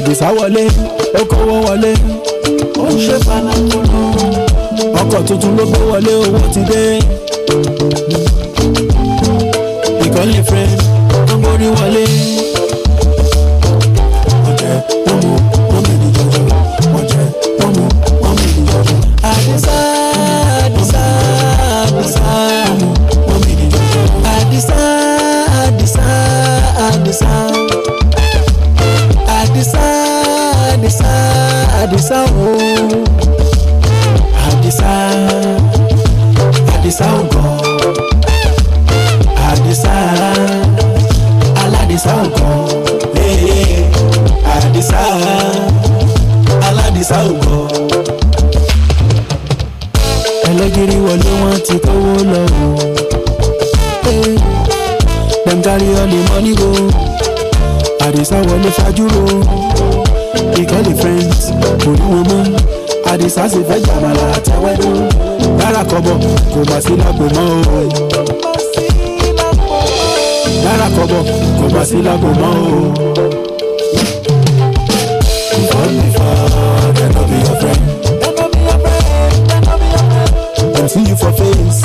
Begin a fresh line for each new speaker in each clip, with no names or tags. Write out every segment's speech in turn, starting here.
àdìsá wọlé ó kówó wọlé ó ń ṣe panakolo ọkọ̀ tuntun
ló gbé wọlé owó ti dé ìkọ́lé fẹ́ tó ń borí wọlé ọ̀jẹ̀ ó àdìsá o àdìsá àdìsá ògàn àdìsá aládìsá ògàn àdìsá aládìsá ògàn. ẹlẹ́gìrì wọlé wọn ti kówó lọ o dem carry all the money go àdìsá wọlé fajúro he get the friends kò ní wọn mọ́ àdìsá sì fẹ́ jàmàlà àtẹwẹ́dùn
rárá kọ́bọ̀ kò bá sí lágbo mọ́ o.
rárá kọ́bọ̀ kò bá sí lágbo mọ́ o. before before
dem no be your friend. dem no be your friend. dem no be your friend. dem see you for face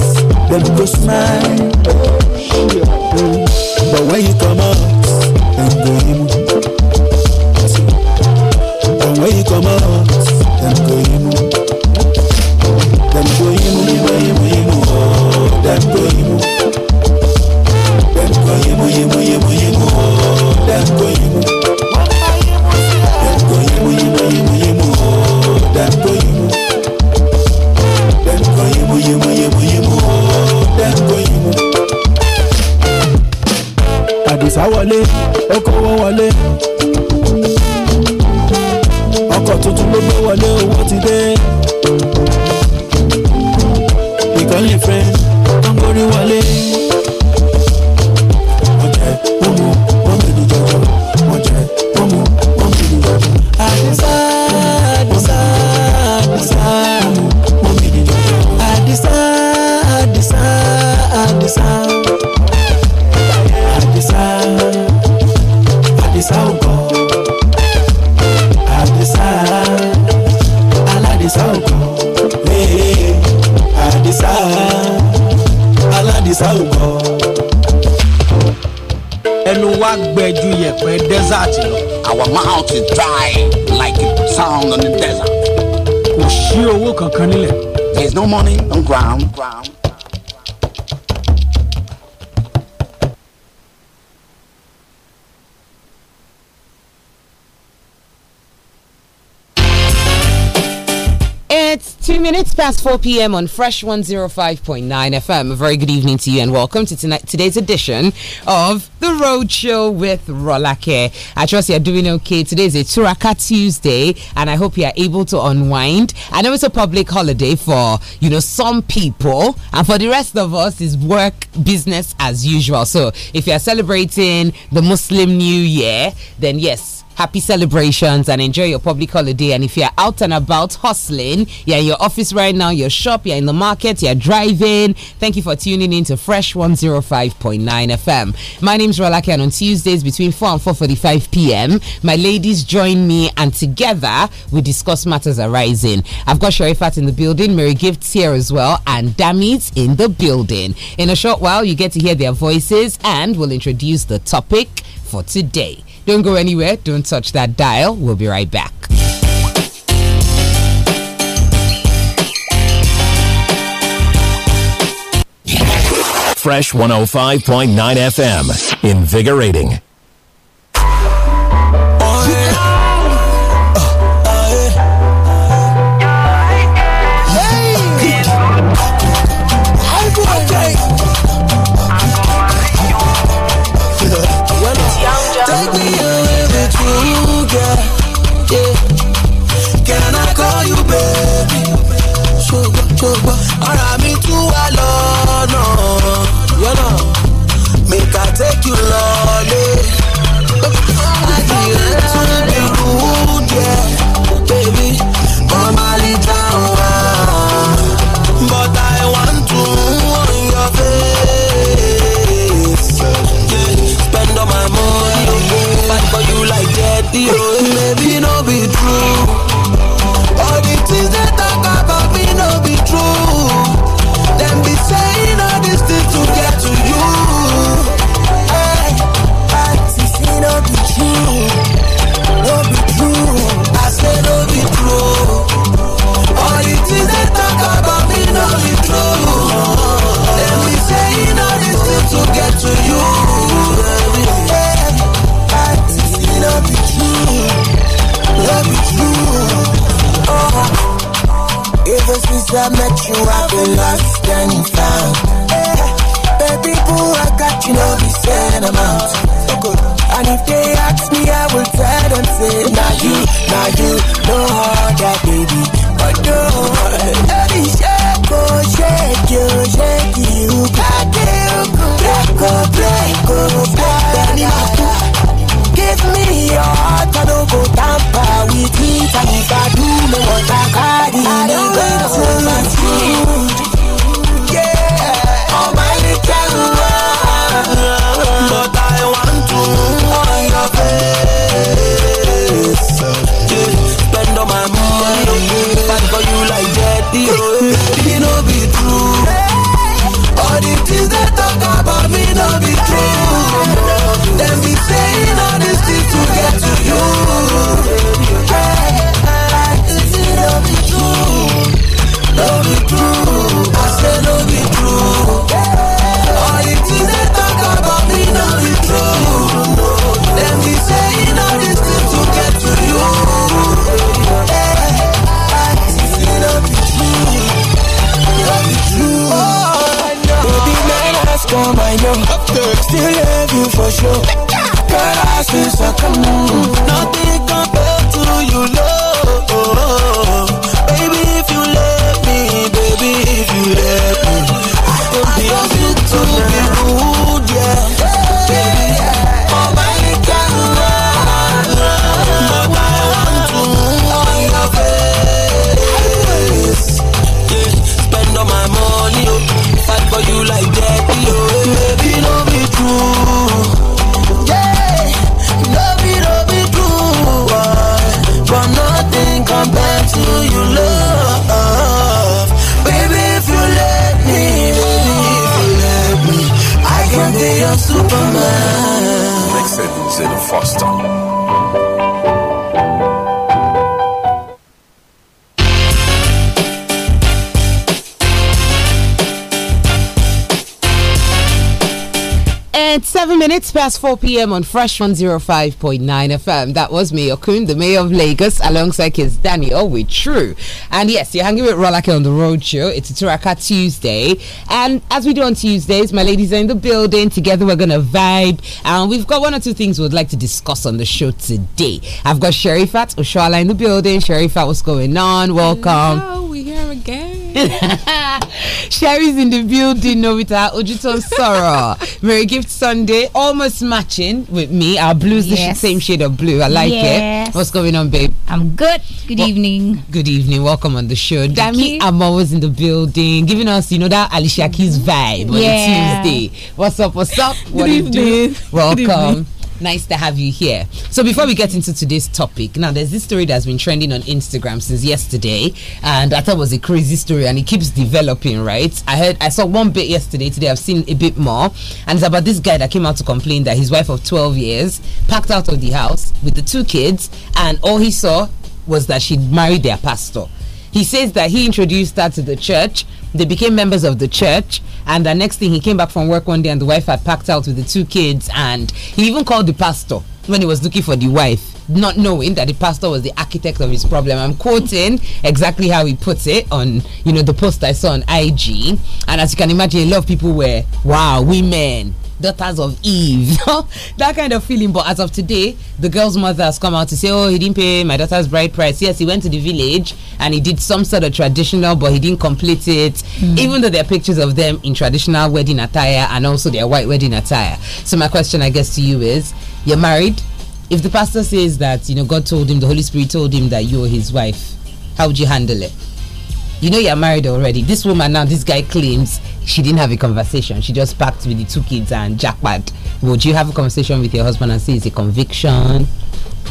dem go smile.
but when you come out dem go emo
when you come out, dem go imu. dem go imu, imu, imu, imu, oh, them go imu. Dem go imu, imu, imu,
imu, oh, them go imu. Them go imu, imu, imu, imu, oh, them go imu. Them go imu, imu, imu, imu, oh, them go imu.
Àdìsá wọlé, ó kówó wọlé.
4 p.m. on Fresh 105.9 FM. A very good evening to you and welcome to tonight, today's edition of The Road Show with Rolake. I trust you're doing okay. Today is a Turaka Tuesday and I hope you're able to unwind. I know it's a public holiday for, you know, some people and for the rest of us is work, business as usual. So if you're celebrating the Muslim New Year, then yes, happy celebrations and enjoy your public holiday. And if you're out and about hustling, you're in your office right now, your shop, you're in the market, you're driving, thank you for tuning in to Fresh 105.9 FM. My is Rolake and on Tuesdays between 4 and 4.45 p.m., my ladies join me and together we discuss matters arising. I've got Sherifat in the building, Mary Gifts here as well, and Damit in the building. In a short while, you get to hear their voices and we'll introduce the topic for today. Don't go anywhere. Don't touch that dial. We'll be right back.
Fresh 105.9 FM. Invigorating.
Since I met you, I've been lost and found. Yeah. Baby boo, I got you, know this amount. good. And if they ask me, I will tell them, say, now you, now you, no other baby, but no. Hey, shake, oh, shake you, shake you, I can't go, black, go, black, go, black, Give me your heart, I don't go tamper with me. And if I do, no one can carry me. I don't go to my I know Still love you for sure Girl, I feel so come Nothing compared to you, love Baby, if you let me Baby, if you let me I yeah Baby, Spend all my money, oh. for you like
seven minutes past 4 p.m. on Fresh 105.9 FM. That was me, Okun, the mayor of Lagos, alongside his Danny we True. And yes, you're hanging with Rolake on the Road Show. It's a Turaka Tuesday. And as we do on Tuesdays, my ladies are in the building. Together we're going to vibe. And we've got one or two things we'd like to discuss on the show today. I've got Sherifat Oshala in the building. Sherifat, what's going on? Welcome.
Hello, we're here again.
Sherry's in the building, Novita Ojuton Sora. Merry Gift Sunday almost matching with me. Our blues, yes. the same shade of blue. I like yes. it. What's going on, babe? I'm good. Good well, evening. Good evening. Welcome on the show. Thank Dami I'm always in the building, giving us, you know, that Alicia Keys vibe yeah. on a Tuesday. What's up? What's up? What good do you do? Welcome. Nice to have you here. So, before we get into today's topic, now there's this story that's been trending on Instagram since yesterday, and I thought it was a crazy story, and it keeps developing, right? I heard, I saw one bit yesterday, today I've seen a bit more, and it's about this guy that came out to complain that his wife of 12 years packed out of the house with the two kids, and all he saw was that she'd married their pastor. He says that he introduced her to the church, they became members of the church. And the next thing, he came back from work one day and the wife had packed out with the two kids. And he even called the pastor when he was looking for the wife not knowing that the pastor was the architect of his problem. I'm quoting exactly how he puts it on, you know, the post I saw on IG. And as you can imagine, a lot of people were, wow, women, daughters of Eve. that kind of feeling. But as of today, the girl's mother has come out to say, Oh, he didn't pay my daughter's bride price. Yes, he went to the village and he did some sort of traditional, but he didn't complete it. Mm. Even though there are pictures of them in traditional wedding attire and also their white wedding attire. So, my question, I guess, to you is you're married. If the pastor says that, you know, God told him, the Holy Spirit told him that you're his wife, how would you handle it? You know, you're married already. This woman now, this guy claims she didn't have a conversation. She just packed with the two kids and jackpot. Would you have a conversation with your husband and say it's a conviction?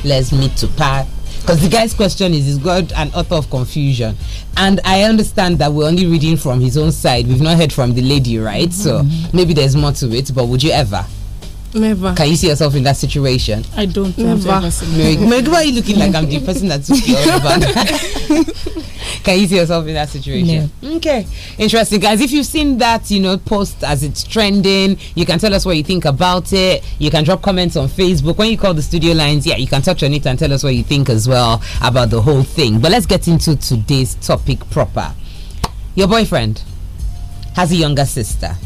Let's meet to part. Because the guy's question is, is God an author of confusion? And I understand that we're only reading from his own side. We've not heard from the lady, right? Mm -hmm. So mm-hmm. maybe there's more to it, but would you ever? Never. Can you see yourself in that situation?
I don't. Never. Never. why are you looking like
I'm the person that's Can you see yourself in that situation? No. Okay. Interesting, guys. If you've seen that, you know, post as it's trending, you can tell us what you think about it. You can drop comments on Facebook. When you call the studio lines, yeah, you can touch on it and tell us what you think as well about the whole thing. But let's get into today's topic proper. Your boyfriend has a younger sister.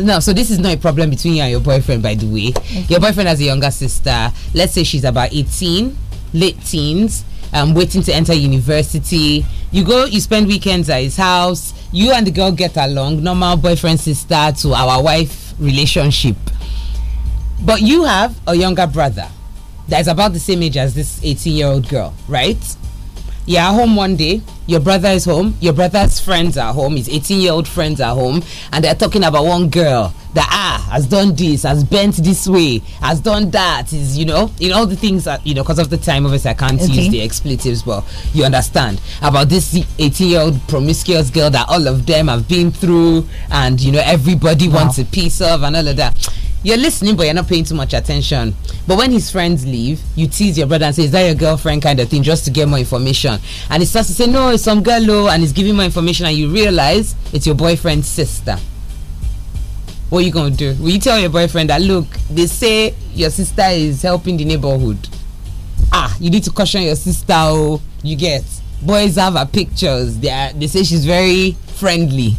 No, so this is not a problem between you and your boyfriend, by the way. Okay. Your boyfriend has a younger sister. Let's say she's about 18, late teens, um, waiting to enter university. You go, you spend weekends at his house. You and the girl get along, normal boyfriend sister to our wife relationship. But you have a younger brother that is about the same age as this 18 year old girl, right? you're at home one day, your brother is home, your brother's friends are home, his 18 year old friends are home, and they're talking about one girl that ah has done this, has bent this way, has done that, is you know, in all the things that you know, because of the time obviously I can't okay. use the expletives, but you understand about this 18 year old promiscuous girl that all of them have been through, and you know, everybody wow. wants a piece of, and all of that you're listening, but you're not paying too much attention. But when his friends leave, you tease your brother and say, Is that your girlfriend? kind of thing, just to get more information. And he starts to say, No, it's some girl, low, oh, and he's giving more information, and you realize it's your boyfriend's sister. What are you going to do? Will you tell your boyfriend that, Look, they say your sister is helping the neighborhood? Ah, you need to caution your sister, oh, you get. Boys have her pictures, they, are, they say she's very friendly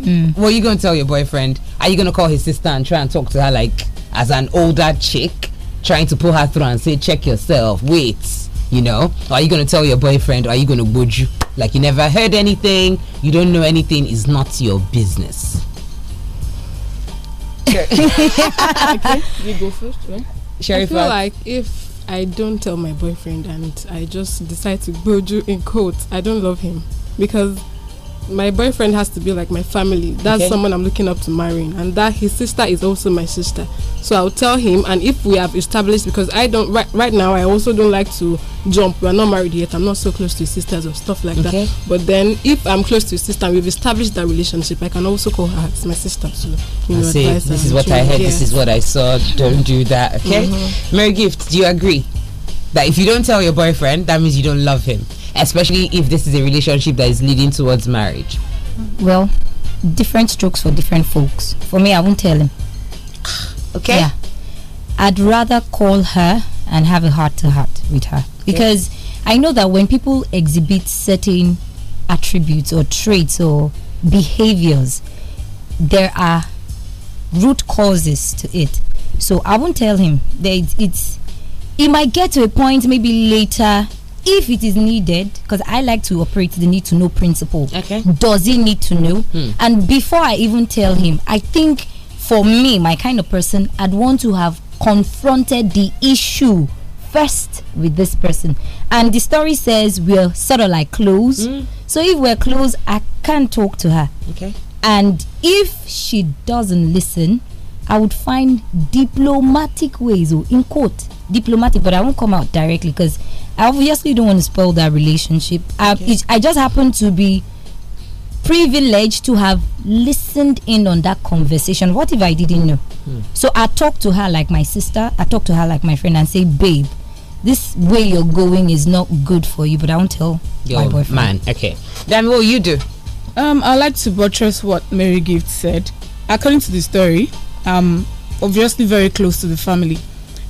Mm. What are you going to tell your boyfriend? Are you going to call his sister and try and talk to her like as an older chick, trying to pull her through and say, check yourself, wait, you know? Or are you going to tell your boyfriend? are you going to boju? Like you never heard anything, you don't know anything, is not your business.
okay, you go first.
Right? Sherry I feel like
if I don't tell my boyfriend and I just decide to boju in quotes, I don't love him because my boyfriend has to be like my family. That's okay. someone I'm looking up to marrying, and that his sister is also my sister. So I'll tell him, and if we have established, because I don't right, right now, I also don't like to jump. We're not married yet. I'm not so close to sisters or stuff like okay. that. But then, if I'm close to sister, and we've established that relationship, I can also call her It's my sister. So you know, see, this is what I heard. Yeah. This is what I saw. Don't do that. Okay, mm -hmm.
Mary Gift, do you agree? that if you don't tell your boyfriend, that means you don't love him, especially if this is a relationship that is leading towards marriage?
Well, different strokes for different folks. For me, I won't tell him. Okay. Yeah. I'd rather call her and have a heart to heart with her because yeah. I know that when people exhibit certain attributes or traits or behaviors, there are root causes to it. So I won't tell him that it's, it's it might get to a point maybe later if it is needed because i like to operate the need to know principle okay does he need to know hmm. and before i even tell him i think for me my kind of person i'd want to have confronted the issue first with this person and the story says we're sort of like close mm. so if we're close i can talk to her okay and if she doesn't listen i would find diplomatic ways or in court diplomatic, but I won't come out directly because I obviously don't want to spoil that relationship. I, okay. it, I just happen to be privileged to have listened in on that conversation. What if I didn't know? Hmm. Hmm. So I talk to her like my sister. I talk to her like my friend and say, babe, this way you're going is not good for you. But I won't tell Yo, my boyfriend. Man, okay.
Then what will you do? Um, I like to buttress what Mary Gift said. According to the story, um, obviously very close to the family.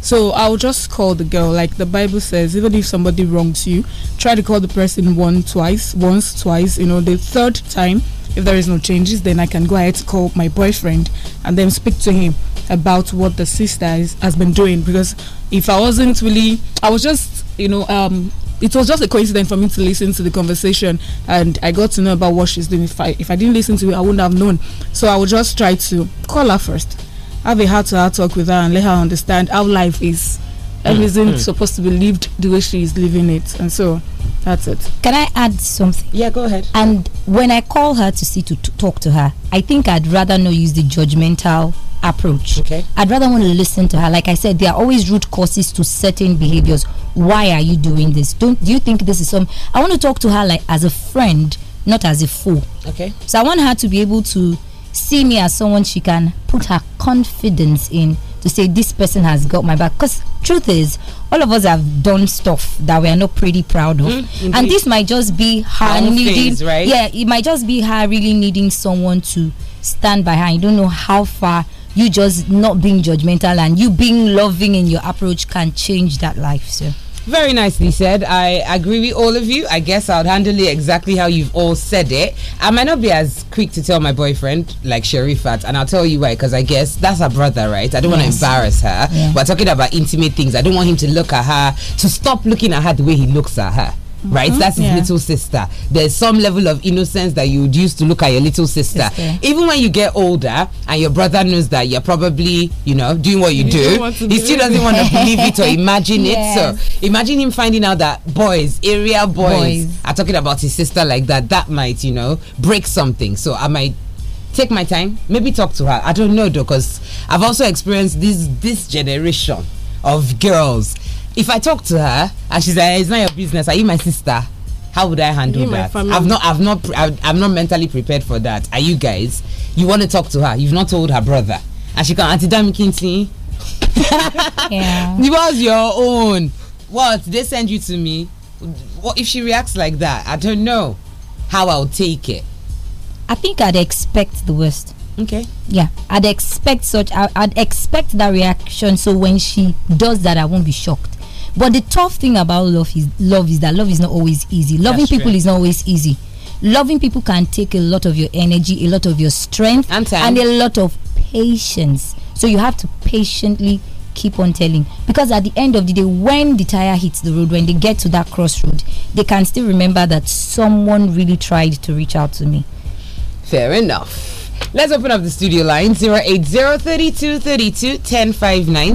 So I'll just call the girl. Like the Bible says, even if somebody wrongs you, try to call the person one, twice, once, twice, you know, the third time. If there is no changes, then I can go ahead to call my boyfriend and then speak to him about what the sister is, has been doing. Because if I wasn't really, I was just, you know, um, it was just a coincidence for me to listen to the conversation and I got to know about what she's doing. If I if I didn't listen to it, I wouldn't have known. So I would just try to call her first have a heart to heart talk with her and let her understand how life is. and mm. isn't mm. supposed to be lived the way she is living it. And so
that's it. Can I add something? Yeah, go ahead. And when I call her to see to, to talk to her, I think I'd rather not use the judgmental approach. Okay. I'd rather want to listen to her. Like I said, there are always root causes to certain behaviors. Why are you doing this? Don't do you think this is some I want to talk to her like as a friend, not as a fool. Okay. So I want her to be able to see me as someone she can put her confidence in to say this person has got my back because truth is all of us have done stuff that we are not pretty proud of mm, and this might just be her Long needing things, right yeah it might just be her really needing someone to stand by her you don't know how far you just not being judgmental and you being loving in your approach can change that life so
very nicely said. I agree with all of you. I guess I'll handle it exactly how you've all said it. I might not be as quick to tell my boyfriend, like Sherifat, and I'll tell you why, because I guess that's her brother, right? I don't yes. want to embarrass her. Yeah. We're talking about intimate things. I don't want him to look at her, to stop looking at her the way he looks at her. -hmm. right? Mm-hmm. That's his yeah. little sister. There's some level of innocence that you would use to look at your little sister. Even when you get older and your brother knows that you're probably, you know, doing what you, do, he still doesn't it. want to believe it or imagine yes. it. So imagine him finding out that boys, area boys, boys, are talking about his sister like that. That might, you know, break something. So I might take my time, maybe talk to her. I don't know though, because I've also experienced this this generation of girls if I talk to her and she's like, "It's not your business. Are you my sister?" How would I handle that? I've not, I've not, I'm not mentally prepared for that. Are you guys? You want to talk to her? You've not told her brother, and she can Auntie Dami Kinti. yeah. It was your own. What they send you to me? What if she reacts like that? I don't know how I'll take it.
I think I'd expect the worst. Okay. Yeah, I'd expect such. I, I'd expect that reaction. So when she does that, I won't be shocked. But the tough thing about love is love is that love is not always easy. Loving That's people true. is not always easy. Loving people can take a lot of your energy, a lot of your strength, and, and a lot of patience. So you have to patiently keep on telling because at the end of the day when the tire hits the road when they get to that crossroad they can still remember that someone really tried to reach out to me fair enough
Let's open up the studio line 080 32 32 1059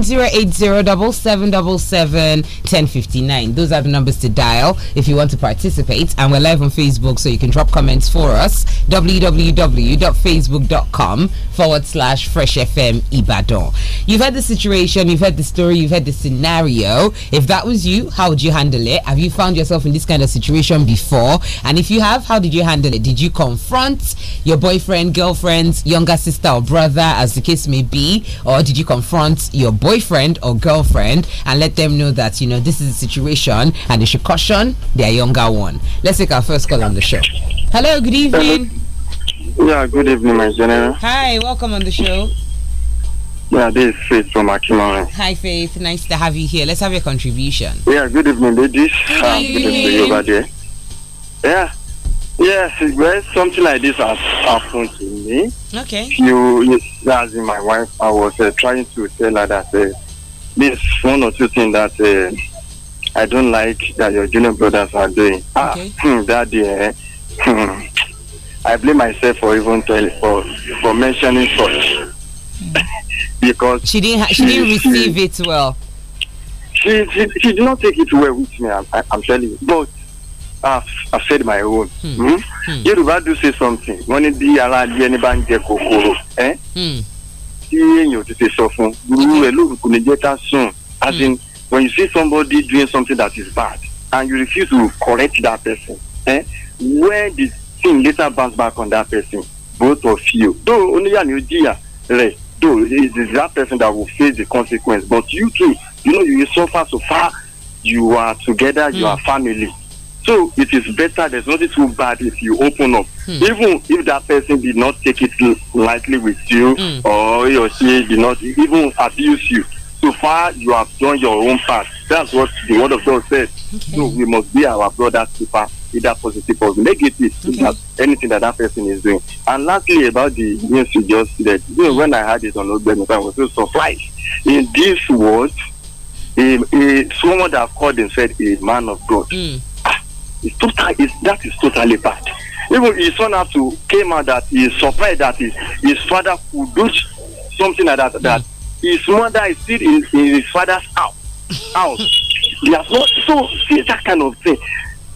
Those are the numbers to dial if you want to participate. And we're live on Facebook, so you can drop comments for us. www.facebook.com forward slash Fresh FM Ibadan. You've had the situation, you've had the story, you've had the scenario. If that was you, how would you handle it? Have you found yourself in this kind of situation before? And if you have, how did you handle it? Did you confront your boyfriend, girlfriend? younger sister or brother, as the case may be, or did you confront your boyfriend or girlfriend and let them know that, you know, this is the situation and they should caution their younger one? Let's take our first call on the show. Hello, good evening.
Yeah, good evening, my general.
Hi, welcome on the show.
Yeah, this is Faith from Akimari.
Hi, Faith. Nice to have you here. Let's have your contribution.
Yeah, good evening, ladies. Good, um, good evening over there. Yeah, Yes, well, something like this has happened to me. Okay. You, as in my wife, I was uh, trying to tell her that uh, this one or two things that uh, I don't like that your junior brothers are doing. Ah, okay. Ah, that day, eh? hmm. I blame myself for even telling for for mentioning such mm. because she didn't ha- she, she didn't
receive she, it
well. She, she she did not take it well with me. I'm, I'm telling you, but have I said my own. Hmm. Hmm? Hmm. yorùbá do say something wọ́n ní bí ara adìẹ ní bá ń jẹ kòkòrò
tí
èèyàn ti ṣe sọ fún irú rẹ̀ lórúkú ni jẹ́ ká sùn as in when you see somebody doing something that is bad and you refuse to correct that person eh, when the thing later bounce back on that person both of you though oníyà ni ó jìyà rẹ̀ though it is that person that will face the consequence but you too you know you suffer so far you are together mm. you are family so it is better, there's nothing too bad if you open up. Hmm. Even if that person did not take it lightly with you hmm. or he or she did not even abuse you. So far, you have done your own part. That's what the word of God says. Okay. So we must be our brother's keeper, either positive or negative, okay. that anything that that person is doing. And lastly, about the news you just said, you know, when I heard it on Ogbeni, I was so surprised. In this world, a, a, someone that called and said, a man of God. Mm It's total, is that is totally bad. Even his son has to came out that he is surprised that his, his father could do something like that. That his mother is still in, in his father's house. house. They are not so see that kind of thing.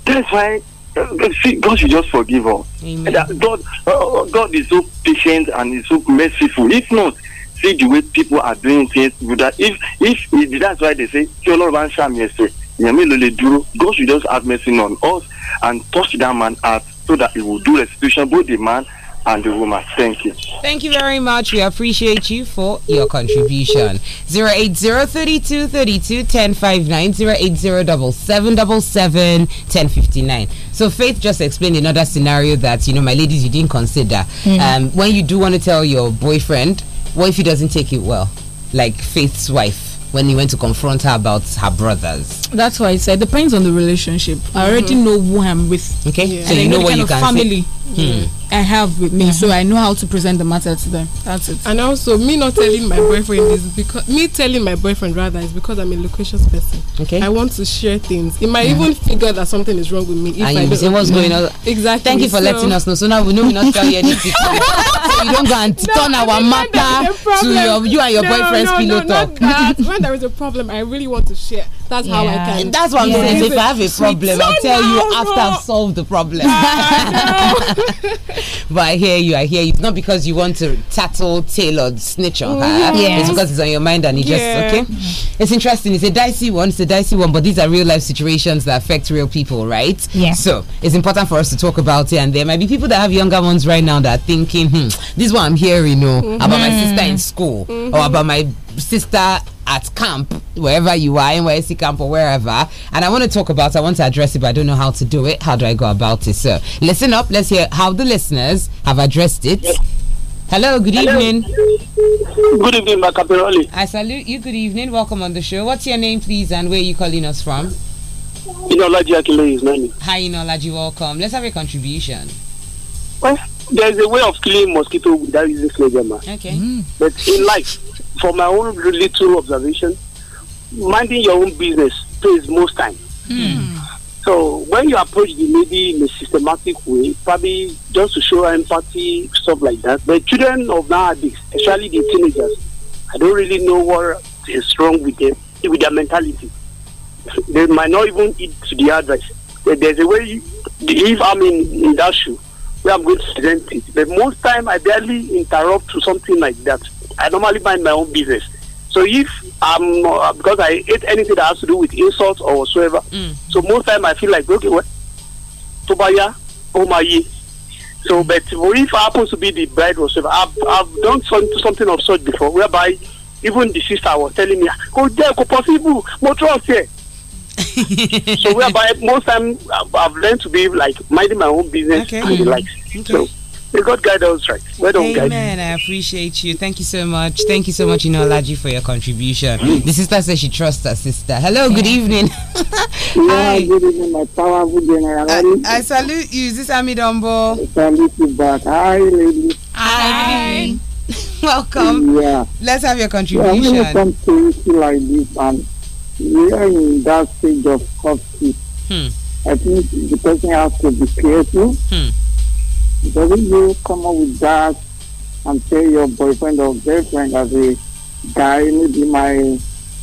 That's why uh, see, God should just forgive us. Amen. God, uh, uh, God is so patient and is so merciful. If not, see the way people are doing things. That if if that's why they say, "Kí Ọlọ́run bá ń ṣàmì ẹ̀sẹ̀." Nyamilele Duro, God should just have mercy on us and touch that man heart so that he will do restitution, both the man and the woman. Thank you.
Thank you very much. We appreciate you for your contribution. Zero eight zero thirty two thirty two ten five nine zero eight zero double seven double seven ten fifty nine. So Faith just explained another scenario that, you know, my ladies, you didn't consider. Mm um, when you do want to tell your boyfriend, what if he doesn't take it well? Like Faith's wife when he went to confront her about her brothers?
That's why I said depends on the relationship. I already mm-hmm. know who I'm with. Okay, yeah. so you know what you can family. Say mm. I have with me, so I know how to present
the matter to them. That's it. And also, me not telling my boyfriend is because me telling my boyfriend rather is because I'm a loquacious person. Okay, I want to share things. He might even figure that something is wrong with me. If and I what's going on. Exactly. Thank you for so letting us know. So now we know we not tell you anything. you don't go and turn our matter to your, you and your no, boyfriend's no, pillow no, talk. when there is a problem, I really want to share. That's yeah. how I can. That's what I'm yeah. saying. If I have a problem, I'll tell you after I've
solved the problem.
Ah,
but I hear you. I hear you. It's not because you want to tattle, tail, or snitch on her. Mm, it's because it's on your mind and you just okay. It's interesting. It's a dicey one. It's a dicey one. But these are real life situations that affect real people, right? Yeah. So it's important for us to talk about it. And there might be people that have younger ones right now that are thinking, hmm, this is what I'm hearing, you oh, know, mm -hmm. about my sister in school mm -hmm. or mm-hmm. about my sister at camp, wherever you are, NYC camp or wherever. And I want to talk about, I want to address it, but I don't know how to do it. How do I go about it? So listen up. Let's hear how the listeners have addressed it.
Hello, good Hello. evening. Good evening, Macapiroli.
I salute you. Good evening. Welcome on the show. What's your name, please, and where are you calling us from?
Inolaji Akile is name.
Hi, Inolaji. Welcome. Let's have a contribution.
Well, there's a way of killing mosquito without using flagella. Okay. Mm. But in life, from my own little observation, minding your own business takes most time. Mm. So when you approach the lady in a systematic way, probably just to show empathy, stuff like that. The children of nowadays, especially the teenagers, I don't really know what is wrong with them, with their mentality. They might not even eat to the advice. There's a way, you, if I'm in, in that shoe, where I'm going to present it. But most time, I barely interrupt to something like that. I normally mind my own business. So if I'm um, because I hate anything that has to do with insult or whatsoever, mm. so most time I feel like okay, what? Tobaya, ye. So, mm. but if I happen to be the bride or whatever, I've, I've done some, something of such before, whereby even the sister was telling me, "Go there, go possible, more trust here." so whereby most time I've, I've learned to be like minding my own business okay. and the mm. likes. Okay. So, May God guide us right. Well done, Amen.
Guide. I appreciate you. Thank you so much. Thank you so much, Inolaji, for your contribution. the sister says she trusts her sister. Hello, good evening.
Hi. good evening, my powerful general.
I, I salute you. Is this Ami I
salute you back. Hi, ladies.
Hi. Hi. Welcome. Yeah. Let's have your contribution. Yeah, when
like this, and we are in that stage of coffee. hmm. I think the person has to be careful. Hmm doesn't you come up with that and tell your boyfriend or girlfriend as a guy, maybe my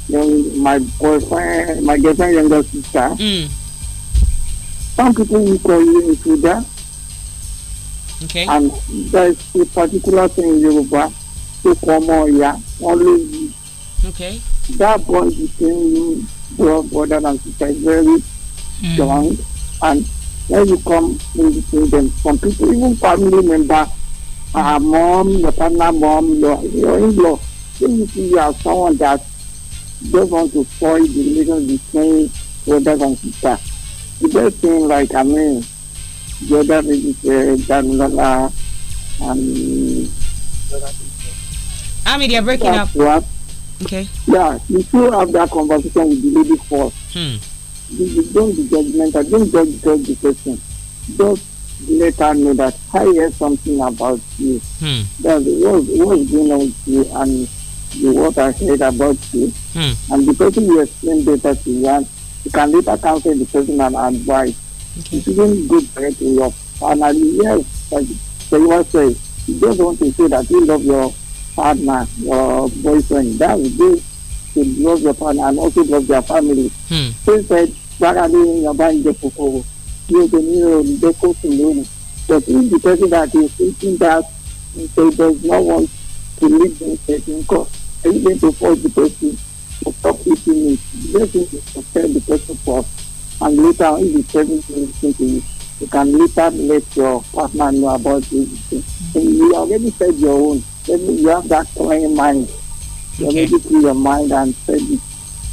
young, my boyfriend, my girlfriend, younger sister. Mm. Some people will call you that. Okay. And there's a particular thing in Yoruba, so come on, yeah, only. Okay. That bond between brother and sister is very mm. strong and when you come in, in them, some people, even family member, uh, mom, your partner, mom, your, your in-law, if you see you are someone that just want to spoil the relationship between brothers and sisters, the best thing, like I mean, the other is uh, Danulala and. I mean, they're breaking up. What? Okay. Yeah, you still have that conversation with the lady first. Hmm don't be judgmental, don't judge, judge the person. Just let her know that I hear something about you. Hmm. That what, what's going on with you and the, what I heard about you.
Hmm. And the person
you explain better to you, you can later counsel the person and advise. Okay. You shouldn't go to your family. Yes, like Sewa say you just want to say that you love your partner, your boyfriend. That would be to love your partner and also love your family. Hmm. said, Vagabundo Gabay de Popo, Bienvenido de Cotinone. But if the person that is thinking that so does not want to leave to in court, are you going to force the person to stop eating it? You don't think to prepare the person first, and later if the person is thinking you can later let your partner know about it. And you already said your own. You have that in mind. You already clear your mind and said it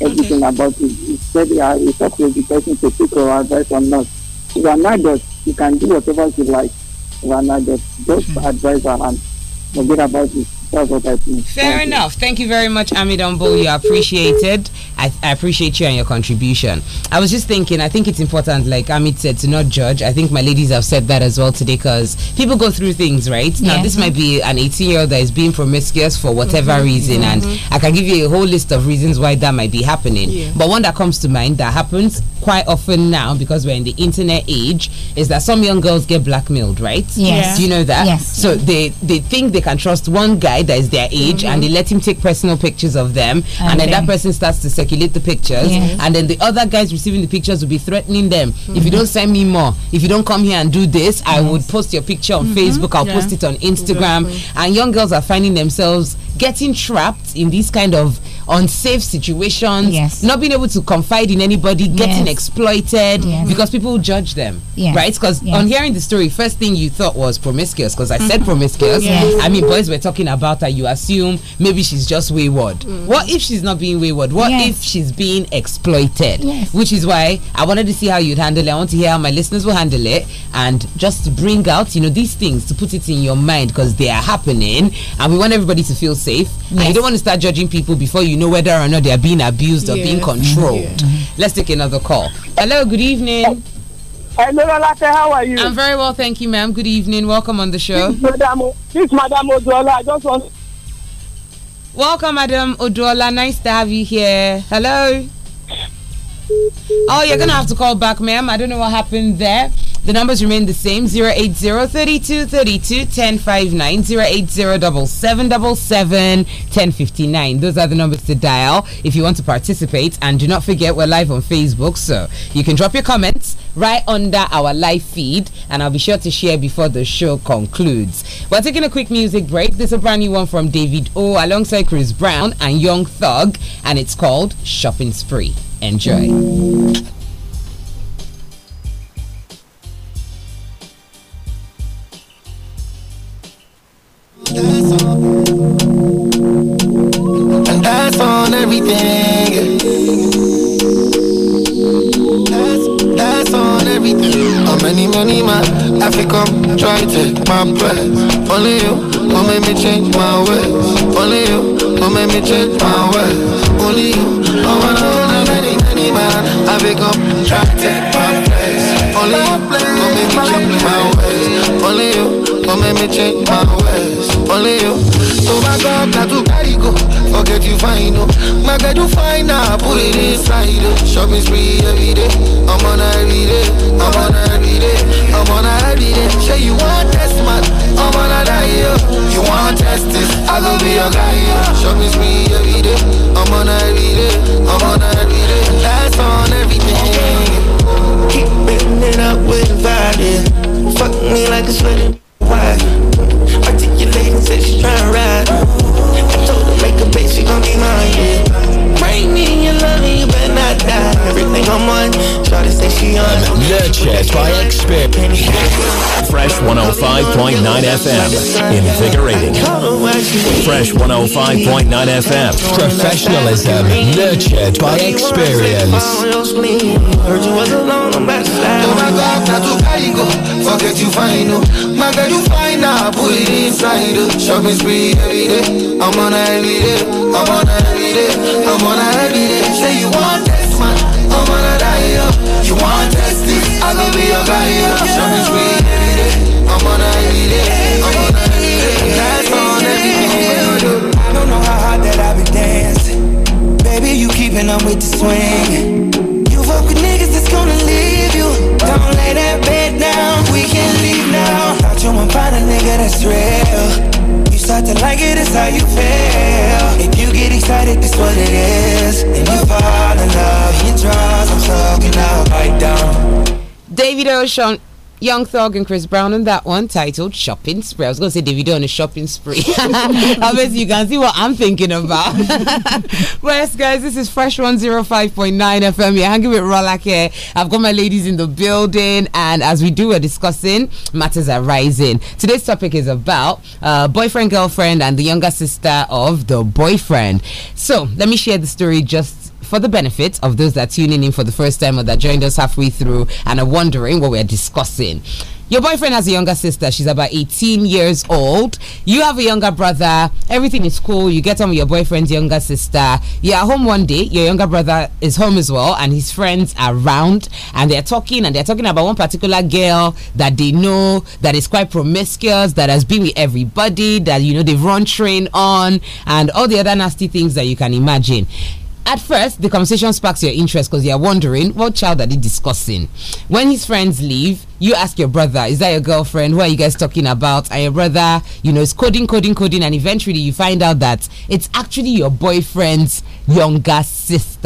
everything mm-hmm. about it. He said, yeah, it's up to the person to take your advice or not. you're not just you can do whatever you like. you're not just just mm-hmm. advise her and forget about it. That's what I think. Fair Thank
enough. You. Thank you very much, Amidon You appreciated. I, I, appreciate you and your contribution. I was just thinking, I think it's important, like Amit said, to not judge. I think my ladies have said that as well today because people go through things, right? Yeah. Now, this might be an 18 year old that is being promiscuous for whatever mm -hmm. reason, mm -hmm. and mm-hmm. I can give you a whole list of reasons why that might be happening. Yeah. But one that comes to mind that happens quite often now because we're in the internet age is that some young girls get blackmailed, right? Yes. Do you know that? Yes. So they, they think they can trust one guy that is their age mm -hmm. and mm-hmm. they let him take personal pictures of them, and, and then that person starts to circulate the pictures yes. and then the other guys receiving the pictures will be threatening them mm -hmm. if you don't send me more if you don't come here and do this yes. i would post your picture on mm -hmm. facebook i'll yeah. post it on instagram exactly. and young girls are finding themselves getting trapped in this kind of unsafe situations, yes. not being able to confide in anybody, getting yes. exploited yes. because people judge them, right? Because on hearing the story, first thing you thought was promiscuous because I mm -hmm. said promiscuous. I mean, boys were talking about her. You assume maybe she's just wayward. Mm. What if she's not being wayward? What if she's being exploited? Which is why I wanted to see how you'd handle it. I want to hear how my listeners will handle it and just bring out, you know, these things to put it in your mind because they are happening and we want everybody to feel safe. And you don't want to start judging people before you you know whether or not they are being abused or being controlled. Mm-hmm. Let's take another call. Hello, good evening. Hello, Lolate, how are you? I'm very well, thank you, ma'am. Good evening. Welcome on the show. This Madam, this Madam Oduola. I just want. Welcome, Madam Oduola. Nice to have you here. Hello. Oh, you're gonna have to call back, ma'am. I don't know what happened there. The numbers remain the same 080 32 32 1059 Those are the numbers to dial if you want to participate. And do not forget, we're live on Facebook, so you can drop your comments right under our live feed, and I'll be sure to share before the show concludes. We're taking a quick music break. There's a brand new one from David O alongside Chris Brown and Young Thug, and it's called Shopping Spree. Enjoy.
And that's on everything. That's, that's on everything. How many, many man I think I'm trying Only you will make me change my ways. Only you will make me change my ways. Only you, how many, many man I think I'm trying Only you will make me change my ways. Only you will make me change my ways only you. So my God, got to carry go. Forget you find no. Oh. My God, you find now. Put it inside. Oh. Shop is free every day. I'm on every day. I'm on every day. I'm on every day. Say you want test man. I'm on a diet yo. Oh. You want test this? I go be your guy. Oh. Shop is free every day. I'm on every day. I'm on every day. That's on everything. Keep it up with value. Fuck me like a sweaty wife Said she tryna ride. I told her make a bitch, she gon' be mine, yeah. Bring me
me, you better not die. Everything I'm on, try to say she on. Nurtured by experience. Fresh 105.9 FM. Invigorating. Fresh 105.9 FM. Professionalism nurtured by
experience.
Heard you was alone, you oh My girl, you now put it inside, oh every day I'm on a day I'm on a day I'm on a I could be your guy, Yeah. I'm shining sweet every day. I'm on a heavy day. I'm on a heavy day. Lights on everything. I don't know how hard that I be dancing. Baby, you keeping up with the swing. You fuck with niggas that's gonna leave you. Don't lay that bed down. We can leave now. Thought you would find a nigga that's real start to like it, it's how you feel If you get excited, that's what it is And you fall in love, your draws, I'm soaking up right down
David Ocean, Young Thug and Chris Brown on that one titled Shopping Spree. I was going to say Davido on a shopping spree. Obviously, you can see what I'm thinking about. well, yes, guys, this is Fresh 105.9 FM. You're hanging with Rollack here. I've got my ladies in the building, and as we do, we're discussing matters arising. Today's topic is about uh, boyfriend, girlfriend, and the younger sister of the boyfriend. So, let me share the story just for the benefit of those that are tuning in for the first time or that joined us halfway through and are wondering what we're discussing. Your boyfriend has a younger sister. She's about 18 years old. You have a younger brother. Everything is cool. You get on with your boyfriend's younger sister. You're at home one day. Your younger brother is home as well, and his friends are around. And they're talking, and they're talking about one particular girl that they know that is quite promiscuous, that has been with everybody, that, you know, they've run train on, and all the other nasty things that you can imagine at first, the conversation sparks your interest because you're wondering what child are they discussing. When his friends leave, you ask your brother, Is that your girlfriend? What are you guys talking about? And your brother, you know, is coding, coding, coding. And eventually you find out that it's actually your boyfriend's younger sister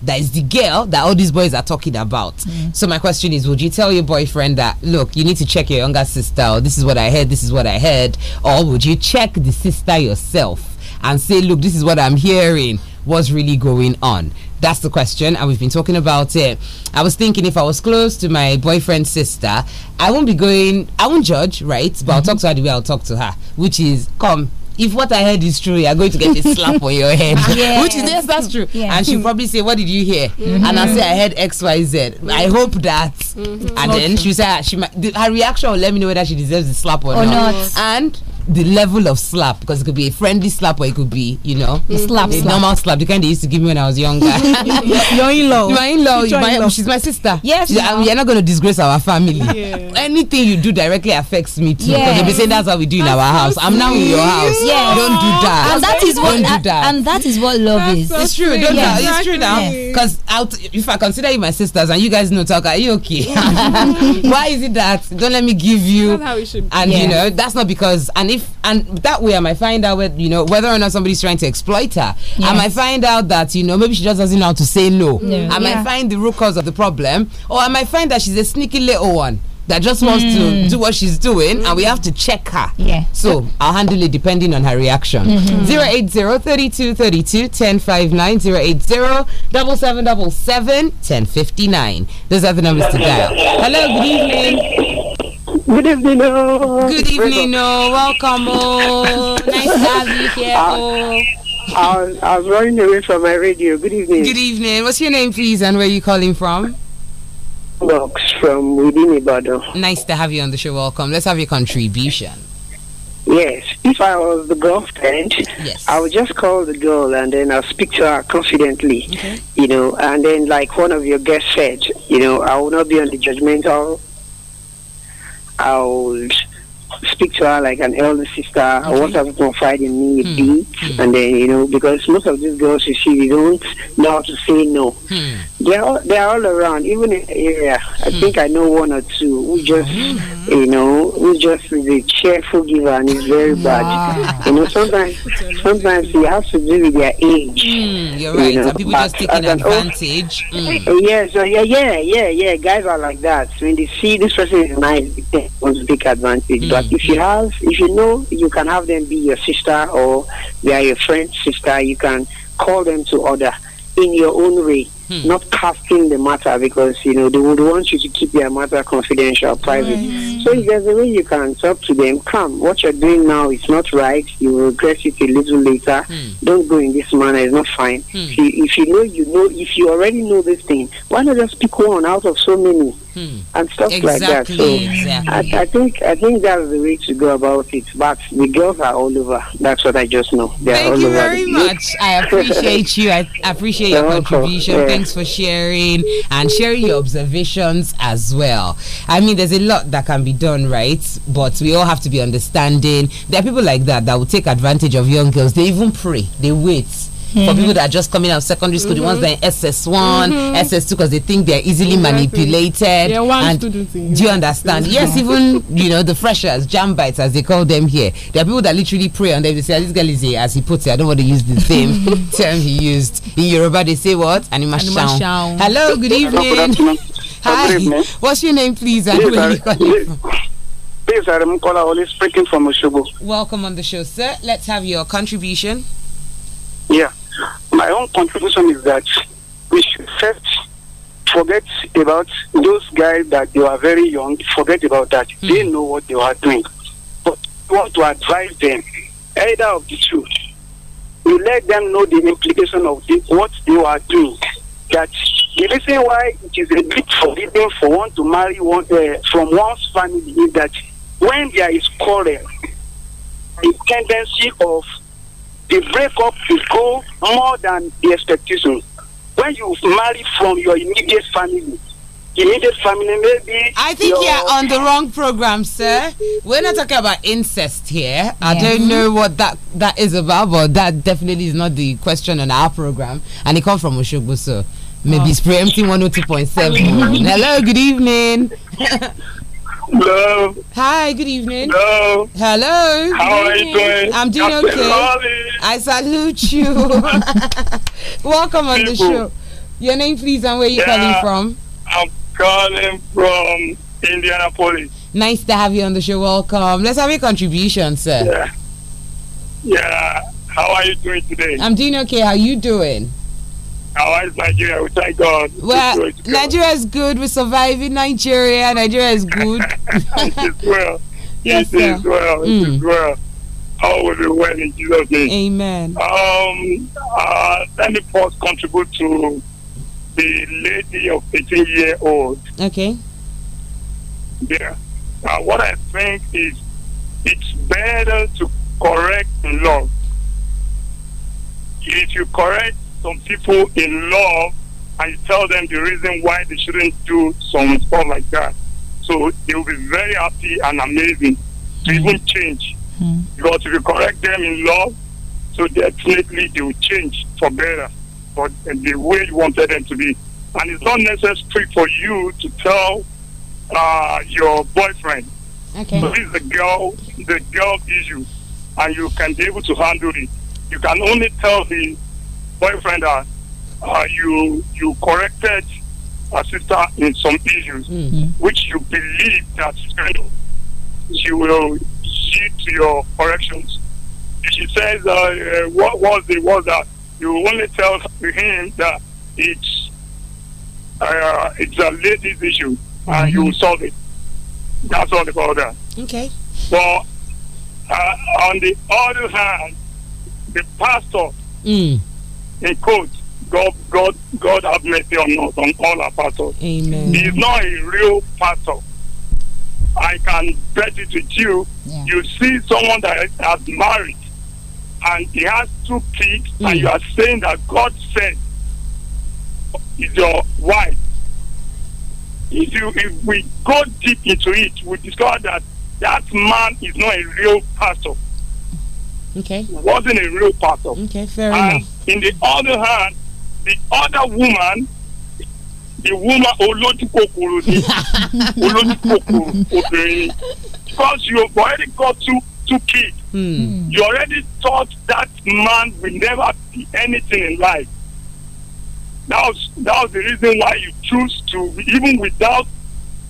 that is the girl that all these boys are talking about. Mm. So my question is, would you tell your boyfriend that look, you need to check your younger sister, or this is what I heard, this is what I heard, or would you check the sister yourself and say, look, this is what I'm hearing was really going on? That's the question, and we've been talking about it. I was thinking if I was close to my boyfriend's sister, I won't be going, I won't judge, right? But mm -hmm. I'll mm-hmm. talk to her the way I'll talk to her, which is come, if what I heard is true, you're going to get a slap on your head. Yes. Which is, yes, that's true. Yeah. And she'll probably say, What did you hear? Mm -hmm. And I'll say, I heard X, Y, Z. I mm-hmm. hope that. Mm -hmm. And okay. then she'll say, ah, she, Her reaction will let me know whether she deserves the slap or, or not. not. And the level of slap because it could be a friendly slap or it could be you know mm-hmm. a slap, a slap. normal slap the kind they used to give me when I was younger your in-law my in-law she's, my, in she's my sister yes she's, you're not going to disgrace our family yeah. anything you do directly affects me too because yes. they'll be saying that's how we do in our house I'm now in your house yes. don't do that and that is what do that.
and that is what love that's is so it's true don't yeah. it's true now
because if I consider you my sisters and you guys know talk are you okay why is it that don't let me give you and you know that's not because and if and that way I might find out whether you know whether or not somebody's trying to exploit her. Yes. I might find out that you know maybe she just doesn't know how to say no. I might yeah. find the root cause of the problem, or I might find that she's a sneaky little one that just wants mm. to do what she's doing mm. and we mm. have to check her. Yeah. So I'll handle it depending on her reaction. Mm-hmm. 080-3232-1059, 1059 Those are the numbers to dial. Hello, good
evening.
Good evening, oh. Good evening, oh. Welcome, oh. nice to have you here, ah, oh. I, am I'm running away from my radio.
Good evening. Good
evening. What's your name, please, and where are you calling from?
from within Ibadan.
Nice to have you on the show. Welcome. Let's have your contribution.
Yes. If I was the girlfriend, yes. I would just call the girl and then I'll speak to her confidently. Okay. You know, and then like one of your guests said, you know, I will not be on the judgmental I would speak to her like an elder sister. Okay. I want her to confide in me a mm. bit, mm. and then you know because most of these girls you see, they don't know how to say no. Mm they're all, they're all around, even in the area. I hmm. think I know one or two who just, mm. you know, who just is a cheerful giver and is very wow. bad. You know, sometimes sometimes it has to do with their age.
Mm, you're right. You know, people
just taking advantage? Hmm. yeah, uh, so yeah, yeah, yeah, yeah. Guys are like that. When they see this person is nice, they want to take advantage. But hmm. if you have, if you know, you can have them be your sister or they are your friend's sister. You can call them to order in your own way. Hmm. not casting the matter because you know they would want you to keep their matter confidential, hmm. private. So if there's a way you can talk to them, come. What you're doing now is not right. You will regret it a little later. Hmm. Don't go in this manner. It's not fine. See, hmm. if you know, you know. If you already know this thing, why not just pick one out of so many? hmm. and stuff exactly. like that. So exactly. I, I, think I think that's the way to go about it. But the girls are all over. That's what I just know. They Thank you very much.
I appreciate you. I appreciate your contribution. Yeah. Thanks for sharing and sharing your observations as well. I mean, there's a lot that can be done, right? But we all have to be understanding. There are people like that that will take advantage of young girls. They even pray. They wait for mm-hmm. people that are just coming out of secondary school, mm -hmm. the ones mm-hmm. that in SS1, mm -hmm. SS2, because they think they're easily exactly. manipulated. Do you understand? yes, mm-hmm. even you know the freshers, jam bites as they call them here. There are people that literally pray on them. They say, ah, "This girl is here," as he puts it. I don't want to use the same term he used in Yoruba. They say what? Anima, Anima Shaun. Hello, good evening. Hello, Hi. Good evening. What's your name, please? And where are you
calling from?
Please, I'm Kola speaking from Oshobo.
Welcome on the show, sir. Let's have your contribution.
Yeah. My own contribution is that we should first forget about those guys that they are very young, forget about that. Mm. They know what they are doing. But we want to advise them, either of the two. We let them know the implication of the, what they are doing. That the reason why it is a bit forbidden for one to marry one uh, from one's family is that when there is quarrel, the tendency of the breakup will go more than the expectation. When you marry from your immediate family, immediate family maybe. I think you're
on the wrong program, sir. We're not talking about incest here. Yeah. I don't know what that that is about, but that definitely is not the question on our program. And it comes from Oshogbo, so maybe oh. it's preempting 102.7. Hello, good evening. Hello. Hi, good evening. Hello. Hello. How are you doing? I'm doing okay. I salute you. Welcome on People. the show. Your name, please, and where you yeah, calling from?
I'm calling from Indianapolis.
Nice to have you on the show. Welcome. Let's have a contribution, sir. Yeah.
Yeah. How are you doing today? I'm doing
okay. How are you doing?
How is Nigeria? We thank God. Well,
Nigeria is good. We're surviving Nigeria. Nigeria is good. it is well. Yes, it sir. is well. It mm. is hmm. well. All will be well in
Jesus' name. Amen. Um, uh, let me first contribute to the lady of 18 year old. Okay. Yeah. Uh, what I think is it's better to correct in love. If you correct some people in love and you tell them the reason why they shouldn't do some stuff like that. So they will be very happy and amazing to hmm. even change. mm Because if you correct them in love, so definitely they will change for better, for uh, the way you wanted them to be. And it's not necessary for you to tell uh, your boyfriend. Okay. So this is the girl, the girl issue, and you can be able to handle it. You can only tell the boyfriend uh, uh, you you corrected a sister in some issues mm -hmm. which you believe that she will see to your corrections. she says uh, uh, what was it was that you only tell him that it's uh, it's a ladies' issue mm -hmm. and you mm-hmm. solve it. That's all about that. Okay. But uh, on the other hand, the pastor. Mm a coach. God, God, God have mercy on us, on all our pastors. Amen. He is not a real pastor. I can bet it with you. Yeah. You see someone that has married and he has two kids, mm. and you are saying that God said, is your wife. If, you, if we go deep into it, we discover that that man is not a real pastor okay. wasn't a real pastor. Okay, fair and enough. in the other hand, the other woman, the woman Olodipokoro, Olodipokoro, because you have already got two two kids. Mm. You already thought that man will never be anything in life. That was, that was the reason why you choose to, even without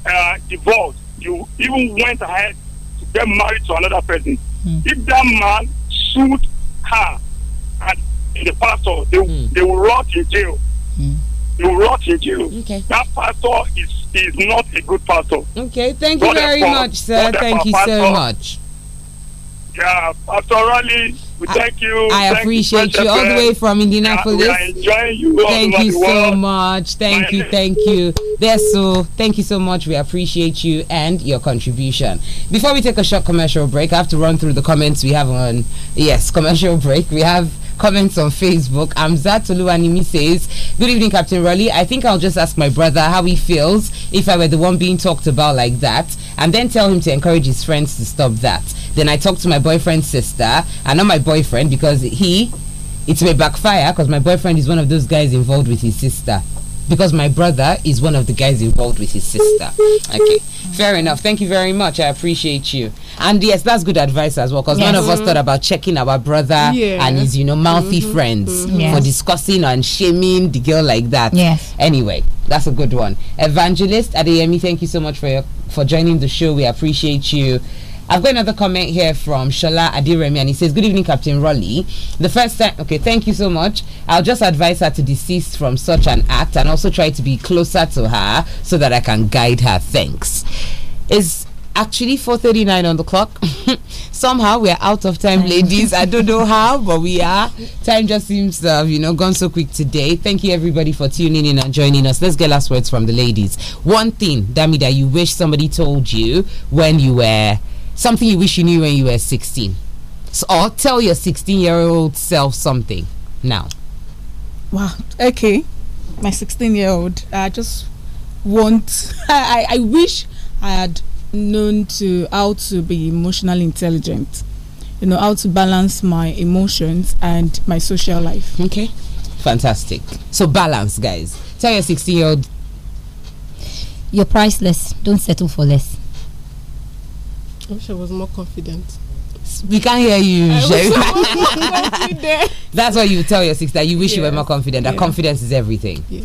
uh, divorce, you even went ahead to get married to another person. Mm. If that man sued her and the pastor, they, mm. they will rot in jail. Mm. They will rot in jail. Okay. That pastor is, is not a good pastor. Okay, thank you very much, sir. thank you so much. Yeah, after rally, we thank you. I thank appreciate you, you all the way from Indianapolis. Yeah, enjoying you. Thank you so
much. Thank Bye. you, thank you. There, so. Thank you so much. We appreciate you and your contribution. Before we take a short commercial break, I have to run through the comments we have on. Yes, commercial break. We have comments on Facebook. Amzat Oluwanimi says, Good evening, Captain Raleigh. I think I'll just ask my brother how he feels if I were the one being talked about like that, and then tell him to encourage his friends to stop that. Then I talk to my boyfriend's sister, and not my boyfriend because he, it may backfire because my boyfriend is one of those guys involved with his sister because my brother is one of the guys involved with his sister. Okay, fair enough. Thank you very much. I appreciate you. And yes, that's good advice as well because yes. none of us thought about checking our brother and his, you know, mouthy mm -hmm. friends mm -hmm. yes. for discussing and shaming the girl like that. Yes. Anyway, that's a good one. Evangelist Adeyemi, thank you so much for your, for joining the show. We appreciate you. I've got another comment here from Shola Adiremi, and he says, "Good evening, Captain Raleigh. The first time, okay, thank you so much. I'll just advise her to desist from such an act, and also try to be closer to her so that I can guide her. Thanks." Is actually 4.39 on the clock somehow we're out of time ladies i don't know how but we are time just seems to uh, have you know gone so quick today thank you everybody for tuning in and joining us let's get last words from the ladies one thing dami that you wish somebody told you when you were something you wish you knew when you were 16. So, or tell your 16 year old self something now.
Wow. Okay. My 16 year old, I just want, I, I wish I had known to how to be emotionally intelligent. You know, how to balance my emotions and my social life. Okay. Fantastic. So balance, guys.
Tell your 16 year old. You're priceless. Don't settle for less.
I wish I was more confident.
We can't hear you.
That's what you tell your sister. You wish yeah. you were more confident. That yeah. confidence is everything. Yeah.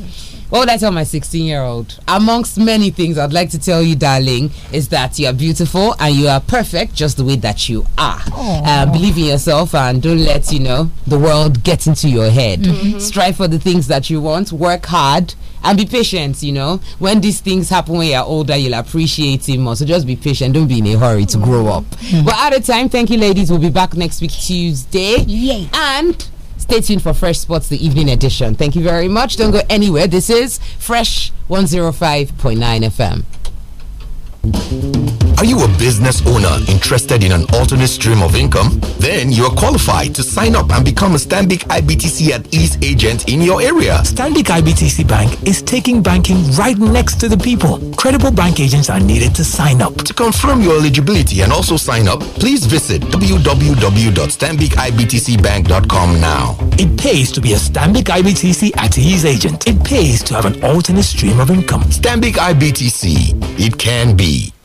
What would I tell my 16 year old? Amongst many things I'd like to tell you, darling, is that you are beautiful and you are perfect just the way that you are. Uh, believe in yourself and don't let, you know, the world get into your head. Mm -hmm. Strive for the things that you want, work hard, and be patient you know when these things happen when you're older you'll appreciate it more so just be patient don't be in a hurry to grow up mm. but at a time thank you ladies we'll be back next week tuesday Yay. and stay tuned for fresh sports the evening edition thank you very much don't go anywhere this is fresh 105.9
fm
are you a business owner interested in an alternate stream of income? Then you are qualified to sign up and become a Stanbic IBTC at ease agent in your area. Stanbic IBTC Bank is taking banking right next to the people. Credible bank agents are needed to sign up. To confirm your eligibility and also sign up, please visit www.stanbicibtcbank.com now. It pays to be a Stanbic IBTC at ease agent. It pays to have an alternate stream of income. Stanbic IBTC. It can be.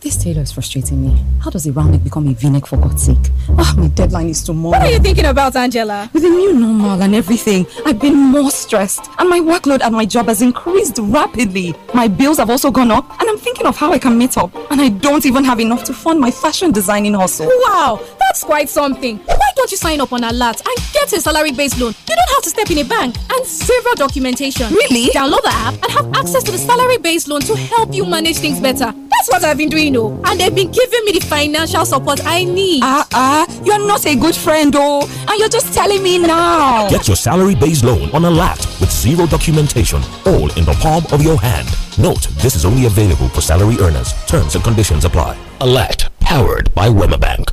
This tailor is frustrating me. How does a round neck become a v-neck for God's sake? Ah, oh, my deadline is tomorrow. What are you thinking about, Angela? With the new normal and everything, I've been more stressed. And my workload at my job has increased rapidly. My bills have also gone up. And I'm thinking of how I can meet up. And I don't even have enough to fund my fashion designing hustle. Wow, that's quite something. Why don't you
sign up on Alert and get a salary-based loan? You don't have to step in a bank and zero documentation. Really? Download the app and have access to the salary-based loan to help you manage things better. That's what I've been doing mine oh and they've been giving me the financial support I need. Ah uh, ah, uh, you're not a good friend oh and you're just telling me now.
Get
your salary-based loan on a LAT with zero documentation,
all in the palm of your hand. Note, this is only available for salary earners. Terms and conditions apply. Alert, powered by Wemabank.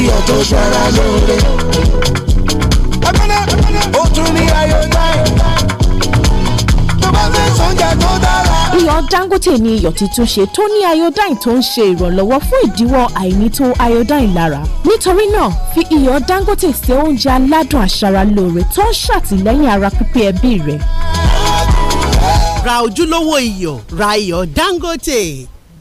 kí ọ tó ṣara lóore.
ó tún ní ayọ̀ táì
iyọ̀ dangote ni iyọ̀ titun ṣe tó ní iodine tó ń ṣe ìrànlọ́wọ́ fún ìdíwọ́ àìnító iodine lára nítorí náà fi iyọ̀ dangote ṣe oúnjẹ aládùn aṣaralóore tó ń ṣàtìlẹ́yìn ara pípé ẹbí rẹ̀. ra ojúlówó iyọ̀ ra iyọ̀ dangote.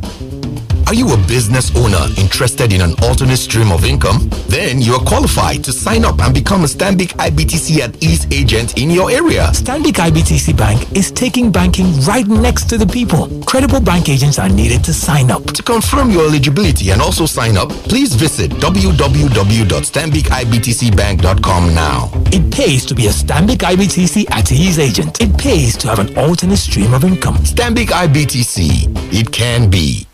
Mm-hmm. Are you a business owner interested in an alternate stream of income? Then you are qualified to sign up and become a Stanbic IBTC at Ease agent in your area. Stanbic IBTC Bank is taking banking right next to the people. Credible bank agents are needed to sign up. To confirm your eligibility and also sign up, please visit www.stanbicibtcbank.com now. It pays to be a Stanbic IBTC at Ease agent. It pays to have an alternate stream of income. Stanbic IBTC. It can be.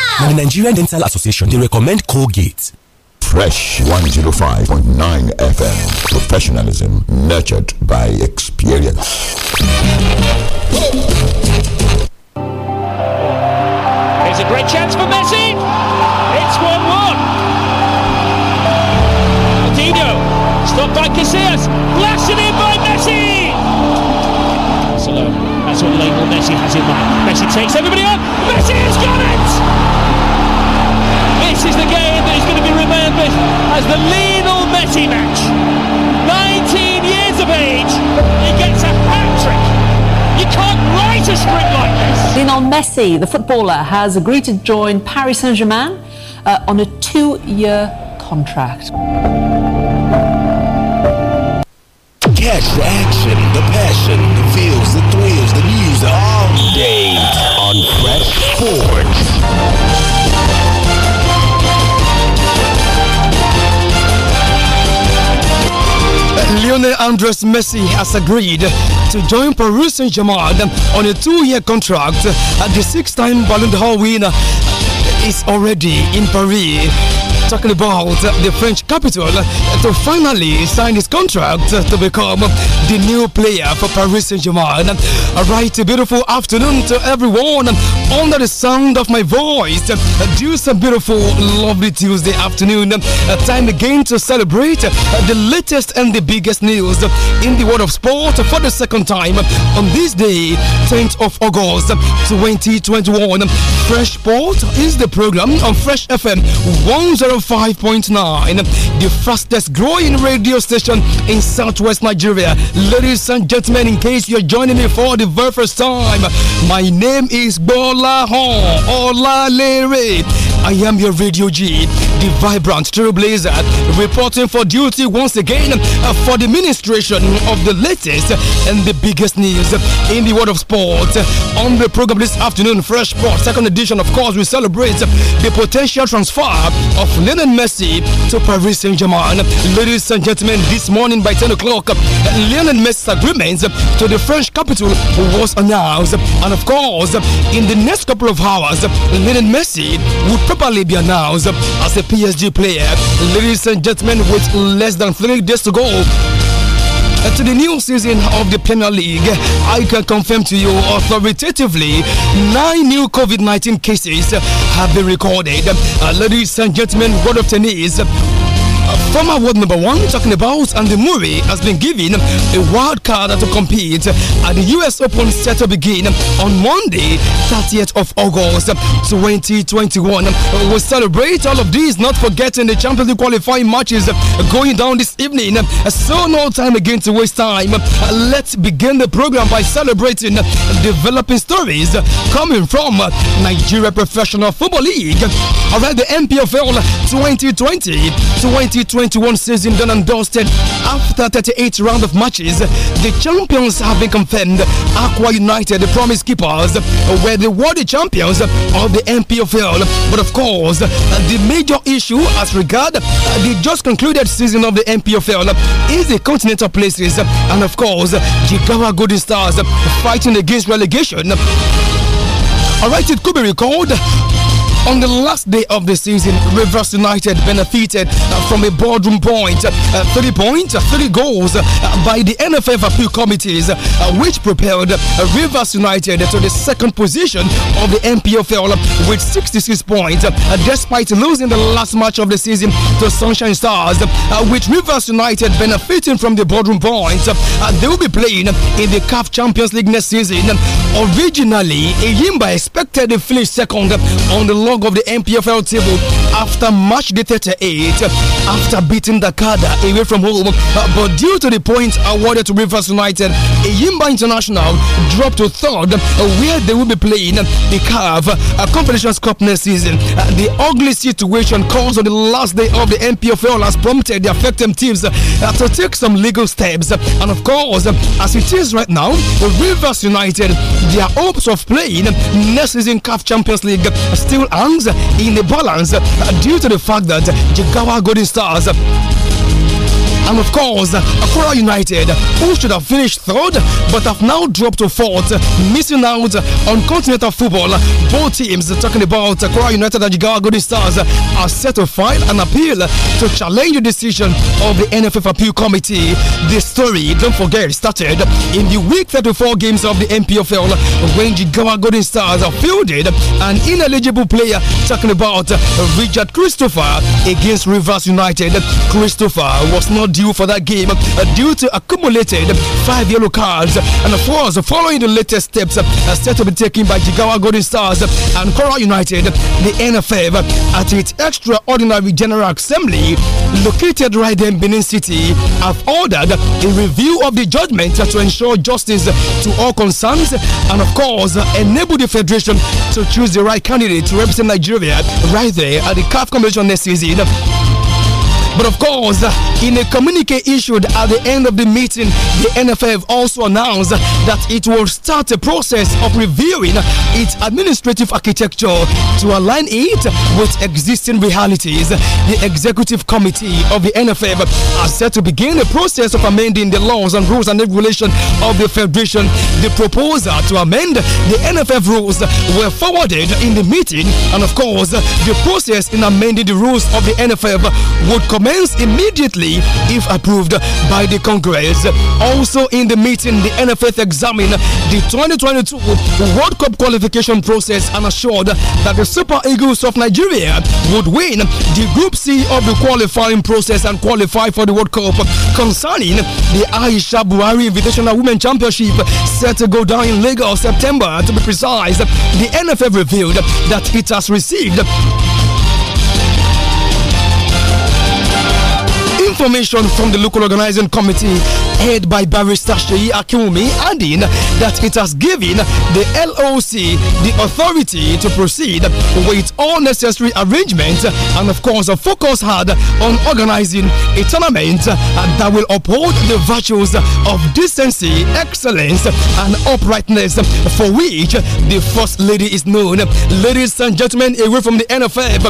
Ah,
now, the Nigerian Dental Association, they recommend Colgate. Fresh 105.9 FM. Professionalism nurtured by experience. Here's
a great chance for Messi. It's 1 1. Coutinho, stopped by Casillas, blasted in by Messi. That's what
Lionel Messi has in mind.
Messi takes everybody up. Messi has got it!
established as the Lionel Messi match. 19 years of age, he gets a hat trick. You can't write a script like
this. Lionel Messi, the footballer, has agreed to join Paris Saint Germain uh, on a two year contract.
Catch the action, the passion, the feels, the thrills, the news all day on Fresh Sports.
Lionel Andres Messi has agreed to join Paris Saint-Germain on a two-year contract. The six-time Ballon d'Or winner is already in Paris talking about the French capital to finally sign his contract to become the new player for Paris Saint-Germain. All right, a beautiful afternoon to everyone under the sound of my voice. Do some beautiful, lovely Tuesday afternoon. Time again to celebrate the latest and the biggest news in the world of sport for the second time on this day, 10th of August 2021. Fresh Sport is the program on Fresh FM 105. 105.9, the fastest growing radio station in southwest Nigeria. Ladies and gentlemen, in case you're joining me for the very first time, my name is Bola Hon Olalere. I am your Radio G, the vibrant trailblazer, reporting for duty once again uh, for the ministration of the latest and the biggest news in the world of sport. On the program this afternoon, Fresh Sport, second edition, of course, we celebrate the potential transfer of Lionel Messi to Paris Saint Germain. Ladies and gentlemen, this morning by 10 o'clock, Lionel Messi's agreement to the French capital was announced. And of course, in the next couple of hours, Lionel Messi would probably be announced as a PSG player. Ladies and gentlemen, with less than three days to go, uh, to the new season of the Premier League, I can confirm to you authoritatively nine new COVID 19 cases have been recorded. Uh, ladies and gentlemen, what of tennis? former world number one talking about and the movie has been given a wild card to compete at the US Open set to begin on Monday 30th of August 2021 we'll celebrate all of these not forgetting the Champions League qualifying matches going down this evening so no time again to waste time let's begin the program by celebrating developing stories coming from Nigeria Professional Football League alright the MPFL 2020 20 2021 season done and dusted. After 38 round of matches, the champions have been confirmed. Aqua United, the promise keepers, were the world champions of the MPFL. But of course, the major issue as regard the just concluded season of the MPFL is the continental places, and of course, Jigawa Golden Stars fighting against relegation. All right, it could be recalled on the last day of the season, Rivers United benefited uh, from a boardroom point, uh, three points, uh, three goals by the NFF appeal committees, which propelled Rivers United to the second position of the MPFL with 66 points, despite losing the last match of the season to Sunshine Stars, which Rivers United benefiting from the boardroom point. They will be playing in the CAF Champions League next season. Originally, Yimba expected to finish second on the of the MPFL table after March the 38 after beating Dakada away from home. Uh, but due to the points awarded to Rivers United, Yimba International dropped to third, uh, where they will be playing the CAV uh, Competitions Cup next season. Uh, the ugly situation caused on the last day of the MPFL has prompted the affected teams uh, to take some legal steps. And of course, uh, as it is right now, Rivers United, their hopes of playing next season CAF Champions League still hangs in the balance due to the fact that Jigawa Golden Stars and of course, Accra United, who should have finished third but have now dropped to fourth, missing out on continental football. Both teams talking about Accra United and Jigawa Golden Stars are set to file an appeal to challenge the decision of the NFF Appeal Committee. This story, don't forget, started in the week 34 games of the MPFL when Jigawa Golden Stars fielded an ineligible player talking about Richard Christopher against Rivers United. Christopher was not due for that game uh, due to accumulated five yellow cards. And of course, following the latest steps uh, set to be taken by Jigawa Golden Stars and Coral United, the NFF at its extraordinary General Assembly located right in Benin City have ordered a review of the judgment to ensure justice to all concerns and of course enable the federation to choose the right candidate to represent Nigeria right there at the CAF competition next season. But of course, in a communique issued at the end of the meeting, the NFF also announced that it will start a process of reviewing its administrative architecture to align it with existing realities. The executive committee of the NFF has set to begin a process of amending the laws and rules and regulations of the federation. The proposal to amend the NFF rules were forwarded in the meeting, and of course, the process in amending the rules of the NFF would come commence immediately if approved by the Congress. Also in the meeting, the NFF examined the 2022 World Cup qualification process and assured that the Super Eagles of Nigeria would win the Group C of the qualifying process and qualify for the World Cup. Concerning the Aisha Buhari Invitational Women Championship set to go down in Lagos September, to be precise, the NFF revealed that it has received Information from the local organizing committee, head by Barrister Sheyi Akiwumi, adding that it has given the LOC the authority to proceed with all necessary arrangements and, of course, a focus had on organizing a tournament that will uphold the virtues of decency, excellence, and uprightness for which the First Lady is known. Ladies and gentlemen, away from the NFF,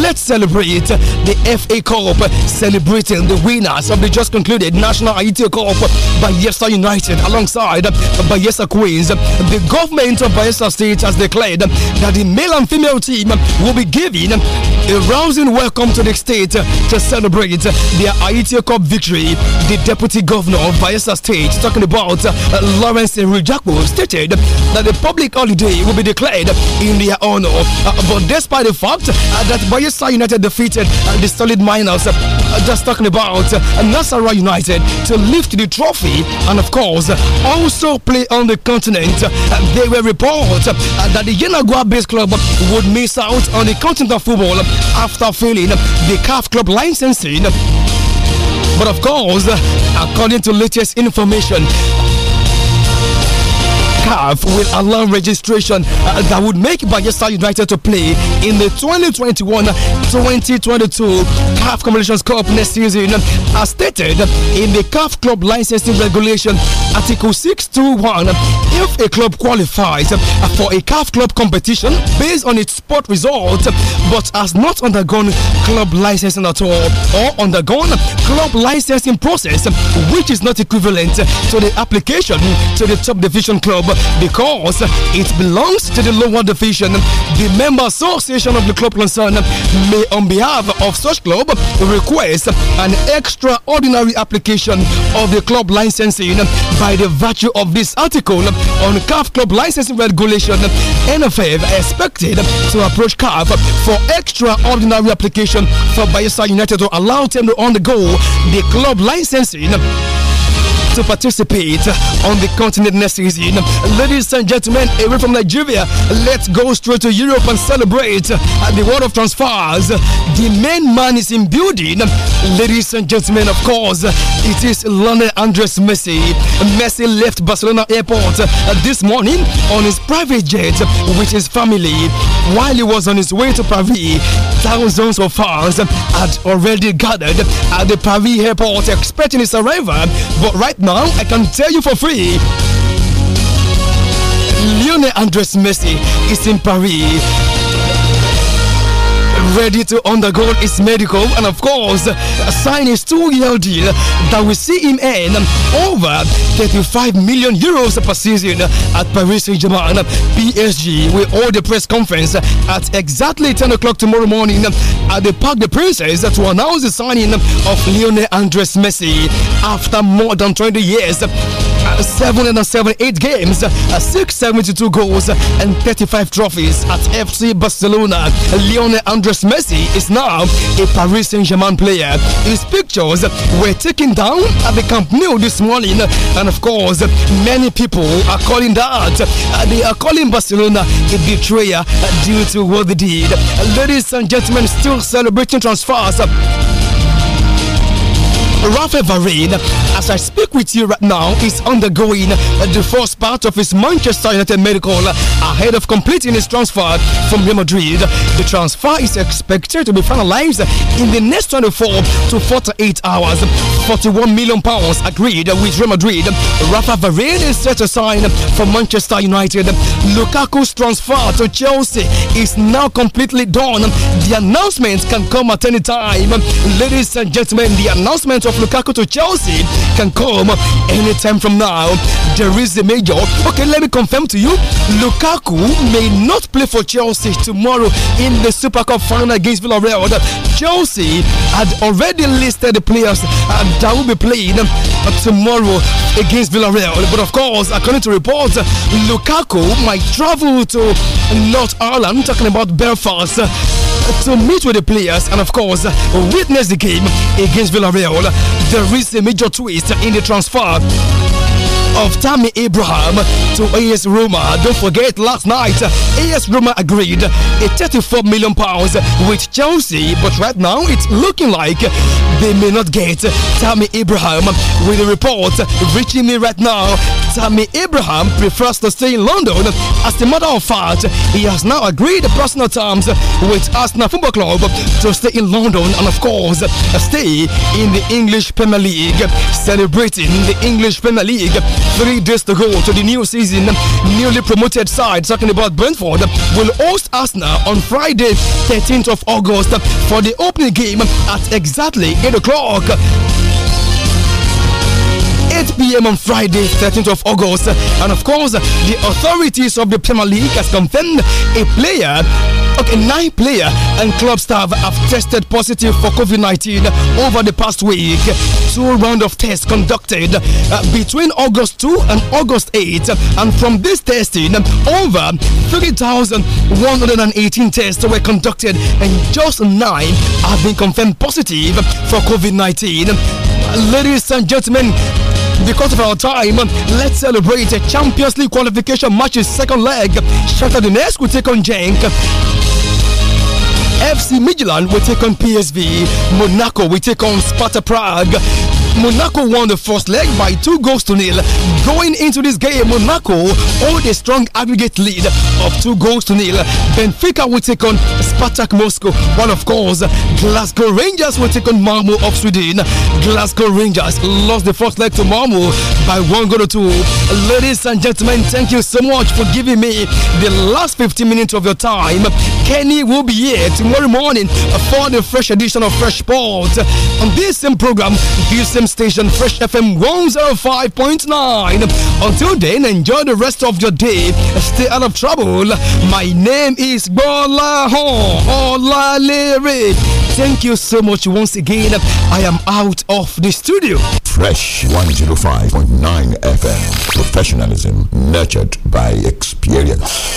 let's celebrate the FA Cup, celebrating the winners of the just concluded National Haiti Cup by Yesa United alongside Bayesa Queens. The government of Bayesa State has declared that the male and female team will be giving a rousing welcome to the state to celebrate their Haiti Cup victory. The deputy governor of Bayelsa State, talking about uh, Lawrence Lawrence Rijakwo, stated that the public holiday will be declared in their honor. Uh, but despite the fact uh, that Bayelsa United defeated the solid miners just talking about uh, Nasara United to lift the trophy and, of course, also play on the continent. Uh, they were reported uh, that the Yenagua based club would miss out on the continental football after failing the CAF club licensing. But of course, according to latest information, CAF will allow registration uh, that would make Bayelsa United to play in the 2021-2022 CAF Competitions Cup next season, as stated in the CAF Club Licensing Regulation, Article 621. If a club qualifies for a CAF Club competition based on its sport result, but has not undergone club licensing at all, or undergone club licensing process, which is not equivalent to the application to the top division club because it belongs to the lower division. The member association of the club concerned may, on behalf of such club, request an extraordinary application of the club licensing by the virtue of this article on CAF club licensing regulation. NFF expected to approach CAF for extraordinary application for Bayesa United to allow them to undergo the club licensing to participate on the continent next season. Ladies and gentlemen, away from Nigeria, let's go straight to Europe and celebrate the world of transfers. The main man is in building. Ladies and gentlemen, of course, it is Lionel Andres Messi. Messi left Barcelona airport this morning on his private jet with his family. While he was on his way to Paris, thousands of fans had already gathered at the Paris airport expecting his arrival. But right now, now, I can tell you for free. Lionel Andres Messi is in Paris ready to undergo his medical and, of course, sign his two year deal that will see him earn over 35 million euros per season at Paris Saint Germain. PSG will hold a press conference at exactly 10 o'clock tomorrow morning at the Parc des Princes to announce the signing of Lionel Andres Messi after more than 20 years seven 778 games, uh, 672 goals, uh, and 35 trophies at FC Barcelona. Lionel Andres Messi is now a Paris Saint Germain player. His pictures were taken down at the Camp Nou this morning, and of course, many people are calling that. Uh, they are calling Barcelona a betrayer due to what they did. Ladies and gentlemen, still celebrating transfers. Rafa Varane, as I speak with you right now, is undergoing the first part of his Manchester United medical ahead of completing his transfer from Real Madrid. The transfer is expected to be finalized in the next 24 to 48 hours. 41 million pounds agreed with Real Madrid. Rafa Varane is set to sign for Manchester United. Lukaku's transfer to Chelsea is now completely done. The announcement can come at any time. Ladies and gentlemen, the announcement of Lukaku to Chelsea can come anytime from now. There is a major. Okay, let me confirm to you Lukaku may not play for Chelsea tomorrow in the Super Cup final against Villarreal. Chelsea had already listed the players uh, that will be playing uh, tomorrow against Villarreal. But of course, according to reports, Lukaku might travel to North Ireland, talking about Belfast to meet with the players and, of course, witness the game against Villarreal. There is a major twist in the transfer of Tammy Abraham to AS Roma. Don't forget, last night AS Roma agreed a 34 million pounds with Chelsea, but right now it's looking like they may not get Tammy Abraham. With a report reaching me right now, Tammy Abraham prefers to stay in London. As a matter of fact, he has now agreed personal terms with Arsenal Football Club to stay in London and, of course, stay in the English Premier League, celebrating the English Premier League Three days to go to the new season. Newly promoted side, talking about Brentford, will host Arsenal on Friday, 13th of August, for the opening game at exactly 8 o'clock. 8 p.m. on Friday, 13th of August. And of course, the authorities of the Premier League has confirmed a player Okay, nine player and club staff have tested positive for COVID-19 over the past week. Two round of tests conducted uh, between August 2 and August 8, and from this testing, over 3,118 tests were conducted, and just nine have been confirmed positive for COVID-19. Ladies and gentlemen, because of our time, let's celebrate a Champions League qualification match's second leg. Shakhtar Donetsk will take on Genk. FC Midland will take on PSV. Monaco will take on Sparta Prague. Monaco won the first leg by two goals to nil. Going into this game, Monaco hold a strong aggregate lead of two goals to nil. Benfica will take on Spartak Moscow, while of course Glasgow Rangers will take on Malmo of Sweden. Glasgow Rangers lost the first leg to Malmo by one goal to two. Ladies and gentlemen, thank you so much for giving me the last 15 minutes of your time. Kenny will be here tomorrow morning for the fresh edition of Fresh Sports On this same program, this same station, Fresh FM 105.9. Until then, enjoy the rest of your day. Stay out of trouble. My name is Bola Hon Thank you so much once again. I am out of the studio.
Fresh 105.9 FM. Professionalism nurtured by experience.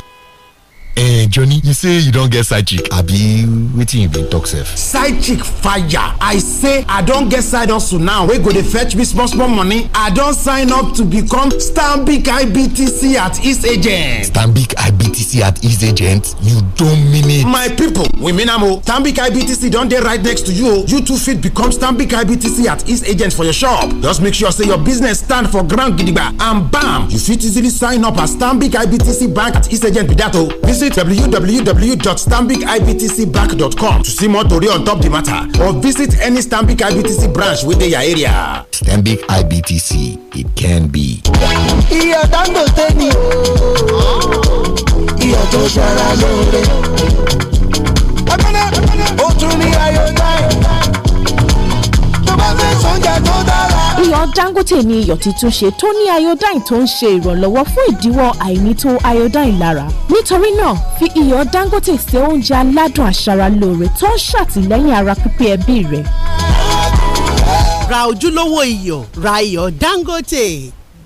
eh johnny you say you don't get side chick abi wetin you been talk sef. side chick fire i say i don't get side hustle now We go to fetch me small small money i don't sign up to become stanbic ibtc at east agent.
stanbic ibtc
at east agent you don't mean it. my people we mean am o ibtc don't there right next to you you too fit become stanbic ibtc at east agent for your shop just make sure say your business stand for ground gidigba and bam you fit easily sign up as stanbic ibtc bank at east agent with that Oh, visit visit www.stambicibtcbank.com to see more tori on top the matter or visit any Stanbic IBTC branch within your area.
Stanbic IBTC, it can be.
Iyọ̀ Dangote ni o,
tó ṣara lóore. Ọ̀kadà ó tún ní ayọ̀ láì. Tó bá fẹ́ sọ̀njà tó dára
iyọ̀ Dangote ni iyọ̀ titun ṣe tó ní iodine tó ń ṣe ìrànlọ́wọ́ fún ìdíwọ́ àìnító iodine lára nítorí náà fi iyọ̀ Dangote ṣe oúnjẹ aládùn aṣaralóore tó ń ṣàtìlẹ́yìn ara pípé ẹbí rẹ. ra ojúlówó iyọ̀ ra iyọ̀ Dangote.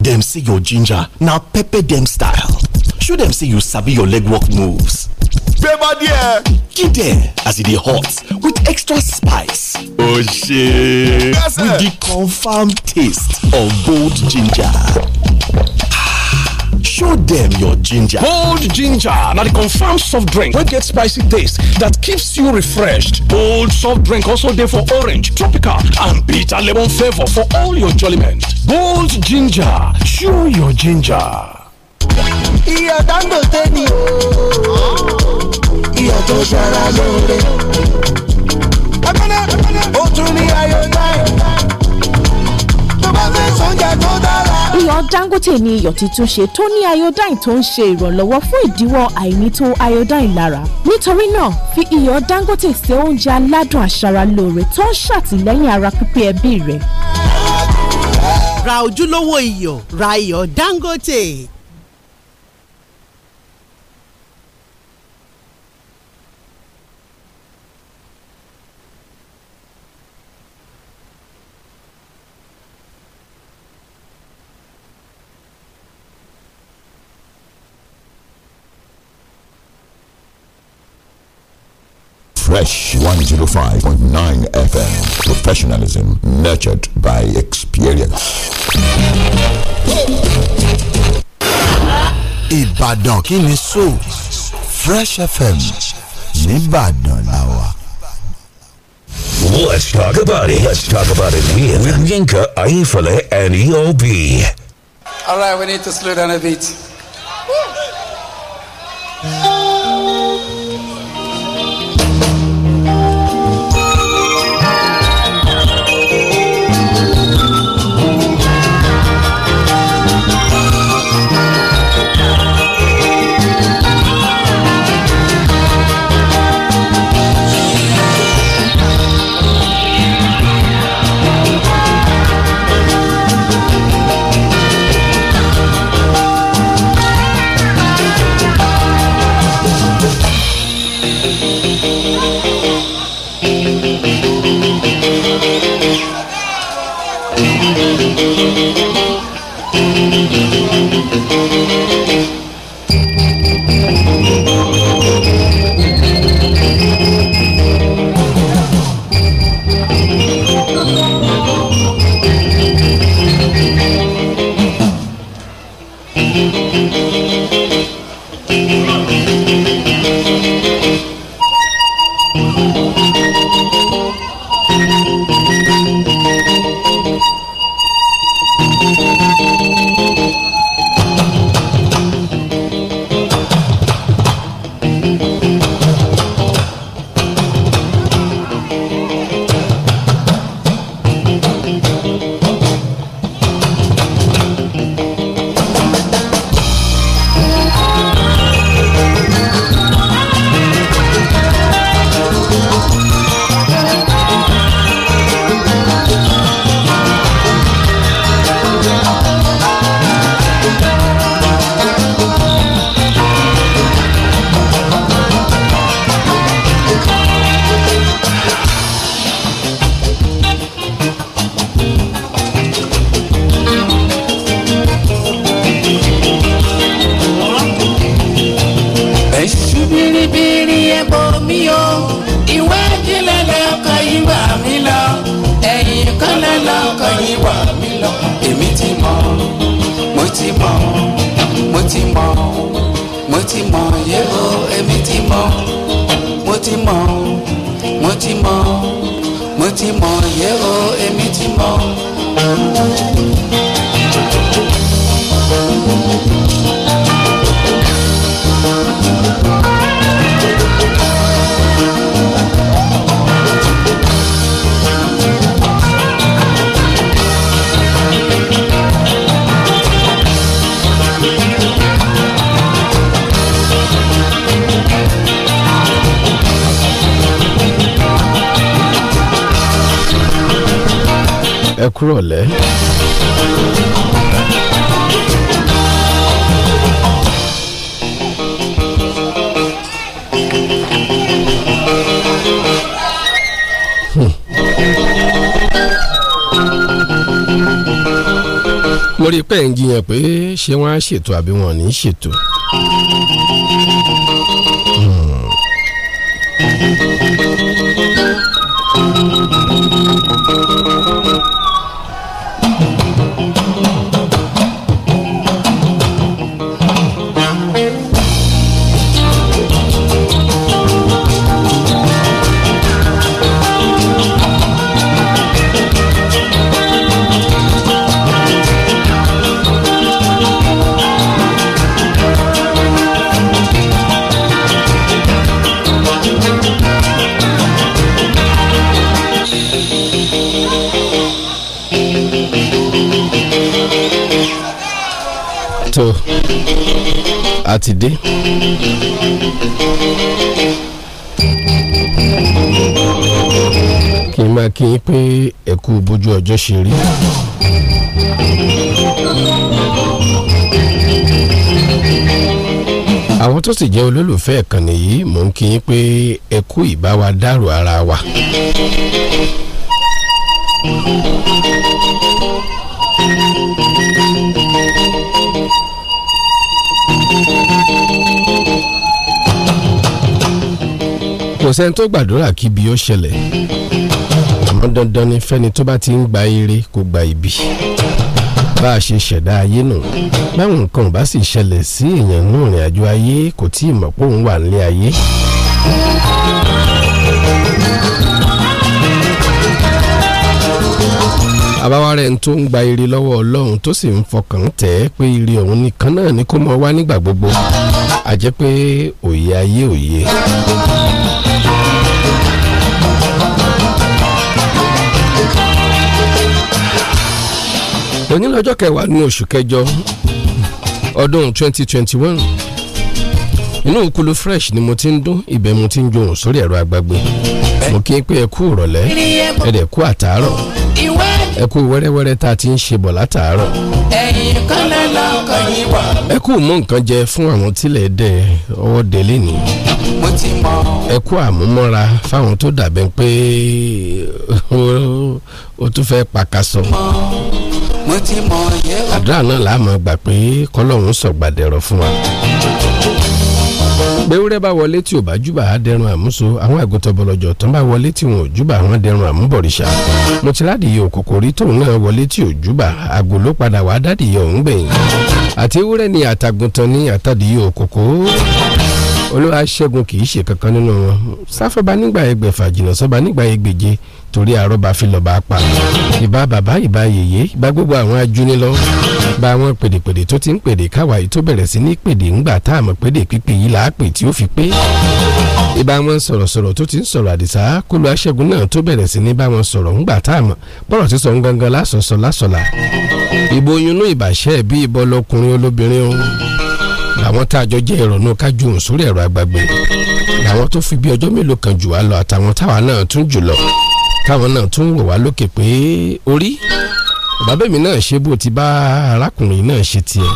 dem see your ginger na pepper dem style show dem say you sabi your legwork moves
pepper there get there
as it dey hot
with extra spice
oh shey with the confirmed taste of bold ginger show them your ginger. bold ginger now the confirmed soft drink We get spicy taste that keeps you refreshed. bold soft drink also there for orange tropical and bitter lemon flavour for all your enjoyment. bold
ginger show your ginger.
dangote ni
tó ṣara lóore.
ó tún ní ayọ̀ tó bá fẹ́ tó dára.
iyọ̀ Dangote ni iyọ̀ titun ṣe tó ní iodine tó ń ṣe ìrànlọ́wọ́ fún ìdíwọ́ àìnító iodine lára nítorí náà fi iyọ̀ Dangote ṣe oúnjẹ aládùn aṣaralóore tó ń ṣàtìlẹ́yìn ara pípé ẹbí rẹ ra ojúlówó iyọ̀ ra iyọ̀ Dangote.
Fresh 105.9 FM. Professionalism nurtured by experience. Ìbàdàn kí so Fresh FM nìbàdàn la
let Let's talk about it. Let's talk about it here with Yinka Aifale and EOB.
All right, we need to slow down a bit.
ṣé wọ́n á ṣètò àbí wọn ò ní ṣètò. Mm. ọjọ́ ṣe rí. àwọn tó sì jẹ́ olólùfẹ́ ìkànnì yìí mò ń kí yín pé ẹ kú ìbáwa dárò ara wa. kò sẹ́ni tó gbàdúrà kí ibi ó ṣẹlẹ̀ àmọ́ dandan ni fẹ́ni tó bá ti ń gba ire kó gba ibi bá a ṣe ṣẹ̀dá ayé nù báwọn nǹkan ò bá sì ṣẹlẹ̀ sí èèyàn ní ìrìn àjò ayé kò tí ì mọ̀ pé òun wà nílé ayé. àbáwá rẹ̀ tó ń gba ire lọ́wọ́ ọlọ́run tó sì ń fọkàn tẹ̀ pé ire òun nìkan náà ni kó mọ wá nígbà gbogbo a pé òye ayé òye. òní lọ́jọ́ kẹwàá nínú oṣù kẹjọ ọdún 2021 inú ìkulu fresh ni mo ti ń dún ibẹ̀ mo ti ń johùn sórí ẹ̀rọ agbágbé mo kí n pé ẹ kú ìrọ̀lẹ́ ẹ dẹ̀ kú àtàárọ̀ ẹ kú wẹ́rẹ́wẹ́rẹ́ tá a ti ń ṣe bọ̀ látàárọ̀ ẹ kú mú nǹkan jẹ fún àwọn tílẹ̀ dẹ̀ ọwọ́ délé ni ẹ kú àmúmọ́ra fáwọn tó dàbẹ̀ pé o tún fẹ́ pàkàsọ
mo ti mọ̀ yẹ́ o. àdúrà
náà làá máa gbà pé kọ́lọ́run sọ̀gbàdẹ̀rọ̀ fún wa gbẹwúrẹ́ bá wọlé tí ò bá júbà á dẹrùn àmúso àwọn àgùntàn bọlọjọ tán bá wọlé tí wọn ò júbà àwọn dẹrùn àmúbọ̀rìṣà mọtìládìyẹ òkòkò rí tóun náà wọlé tí ò júbà àgò ló padà wàá dádìyẹ òun gbẹ̀yìn àti ewúrẹ́ ni àtàgùntàn ni àtàdìyẹ òkòkò olúwa ṣẹ́gun kì í ṣe kankan nínú wọn sáfọba nígbà ẹgbẹ̀fà jìnnà sọba nígbà ẹgbẹ̀je torí àrọ́bà fi lọ́ba pa ìbá bàbá ìbá yèyé ìbá gbogbo àwọn ajúnilọ́ bá àwọn pèdèpèdè tó ti ń pèdè káwa yìí tó bẹ̀rẹ̀ sí ní pèdè ńgbà tá àmọ́ pèdè pípé yìí là tí ó fi pé ìbá wọn sọ̀rọ̀sọ̀rọ̀ tó ti ń sọ̀rọ̀ àdìsá kó lọ aṣẹ́gun náà tó bẹ̀rẹ̀ sí ní bá wọn sọ̀rọ̀ ńgbà tá àmọ́ bọ́rọ̀ sísọ ń gangan lásọ̀sọ lásọ̀la ìbò ìbàṣẹ́ bí ìbọn lọkùnrin olóbìnrin òun làwọn tá a jọ jẹ́ ìrọ̀nù kájú òun sórí ẹ̀rọ àgbàgbé làwọn tó fi bí ọjọ́ mélòó kan jù wá lọ àtàwọn táwa náà tún jù lọ káwọn náà tún wò wá lókè pé orí bàbẹ́mi náà ṣe bó ti bá arákùnrin náà ṣe tiẹ̀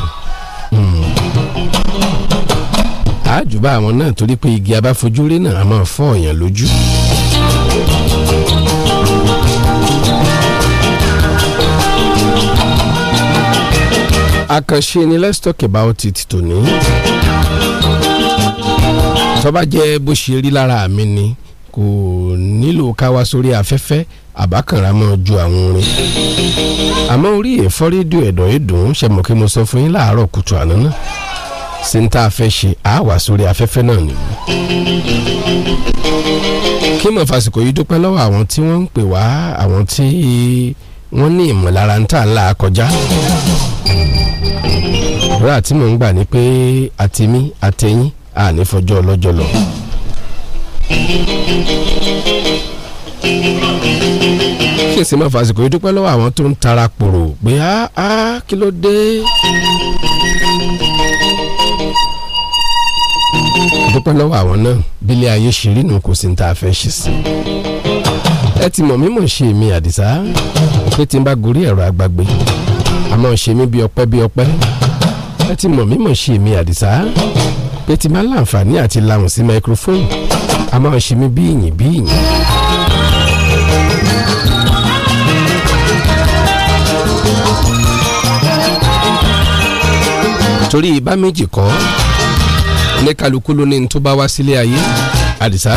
àjùbá hmm. àwọn náà torí pé igi abáfojúrí náà a máa fọ́ ọ̀yàn lójú. àkànṣe ni let's talk about it tòní. tó bá jẹ́ bó ṣe rí lára mi ni kò nílò ká wá sórí afẹ́fẹ́ àbákànrà máa ju àwọn orin. àmọ́ orí èèfọ́ rédíò ẹ̀dọ̀ ìdùn ṣe mọ̀ kí mo sọ fún yín láàárọ̀ kùtù àná náà sí ní tá a fẹ́ ṣe á wà sórí afẹ́fẹ́ náà nìyí. kí mo fàsìkò yìí dúpẹ́ lọ́wọ́ àwọn tí wọ́n ń pè wá àwọn tí wọ́n ní ìmọ̀lára ń tà ńlá kọjá rà tí mò ń gbà ni pé àtìmí àtẹ̀yìn ànífọjọ́ ọlọ́jọ́ lọ kíyèsí máa fàsìkò yìí dúpẹ́ lọ́wọ́ àwọn tó ń tara pòrò pé á
á kí ló dé.
dúpẹ́ lọ́wọ́ àwọn náà bílé ayé ṣe rí nù kò sí ní tá fẹ́ ṣe sí. ẹ ti mọ̀ mímọ̀ ṣe mi àdìsá pé tí n bá gorí ẹ̀rọ àgbàgbé àmọ́ ṣe mí bí ọpẹ́ bí ọpẹ́ ẹ ti mọ̀ mímọ̀ ṣe mi àdìsá pé tí n bá láǹfààní àti lahùn sí máikrófóònù a máa ṣe mí bí ìyìn bí ìyìn. torí ibà méjì kọ́ ní kálukú ló ní ní tó bá wá sílé ayé àdìsá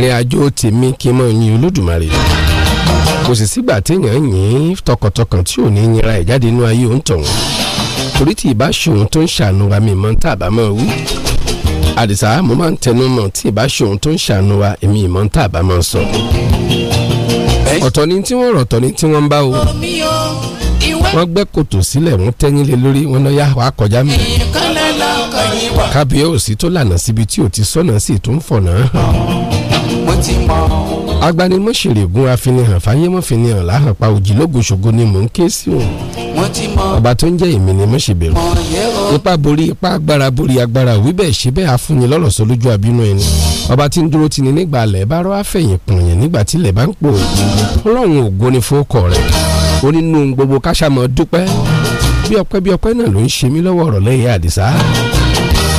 rìn àjò tèmi kí n mọ yin olódùmarè kò sì sígbà téèyàn yìn tọkàntọkàn tí ò ní yinra ẹ̀ jáde inú ayé òǹtọ̀hún torí tí ìbá ṣòun tó ń ṣàánú wa mi mọ́ tá a wí àdìsá mo máa ń tẹnu mọ́ tí ìbá ṣe ohun tó ń ṣàánú wa èmi ìmọ̀ ń tà bá máa ń sọ. ọ̀tọ̀ ni tí wọ́n rọ̀tọ̀ ni tí wọ́n ń bá o wọ́n gbẹ́ kòtò sílẹ̀ wọ́n tẹ́yìn lé lórí wọn náà yá wa kọjá mi. kábíyèsí tó lànà síbi tí ò ti sọ̀nà sí tó ń fọ̀nà hàn mo ti mọ̀. agbanimọ̀ṣẹ̀rẹ̀gùn afinihàn fàyẹ̀mọ̀ finihàn láhàpá òjìlógo ṣògo ni mò ń ké sí òun. mo ti mọ̀. ọba tó ń jẹ́ èmi ni mo ṣe bẹ̀rù. ipa borí ipa agbára borí agbára wí bẹ́ẹ̀ ṣe bẹ́ẹ̀ afúnni lọ́rọ̀ lójú àbínú ẹni. ọba tí ń dúró ti ni nígbà alẹ́ bá rọ́ àfẹ̀yìn pọ̀nyẹ̀ nígbà tilẹ̀ bá ń pò ọlọ́run ògo ni fókọ̀ rẹ̀ onínú gbogbo kásámọ̀ dúpẹ́ bí ọpẹ́ bí ọpẹ́ náà ló ń ṣe mí lọ́wọ́ ọ̀rọ̀ lẹ́yìn àdìsá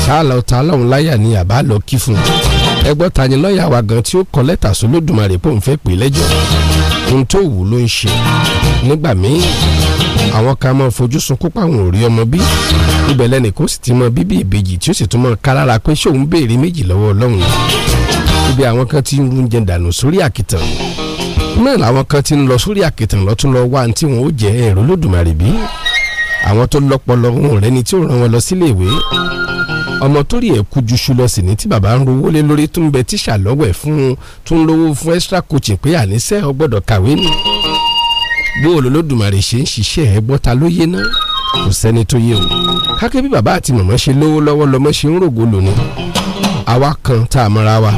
ṣáà lọ ta ọlọ́run láyà ni àbá lọ kí fún un ẹgbọ́n ta ni lọ́ọ̀yà wa gan tí ó kọ lẹ́tà sólódùmarè pòun fẹ́ pè lẹ́jọ́ ohun tó wù ló ń ṣe nígbà míì àwọn kan máa fojú sunkún páwọn ò rí ọmọ bí ibẹ̀ lẹ́nìkan sì ti mọ bíbí ìbejì tí ó sì tún mọ kárára pé ṣé òun béèrè méjì lọ́wọ́ ọlọ́run ibi àwọn kan ti ń ru oúnjẹ dànù sórí àkìtàn náà làwọn kan ti ń lọ sórí àkìtàn lọ́tún lọ wá tí wọn ó jẹ ẹ̀rọ lódùmarè bí àwọn tó lọ́pọlọ wọn ò rẹ́ni tí ó ràn wọn lọ sílé ìwé ọmọ tó rí ẹ̀ kú ju ṣu lọ sí ní tí bàbá ń rówó lé lórí tó ń bẹ tíṣà lọ́wọ́ ẹ̀ fún tó ń lówó fún extra coaching pé àníṣe ọ gbọ́dọ̀ kàwé ni. bó olólùdùmarè ṣe ń ṣiṣẹ́ ẹ̀ gbọ́ta ló yé ná kò sẹ́ni tó yé o kákẹ́ bí bàbá àti màmá ṣe lówó lọ́wọ́ lọ́mọ ṣe ń rògo lónìí àwa kan tá a mọ́ra wa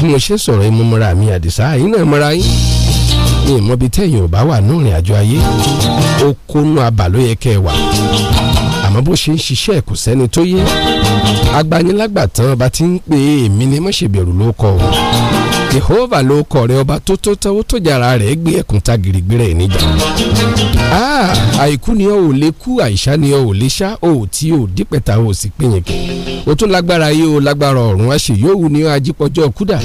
bí mo ṣe sọ̀rọ̀ ẹ mo mọ́ra mi àdìsá yín náà mọ́ra yín mi ì tẹ́yìn ò bá wà ní ìrìn àjò ayé ó kónú abà ló yẹ kẹ́ ẹ wà àmọ́ bó ṣe ń ṣiṣẹ́ kò sẹ́ni tó yé agbanilágbàtàn bá ti ń pè é èmi ni mo ṣèbẹ̀rù ló kọ o. Jehova ló kọ rẹ ọba tó tó tọwọ́ tó jàrá rẹ̀ gbé ẹkùn ta gírígbé rẹ̀ níjà. Ah, àìkú ni ọ ò lè kú àìsá ni ọ ò lè sá o ò tí o dípẹ̀ta o ò sì péyìnkì. o tún lágbára ayé o lágbára ọ̀run àṣẹ yóò wù ní ajípọ̀jọ́ kúdà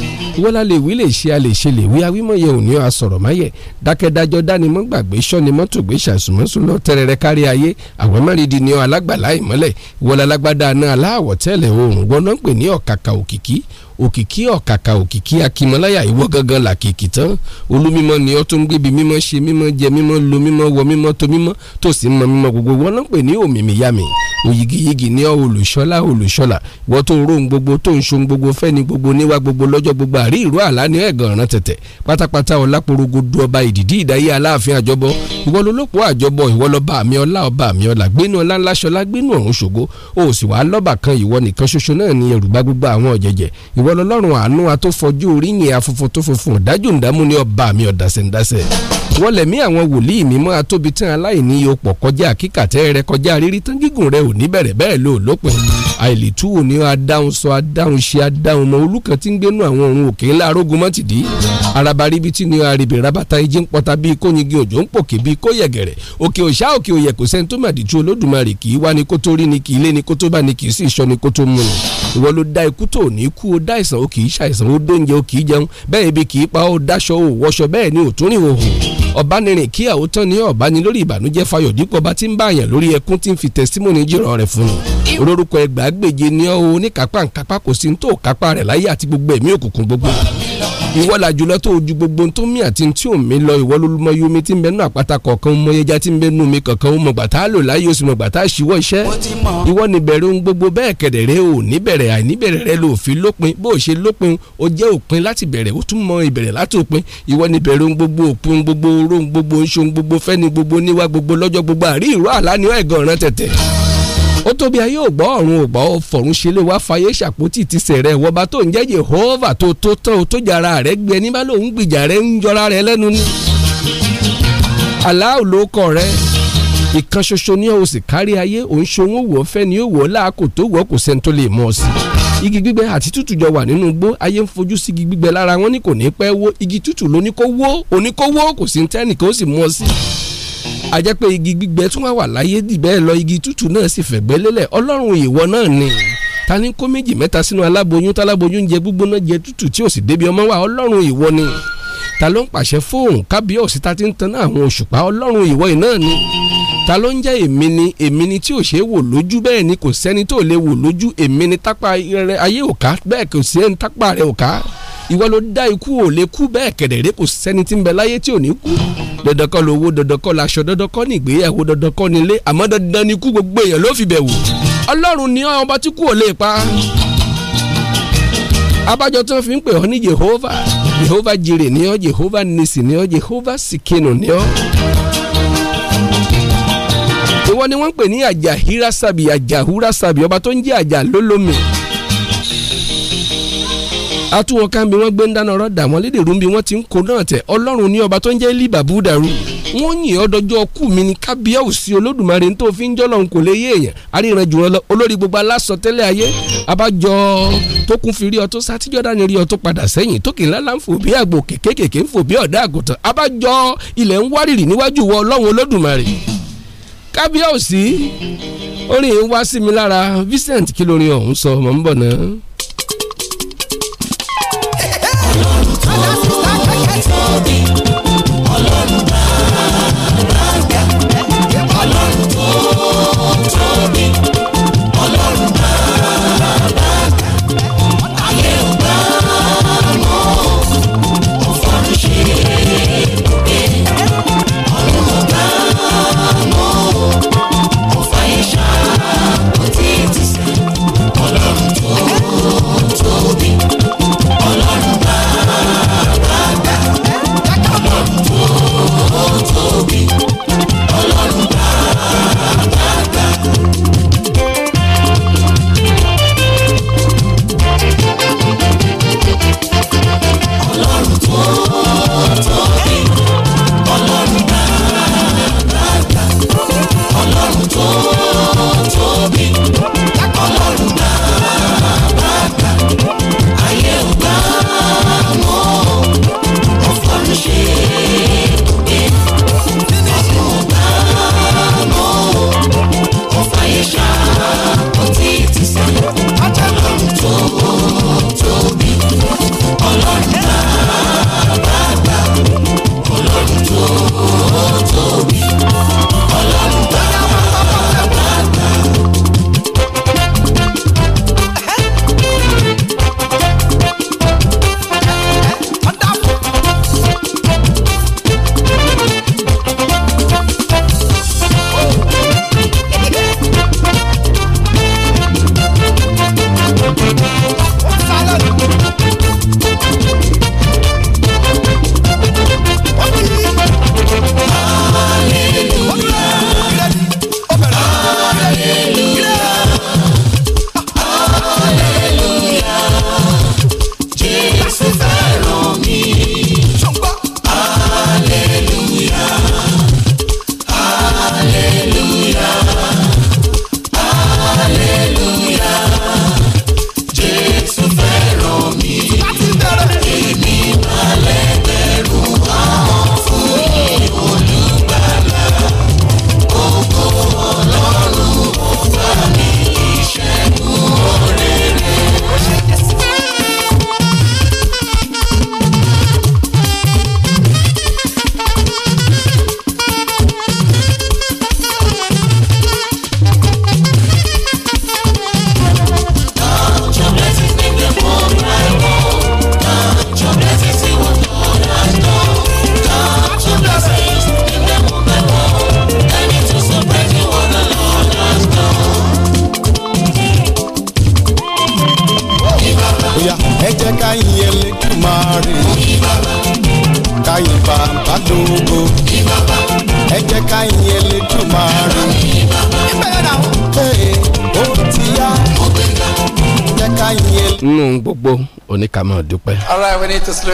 wọ́lá lè wí lè ṣe a lè ṣe lè wí awímọ̀yẹ ò ní ọ asọ̀rọ̀ máyẹ̀ dákẹ́dájọ́ dánimọ̀ gbàgbé sọ́ni mọ́tò gbé ṣàṣùmọ́sùn lọ tẹ́rẹ̀rẹ́ kárí ayé àwọn mẹ́rìndín ni ọ alágbàlá ìmọ́lẹ̀ wọ́lá alágbádá náà aláwọ̀ tẹ́lẹ̀ oòrùn gbọ́ná pè ní ọ̀kàkà òkìkí òkìkí ọ̀kàkà òkìkí akímọláyà ìwọ gangan làkìkì tán olúmímọ́ ni ọ́ tó ń gbébi mímọ́ ṣe mímọ́ jẹ mímọ́ lo mímọ́ wọ mímọ́ tó mímọ́ tó sì mọ mímọ́ gbogbo wọn náà pè ní òmìmíyàmì òyigiyigi ní olùṣọ́lá olùṣọ́lá wọ́n tó ń rohun gbogbo tó ń ṣohun gbogbo fẹ́ni gbogbo níwá gbogbo lọ́jọ́ gbogbo àrí ìró àlá ní ẹ̀gànràn tẹ̀tẹ̀ pátápátá ọ̀làpọ̀rọ̀gọ du ọba ìdìdí ìdáyé aláàfin àjọbọ ìwọ lolóko àjọbọ ìwọ lọba àmì ọlá ọba àmì ọlá gbénu ọlá ńláṣọlá gbénu ọ̀run ṣògo o sì wá lọ́bà kan ìwọ nìkan ṣoṣo náà ní ẹrù bá ìwọ lọ́lọ́run àánú atófọjú oríyìn afọfọ tó funfun ọ̀dájú ǹdámú ní ọba mi ọ̀dàsẹ̀ǹdàsẹ̀ wọ́n mi àwọn wòlíì mímọ́ atóbi tán aláìní iyopọ̀ kọjá kíkàtẹ́ rẹ kọjá rírí tán gígùn rẹ ò ní bẹ̀rẹ̀ bẹ́ẹ̀ lò lópin àìlètú òní adáhùn sọ adáhùn ṣe adáhùn mọ olùkàn tí ń gbénu àwọn òrùn òkè ńlá arógun mọ́ tìdí arabaríbi tí ni arìbì rabata ijì ń pọta bíi kóyingin òjò ń pòkè bíi kóyẹ̀gẹ̀rẹ̀ òkè òṣà òkè òyẹ̀ kò sẹ́ni tó màdì ju olódùmarè kì í wá ni kó tó rí ni kì í lé ni kó tó bá ni kì í sì sọ ni kó tó mú ni ìwọ ló dá ikú tó ní kú ó dá ìsàn ó kì í ṣàìsàn ó dóúnjẹ ó kì í jẹun bẹ́ẹ̀ ibi kì í pa ó dáṣọ ó wọṣọ bẹ́ẹ̀ ni ò tún òhùn ọ̀bánirin kí àwòtán ní ọ̀báni lórí ìbànújẹ́ fayọ̀ dípò ọba tí ń bá àyàn lórí ẹkún tí ń fi tẹsítímọ́nì jìrọ̀ rẹ̀ fún un orúkọ ẹgbàágbèje ni ó oníkápá ńkápá kò sí ní tó kápá rẹ̀ láyé àti gbogbo ẹ̀mí òkùnkùn gbogbo ìwọ la jùlọ tó ju gbogbo tó mí àti tí ò mí lọ ìwọ ló mọ yomi tí ń bẹ nú àpáta kọ̀ọ̀kan mọ ẹja tí ń bẹ nú mi kọ̀ọ̀kan ó mọ gbàtà lò láyé oṣù mọ gbàtà ṣíwọ́ iṣẹ́ ìwọ ni bẹ̀rẹ̀ ohun gbogbo bẹ́ẹ̀ kẹ̀dẹ̀rẹ́ ò ní bẹ̀rẹ̀ àìní bẹ̀rẹ̀ rẹ ló fi lópin bó o ṣe lópin o jẹ́ òpin láti bẹ̀rẹ̀ o tún mọ ìbẹ̀rẹ̀ láti òpin ìwọ ni bẹ̀rẹ̀ ohun gbogbo òpin ohun gbogbo oró ohun gbogbo oṣù ohun gbogbo fẹ́ni gbogbo níwá gbogbo lọ́jọ́ gbogbo àrí ìró àlá ni ó ẹ̀gàn ọ̀ràn ó tóbi ayé ò gbọ́ ọ̀run ò gbọ́ ó fọ̀run ṣe lé wá fàyè ṣàpótì ti sẹ̀rẹ̀ wọba tó ń jẹ́ Jèhófà tó tó tán tó jàra rẹ̀ gbẹ ní bá lòun gbìjà rẹ̀ ń jọra rẹ̀ lẹ́nu ní. aláwo ló kọ rẹ ìkan ṣoṣo ní o sì kárí ayé òun ṣohun wò fẹ́ ni ó wò ó láàkó tó wò ó sẹ́ni tó lè mọ̀ sí igi gbígbẹ àti tútù jọ wà nínú igbó ayé ń fojú sí igi gbígbẹ lára wọn ní kò ní pẹ́ wó igi tútù ló wó òní wó kò sí ní tẹ́nìkan ó sì mú ọ sí a jẹ́ pé igi gbígbẹ tún wá wà láyé dì bẹ́ẹ̀ lọ igi tútù náà sì fẹ̀gbẹ́ lélẹ̀ ọlọ́run ìwọ náà ni ta ní kó méjì mẹ́ta sínú aláboyún táláboyún ń jẹ gbígbóná jẹ tútù tí ò sì débi ọmọ wa ọlọ́run ìwọ ni ta ló ń pàṣẹ fóun kábíyèsí ta ti ń tan àwọn òṣùpá ọlọ́run ìwọ iná ni ta ló ń jẹ́ èmi ni èmi ni tí ò ṣe é wò lójú bẹ́ẹ̀ ni kò sẹ́ni tó lè wò lójú èmi ni tápá ayé òká bẹ́ẹ̀ kò sí tápá rẹ̀ òká ìwọ ló dá ikú ò lè kú bẹ́ẹ̀ kẹ̀dẹ̀rẹ́ kò sẹ́ni tí ń bẹ láyé tí ò ní kú dandan kọ́ lówó dandan kọ́ laṣọ dandan kọ́ ní ìgbéyàwó dandan kọ́ nílé àmọ́ dandan ni ikú gbogbo èèyàn ló fi bẹ̀ wò ọlọ́run ni ọba tí kú ò lè pa abájọ tí wọ́n fi ń pè ọ́ ní Jehova Jehova jire ni ọ́ Jehova nisi ni ọ́ Jehova sikinu ni ọ́ ìwọ ni wọ́n ń pè ní àjàhírásàbì àjàhúrásàbì ọba tó ń jẹ́ àjà lólómi atúwọ̀ká mi wọ́n gbé ń dáná ọ̀rọ̀ dà wọ́n lédè rúmbi wọ́n ti ń kó náà tẹ̀ ọlọ́run ní ọba tó ń jẹ́ ilé bàbú dàrú wọ́n yìn ọ́ dọjọ́ kù mí ni kábíyà òsì olódùmarè tó fi ń jọ́lọ̀ kò lè yé èèyàn aríran jù wọn lọ olórí gbogbo aláṣọ tẹ́lẹ̀ ayé abájọ tó kún fi rí ọ tó sátijọ́ dání rí ọ tó padà sẹ́yìn tó kìí lálá ń fò bí àgbò kékèké ń fò bí ọ̀dà àgùntàn abájọ ilẹ̀ ń wárìrì níwájú wọ ọlọ́run olódùmarè kábíyà òsì orin wá sí mi lára Vincent kí lórin ọ̀hún sọ mọ̀ ń bọ̀ náà.
ọlọ́run bá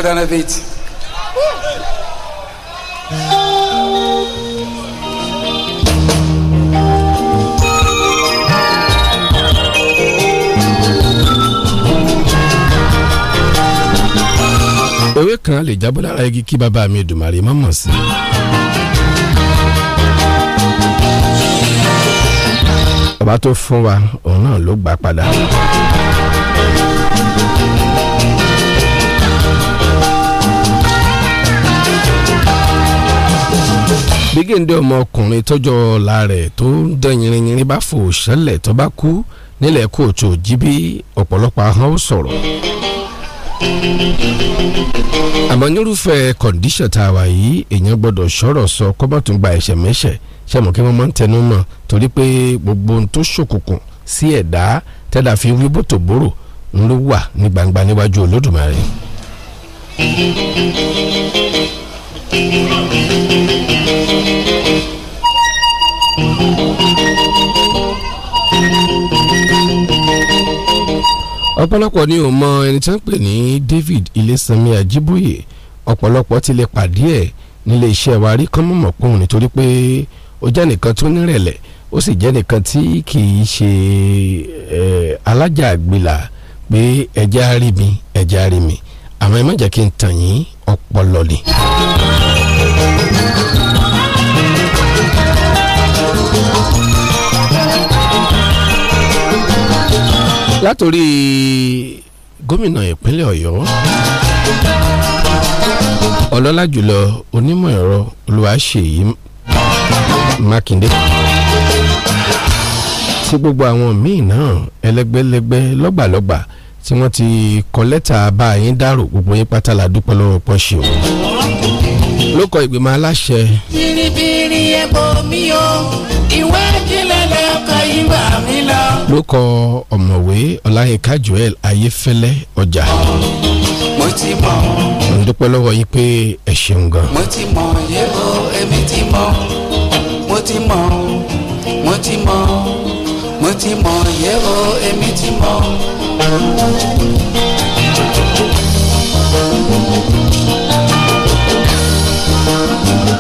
renovate.
ewé kan lè jábọ́ lára igi kí bàbá mi Èdùmàrè má mọ̀ sí i. bàbá tó fún wa òun náà ló gbà padà. gbégéǹde ọmọkùnrin tọjọ ọ̀la rẹ̀ tó ń dán yìnyín bá fò ṣẹlẹ̀ tó bá kú nílẹ̀ kóòtù jíbí ọ̀pọ̀lọpọ̀ ahọ́n ó sọ̀rọ̀ àmọ́ nírúfẹ́ kọ̀ǹdíṣàn tá a wà yìí èèyàn gbọ́dọ̀ sọ̀rọ̀ sọ kó má tún gba ẹ̀ṣẹ̀ mẹ́ṣẹ̀ ṣẹ́mu kí wọ́n máa ń tẹnu mọ́ torí pé gbogbo ohun tó ṣòkùnkùn sí ẹ̀dá tẹ́lá fi wí bó tó ń ló wà ní gbangba níwájú olódùmarè. Thank you ọ̀pọ̀lọpọ̀ ni ò mọ ẹni tí wọ́n pè ní David Ilésanmí Ajíbóyè ọ̀pọ̀lọpọ̀ ti lè pàdé ẹ̀ nílé iṣẹ́ wa rí kán mọ̀mọ́ pòun nítorí pé ó jẹ́ nìkan tó nírẹ̀lẹ̀ ó sì jẹ́ nìkan tí kì ṣe alájà pé ẹja rí mi ẹja rí mi àmọ́ ẹ má jẹ́ kí n tàn yín ọpọlọ ni. látòrí gómìnà ìpínlẹ̀ ọ̀yọ́ ọlọ́lá jùlọ onímọ̀ ẹ̀rọ olùwàṣeyí mákindé tí gbogbo àwọn míì náà ẹlẹ́gbẹ́lẹ́gbẹ́ lọ́gbàlọ́gbà tí wọ́n ti kọ lẹ́tà bá yín dárò gbogbo yín pátá la dúpẹ́ lọ́wọ́ pọ́n ṣe o. ló kọ ìgbìmọ̀ aláṣẹ.
bìrìbìrì ẹ̀bùn mi o ọkọ̀
yín bá mi lọ. ló
kọ ọ̀mọ̀wé ọláyínká joel ayéfẹ́lẹ́ ọjà. mo ti mọ̀. mo ń dúpẹ́ lọ́wọ́ yín pé ẹ ṣeun gan. mo ti mọ̀
yẹ́wò èmi ti mọ̀ mo ti mọ̀ mo ti mọ̀ mo ti mọ̀ yẹ́wò èmi ti mọ̀.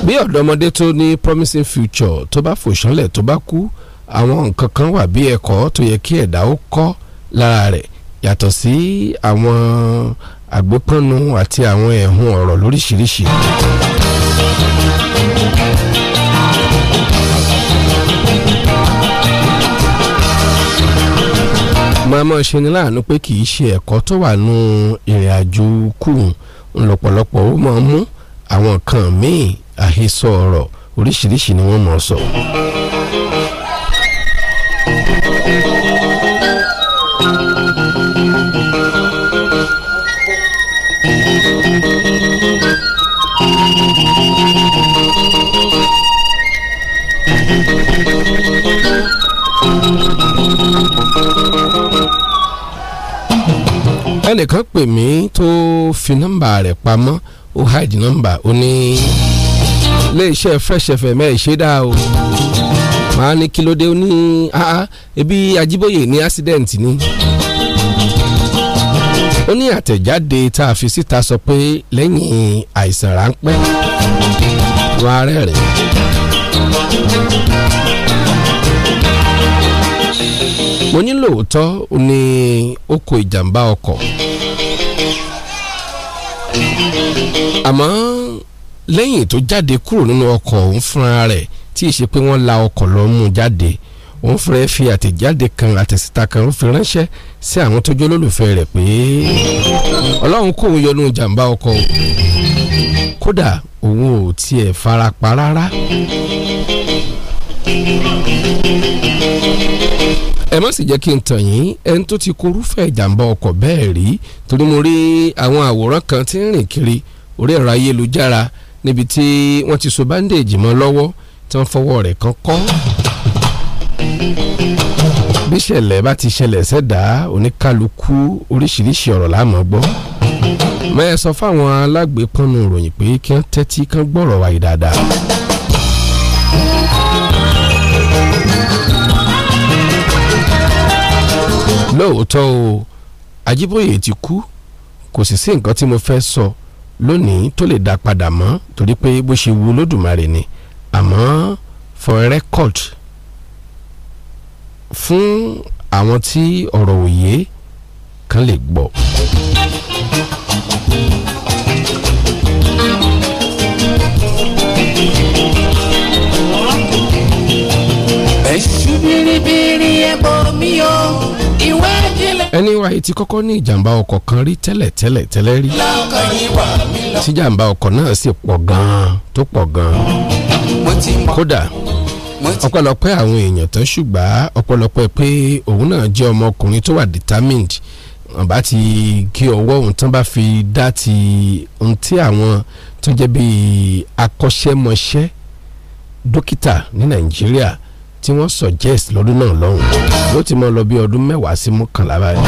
bí ọ̀dọ́mọdé tó ní promising future tó bá fòṣánlẹ̀ tó bá kú àwọn nǹkan kan wà bí ẹ̀kọ́ tó yẹ kí ẹ̀dá ó kọ́ lára rẹ̀ yàtọ̀ sí àwọn àgbépọ́nu àti àwọn ẹ̀hún ọ̀rọ̀ lóríṣiríṣi. màmá ṣe ni láàánú pé kì í ṣe ẹ̀kọ́ tó wà nù ìrìn àjò kùn ńlọ́pọ̀lọpọ̀ ó máa mú àwọn kan míì àhesọ ọ̀rọ̀ oríṣiríṣi ni wọ́n mọ̀ sọ. So. ẹnìkan pè mí tó fi nọ́mbà rẹ̀ pamọ́ ó hide nọ́mbà ó ní iléeṣẹ́ Fresh FM ẹ̀ ṣe dáa o màá ní kí ló dé ó ní ah ebi Ajíbóyè ní accident ni ó ní àtẹ̀jáde tá a fi síta sọ pé lẹ́yìn àìsàn ráńpẹ́ wọn arẹ́rìn mo ní lóòótọ́ ni ó kó ìjàmbá ọkọ̀ àmọ́ lẹ́yìn tó jáde kúrò nínú ọkọ̀ òun fúnra rẹ̀ tí ì ṣe pé wọ́n la ọkọ̀ lọ mú jáde òun fúnra fi àtẹ̀jáde kan àtẹ̀síta kan ó fi ránṣẹ́ sí àwọn tó jẹ́ olólùfẹ́ rẹ̀ pé ọlọ́run kò yọnu ìjàmbá ọkọ̀ kódà òun ò tiẹ̀ farapa rárá ẹ má sì jẹ́ kí n tàn yín ẹni tó ti korúfẹ́ ìjàmbá ọkọ̀ bẹ́ẹ̀ rí torí mo rí àwọn àwòrán kan tí ń rìn kiri orí ẹ̀rọ ayélujára níbi tí wọ́n ti so bandage mọ́ lọ́wọ́ tí wọ́n fọwọ́ rẹ̀ kan kọ́. bí ìṣẹ̀lẹ̀ bá ti ṣẹlẹ̀ sẹ́dá oníkálukú oríṣiríṣi ọ̀rọ̀ la gbọ́. mẹ́ẹ̀ sọ fáwọn alágbèékánu ìròyìn pé kí wọ́n tẹ́tí kán gbọ́rọ̀ wáyé dáadáa. lóòótọ́ o Ajíbóyè ti kú kò sì sí nǹkan tí mo fẹ́ sọ lónìí tó lè dá padà mọ́ torí pé bó ṣe wu Olódùmarè ni àmọ́ for a record fún àwọn tí ọ̀rọ̀ òye kan lè gbọ́.
ẹ̀sùn bìrìbìrì ẹ̀bọ̀ mi o
ẹni wa yìí ti kọ́kọ́ ní ìjàmbá ọkọ̀ kan rí tẹ́lẹ̀ tẹ́lẹ̀ tẹ́lẹ̀ rí tí ìjàmbá ọkọ̀ náà sì pọ̀ gan-an tó pọ̀ gan-an kódà ọpẹ́lọpẹ́ àwọn èèyàn tó ṣùgbọ́n ọpẹ́lọpẹ́ pé òun náà jẹ́ ọmọkùnrin tó wà determined àbá ti kí ọwọ́ òun tán bá fi dá ti ohun tí àwọn tó jẹ́ bíi akọ́ṣẹ́mọṣẹ́ dókítà ní Nàìjíríà tí wọ́n suggest lọ́dún náà lọ́hùn ló ti mọ lọ bí ọdún mẹ́wàá sí mọ́kànlá báyìí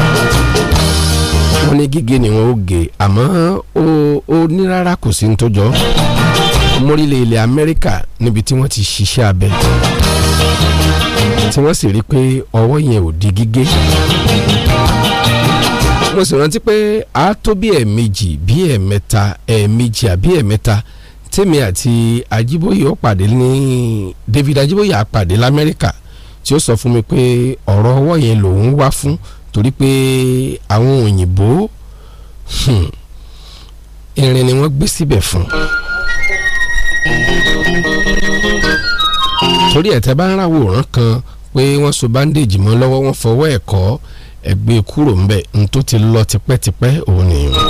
wọ́n ní gígé ni wọ́n ó gé àmọ́ ó ó ní rárá kò sí ní tó jọ mórílẹ̀ ilẹ̀ Amẹ́ríkà níbi tí wọ́n ti ṣiṣẹ́ abẹ tí wọ́n sì rí i pé ọwọ́ yẹn ò di gígé mo sì rántí pé a tó bí ẹ̀ẹ̀mejì bí ẹ̀ẹ̀mẹ́ta ẹ̀ẹ̀mejì àbí ẹ̀ẹ̀mẹ́ta tèmi àti Ajíbóyè ó pàdé ní David Ajíbóyè àpàdé l'Amẹ́ríkà tí ó sọ fún mi pé ọ̀rọ̀ ọwọ́ yẹn lòun wá fún torí pé àwọn òyìnbó hmm, irin ni wọ́n gbé síbẹ̀ fún torí ẹ̀ tẹ́ bá ń ráwòrán kan pé wọ́n so bandage mọ́ lọ́wọ́ wọ́n fọwọ́ ẹ̀ kọ́ ẹgbẹ́ e kúrò ńbẹ̀ n tó ti lọ tipẹ́tipẹ́ òun nìyẹn.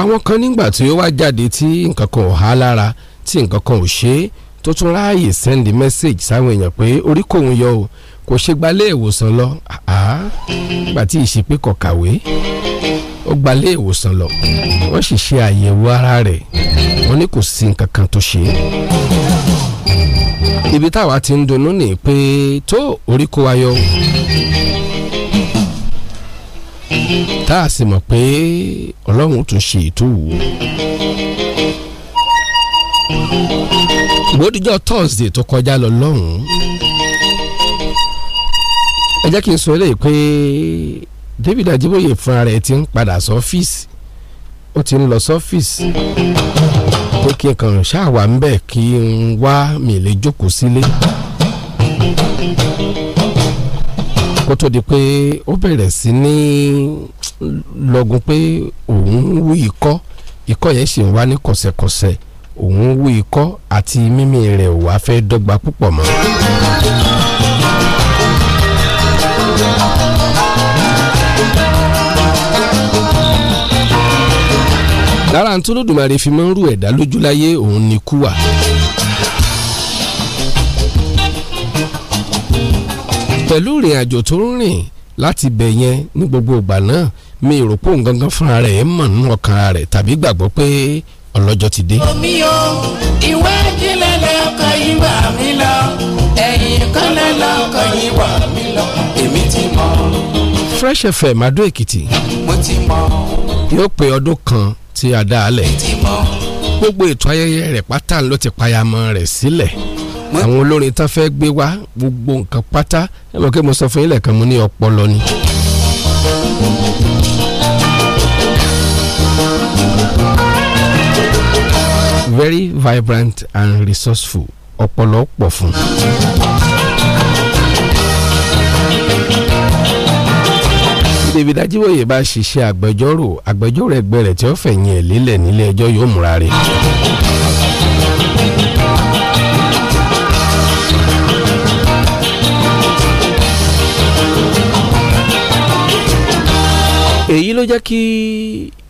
àwọn kan nígbà tí ó wá jáde tí nǹkan kan ò há lára tí nǹkan kan ò ṣe tó tún ráàyè send message sáwọn èèyàn pé orí kò ń yọ o kò ṣe gbalé ìwòsàn lọ nígbà tí ìṣepé kò kàwé ó gbalé ìwòsàn lọ wọ́n sì ṣe àyẹ̀wò ara rẹ̀ wọ́n ní kò sí nǹkan kan tó ṣe ibi táwa ti ń dunnú ni pé tó orí kó wa yọ tá a sì mọ̀ pé ọlọ́run tún ṣe ètò wò ó. ìwọ́dìjọ́ Thursday tó kọjá lọ lọ́hùn-ún ẹ jẹ́ kí n sọ eléyìí pé David Ajiboye fúnra rẹ̀ ti ń padà sọ́fíìsì ó ti ń lọ sọ́fíìsì pé kí n kàn ṣáà wà ń bẹ̀ kí n wá mi lè jókòó sílé. Si kó tó di pé ó bẹ̀rẹ̀ sí ní lọ́gun pé òun wú ikọ́ ikọ́ yẹn sì ń wá ní kọ̀sẹ̀kọ̀sẹ̀ òun wú ikọ́ àti mímí rẹ̀ wá fẹ́ dọ́gba púpọ̀ mọ́. lára ntúndùdùmarè fi máa ń rú ẹ̀dá lójú òun ni kú wà. pẹ̀lú ìrìn àjò tó ń rìn láti bẹ̀ yẹn ní gbogbo ìgbà náà mi rò pé òun gangan fúnra rẹ̀ mọ̀ nínú ọkàn rẹ̀ tàbí gbàgbọ́ pé ọlọ́jọ́ ti dé. omi
o ìwé ìjìnlẹ̀ lọ́kọ̀ yìí wà mí lọ ẹ̀yìn kọ́lẹ̀ lọ́kọ̀ yìí wà mí lọ èmi ti mọ̀.
Fresh FM Adó Èkìtì yóò pé ọdún kan tí a dá a lẹ̀. gbogbo ètò ayẹyẹ rẹ̀ pátá ló ti payamọ́ rẹ̀ sílẹ̀ àwọn olórin tán fẹ́ gbé wá gbogbo nǹkan pátá ẹ mọ̀ kí mo sọ fún yín lẹ́ẹ̀kan mo ní ọpọlọ ni. very vibrant and resourceful ọpọlọ pọ̀ fún. David Ajiboye bá ṣiṣẹ́ agbẹjọ́rò agbẹjọ́rò ẹgbẹ́ rẹ̀ tí ó fẹ̀yìn ẹ̀ lélẹ̀ nílé ẹjọ́ yóò múra rẹ̀. èyí ló jẹ́ kí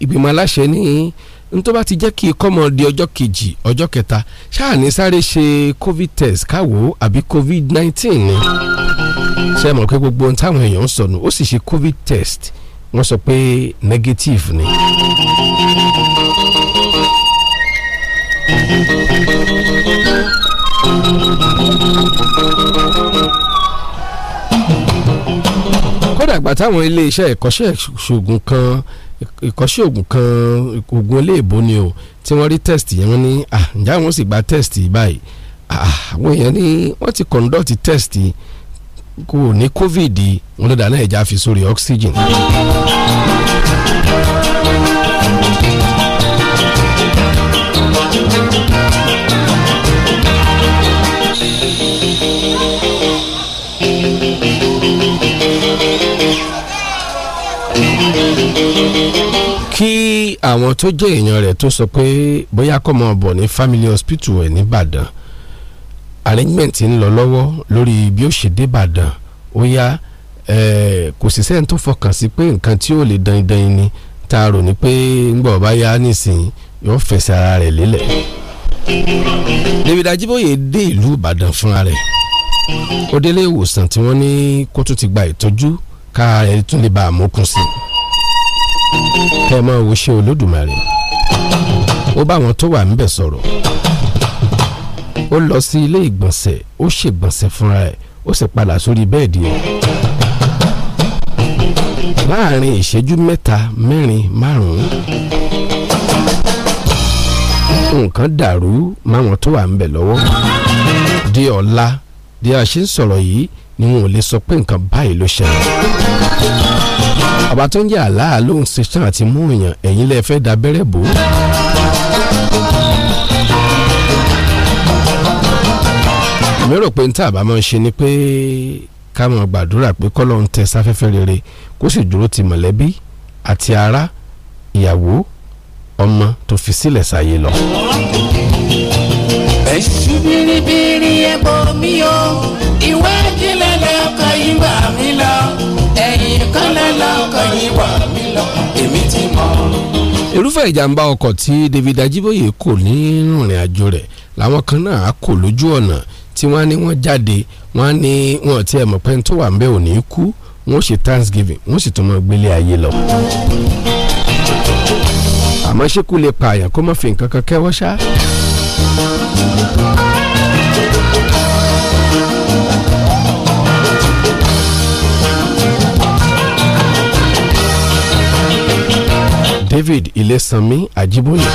ìgbìmọ̀ aláṣẹ ní n tó bá ti jẹ́ kí ikọ́ di ọjọ́ kejì ọjọ́ kẹta ṣáà ní sáré ṣe covid test káwo àbí covid nineteen ni ṣe mọ̀ pé gbogbo ohun táwọn èèyàn ń sọnù ó sì ṣe covid test wọ́n sọ pé negative ni. thank you kódà gbà táwọn iléeṣẹ́ ìkọ́ṣẹ́ ṣògùn kan ìkọ́ṣẹ́ ògùn kan ògùn iléèbó ni o tí wọ́n rí test yẹn wọ́n ní ǹjẹ́ àwọn sì gba test báyìí àwọn èèyàn ní wọ́n ti conduct test kò ní covid wọn lọ́dà náà ẹ̀já fi sórí oxygen. kí àwọn tó jẹ́ èèyàn rẹ̀ tó sọ pé bóyá kọ́ mọ́ bọ̀ ní family hospital ẹ̀ nìbàdàn arrangement ń lọ lọ́wọ́ lórí bí ó ṣe dé ìbàdàn ó yá kò sì sẹ́ni tó fọkàn sí pé nǹkan tí ó lè dan dan ni tá a rò ní pé ńgbọ̀ bá yá nísìnyí yóò fẹsẹ̀ ara rẹ̀ lélẹ̀. David Ajiboye dé ìlú Ìbàdàn fúnra rẹ̀ ó délé ìwòsàn tí wọ́n ní kó tún ti gba ìtọ́jú ká ẹ̀ tún lè bá a sí i ẹ máa wo ṣe olódùmarè ó bá àwọn tó wà níbẹ̀ sọ̀rọ̀ ó lọ sí ilé ìgbọ̀nsẹ̀ ó ṣègbọ̀nsẹ̀ fúnra ẹ̀ ó sì padà sórí bẹ́ẹ̀dì ẹ̀ láàrin ìṣẹ́jú mẹ́ta mẹ́rin márùn-ún nǹkan dàrú máwọn tó wà níbẹ̀ lọ́wọ́ di ọ̀la bí a sọ̀rọ̀ yìí ni wọn ò lè sọ pé nǹkan báyìí ló ṣẹlẹ̀ àbá tó ń jẹ́ àlá lòun ṣe tán àti mú èèyàn ẹ̀yìn lẹ́ẹ̀ fẹ́ da bẹ́rẹ̀ bò. mi rò pé níta àbámọ̀ ṣe ni pé ká máa gbàdúrà pé kọ́lọ́run tẹ sáfẹ́fẹ́ rere kó sì dúró ti mọ̀lẹ́bí àti ará ìyàwó ọmọ tó fi sílẹ̀ sáyé lọ. ẹ̀sùn bìrìbìrì
ẹ̀bọ̀ mi o.
irúfẹ́ ìjàmbá ọkọ̀ tí David Ajiboye kò ní rìnrìn àjò rẹ̀ làwọn kan náà kò lójú ọ̀nà tí wọ́n ní wọ́n jáde wọ́n ní wọ́n ti ẹ̀ mọ̀ pé tó wà ń ò ní kú wọ́n ṣe thanksgiving wọ́n sì tún mọ́ gbélé ayé lọ. àmọ́ ṣé kú lè pààyàn kó má fi nǹkan kan kẹ́wọ́ ṣáá. David Ilẹ̀sànmí Àjíbóyè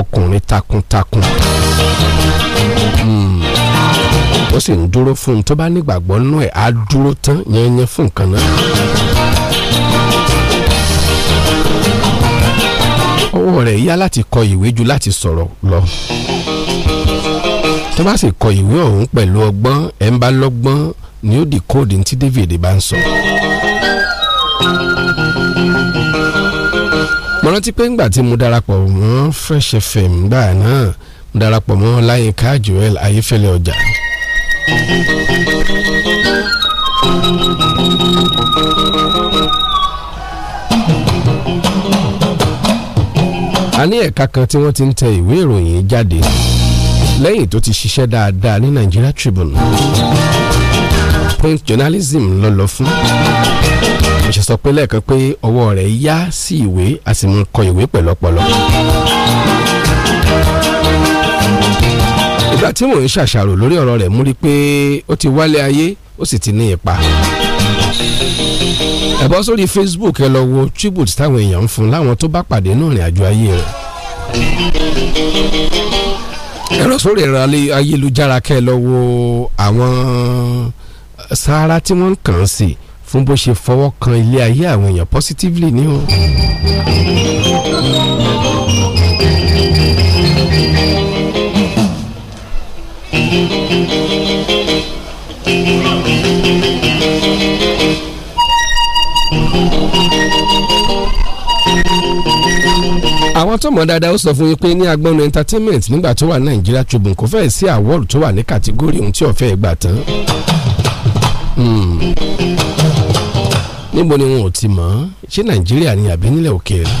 ọkùnrin takuntakun hmm. ó sì ń dúró fún un tó bá nígbàgbọ́ nú ẹ̀ á dúró tán yẹnyẹn fún nǹkan náà. ọwọ́ rẹ̀ yá láti kọ ìwé ju láti sọ̀rọ̀ lọ tó bá sì kọ ìwé ọ̀hún pẹ̀lú ọgbọ́n ẹ̀ ń bá lọ́gbọ́n ni ó dìkóòdì tí David bá ń sọ mo rántí pé ńgbà tí mo darapọ̀ mọ́ Fresh FM gbà náà mo darapọ̀ mọ́ Láyínká Joel Ayéfẹ́lẹ́ ọjà. a ní ẹ̀ka kan tí wọ́n ti ń tẹ ìwé ìròyìn jáde lẹ́yìn tó ti ṣiṣẹ́ dáadáa ní Nigeria Tribune print journalism ló lọ fún mo ṣe sọ pé lẹ́ẹ̀kan pé ọwọ́ rẹ̀ yá sí ìwé a sì mú kọ ìwé pẹ̀lú ọpọlọ. ìgbà tí mò ń ṣàṣàrò lórí ọ̀rọ̀ rẹ̀ mú rí pé ó ti wálé ayé ó sì ti ní ipa ẹ sórí Facebook ẹ lọ wo tribute táwọn èèyàn ń fún láwọn tó bá pàdé nínú ìrìn àjò ayé rẹ̀ ẹ̀rọ sórí ẹ̀rọ ayélujára kẹ́ ẹ lọ wo àwọn sáárá tí wọ́n ń kàn sí i fún bó ṣe fọwọ́ kan ilé ayé àwọn èèyàn positively ni o. àwọn tó mọ̀ dáadáa ó sọ fún yín pé ní agbọ́nu entertainment nígbà tó wà nàìjíríà tribune kò fẹ́ẹ̀ sí àwọ́ọ̀lù tó wà ní kàtígórì ohun tí ọ̀fẹ́ gbà tán. Hmm. níbo ni wọn ò ti mọ̀ ọ́ ṣé nàìjíríà ni àbí nílẹ̀ òkèèrè.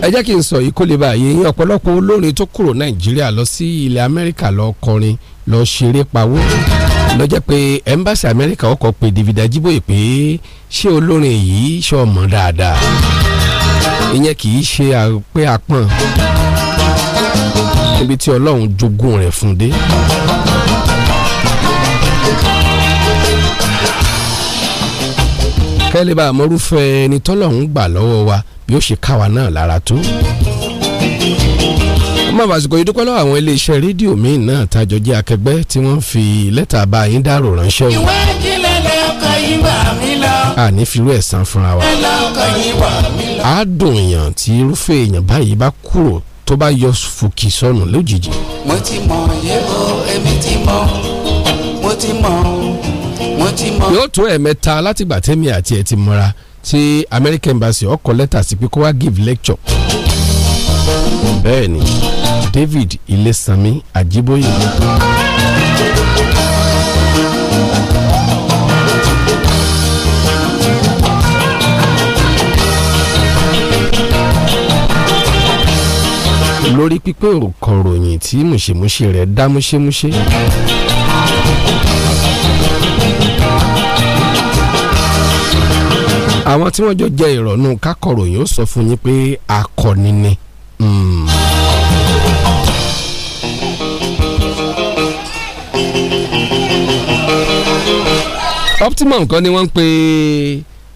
ẹ jẹ́ kí n sọ yìí kó lè báyìí yín ọ̀pọ̀lọpọ̀ olórin tó kúrò nàìjíríà lọ sí ilẹ̀ amẹ́ríkà lọ kọrin lọ ṣeré pawó lọ jẹ́ pé ẹ́mbáṣì amẹ́ríkà ọkọ̀ pé David Ajiboye pé ṣé olórin yìí ṣe ọmọ dáadáa ìyẹn kì í ṣe pé apọ́n níbi tí ọlọ́run jogún rẹ̀ fún dé. kẹ́lẹ́ bá amọ̀rúfẹ́ ẹni tọ́lọ́hún gbà lọ́wọ́ wa bí ó ṣe káwa náà lára tó. ọmọ àbàsìkò yìí dúpẹ́ lọ́wọ́ àwọn iléeṣẹ́ rédíò míì náà tàjọ jẹ́ akẹgbẹ́ tí wọ́n fi lẹ́tà bá yín dárò ránṣẹ́ o. ìwé
ìjìnlẹ̀ lọ́kọ̀ yín bá mi lọ.
a ní firu ẹ̀ san fúnra wa.
lọ́kọ̀ yín bá mi lọ.
a dùn èèyàn tí irúfẹ́ èèyàn báyìí bá kúrò tó bá yọ fòkì sọnù lójijì.
mo ti mọ̀ yẹ́bọ̀ èmi ti mọ̀ mo ti mọ̀ yóò
tó ẹ̀mẹ́ta látìgbà tẹ́mi àti ẹ̀ ti mọ́ra tí American Embassy ọkọ̀ lẹ́tà sí pé kó wá give lecture bẹ́ẹ̀ ni David Ilésànmí Àjíbóyè. lórí pípé òrùkọ̀ròyìn tí mùṣemúṣe rẹ̀ dá múṣemúṣe. àwọn tí wọ́n jọ jẹ ìrọ̀nù kákọ̀ròyìn ó sọ fún yín pé akọni ni. Hmm. optimum kan ni wọ́n ń pe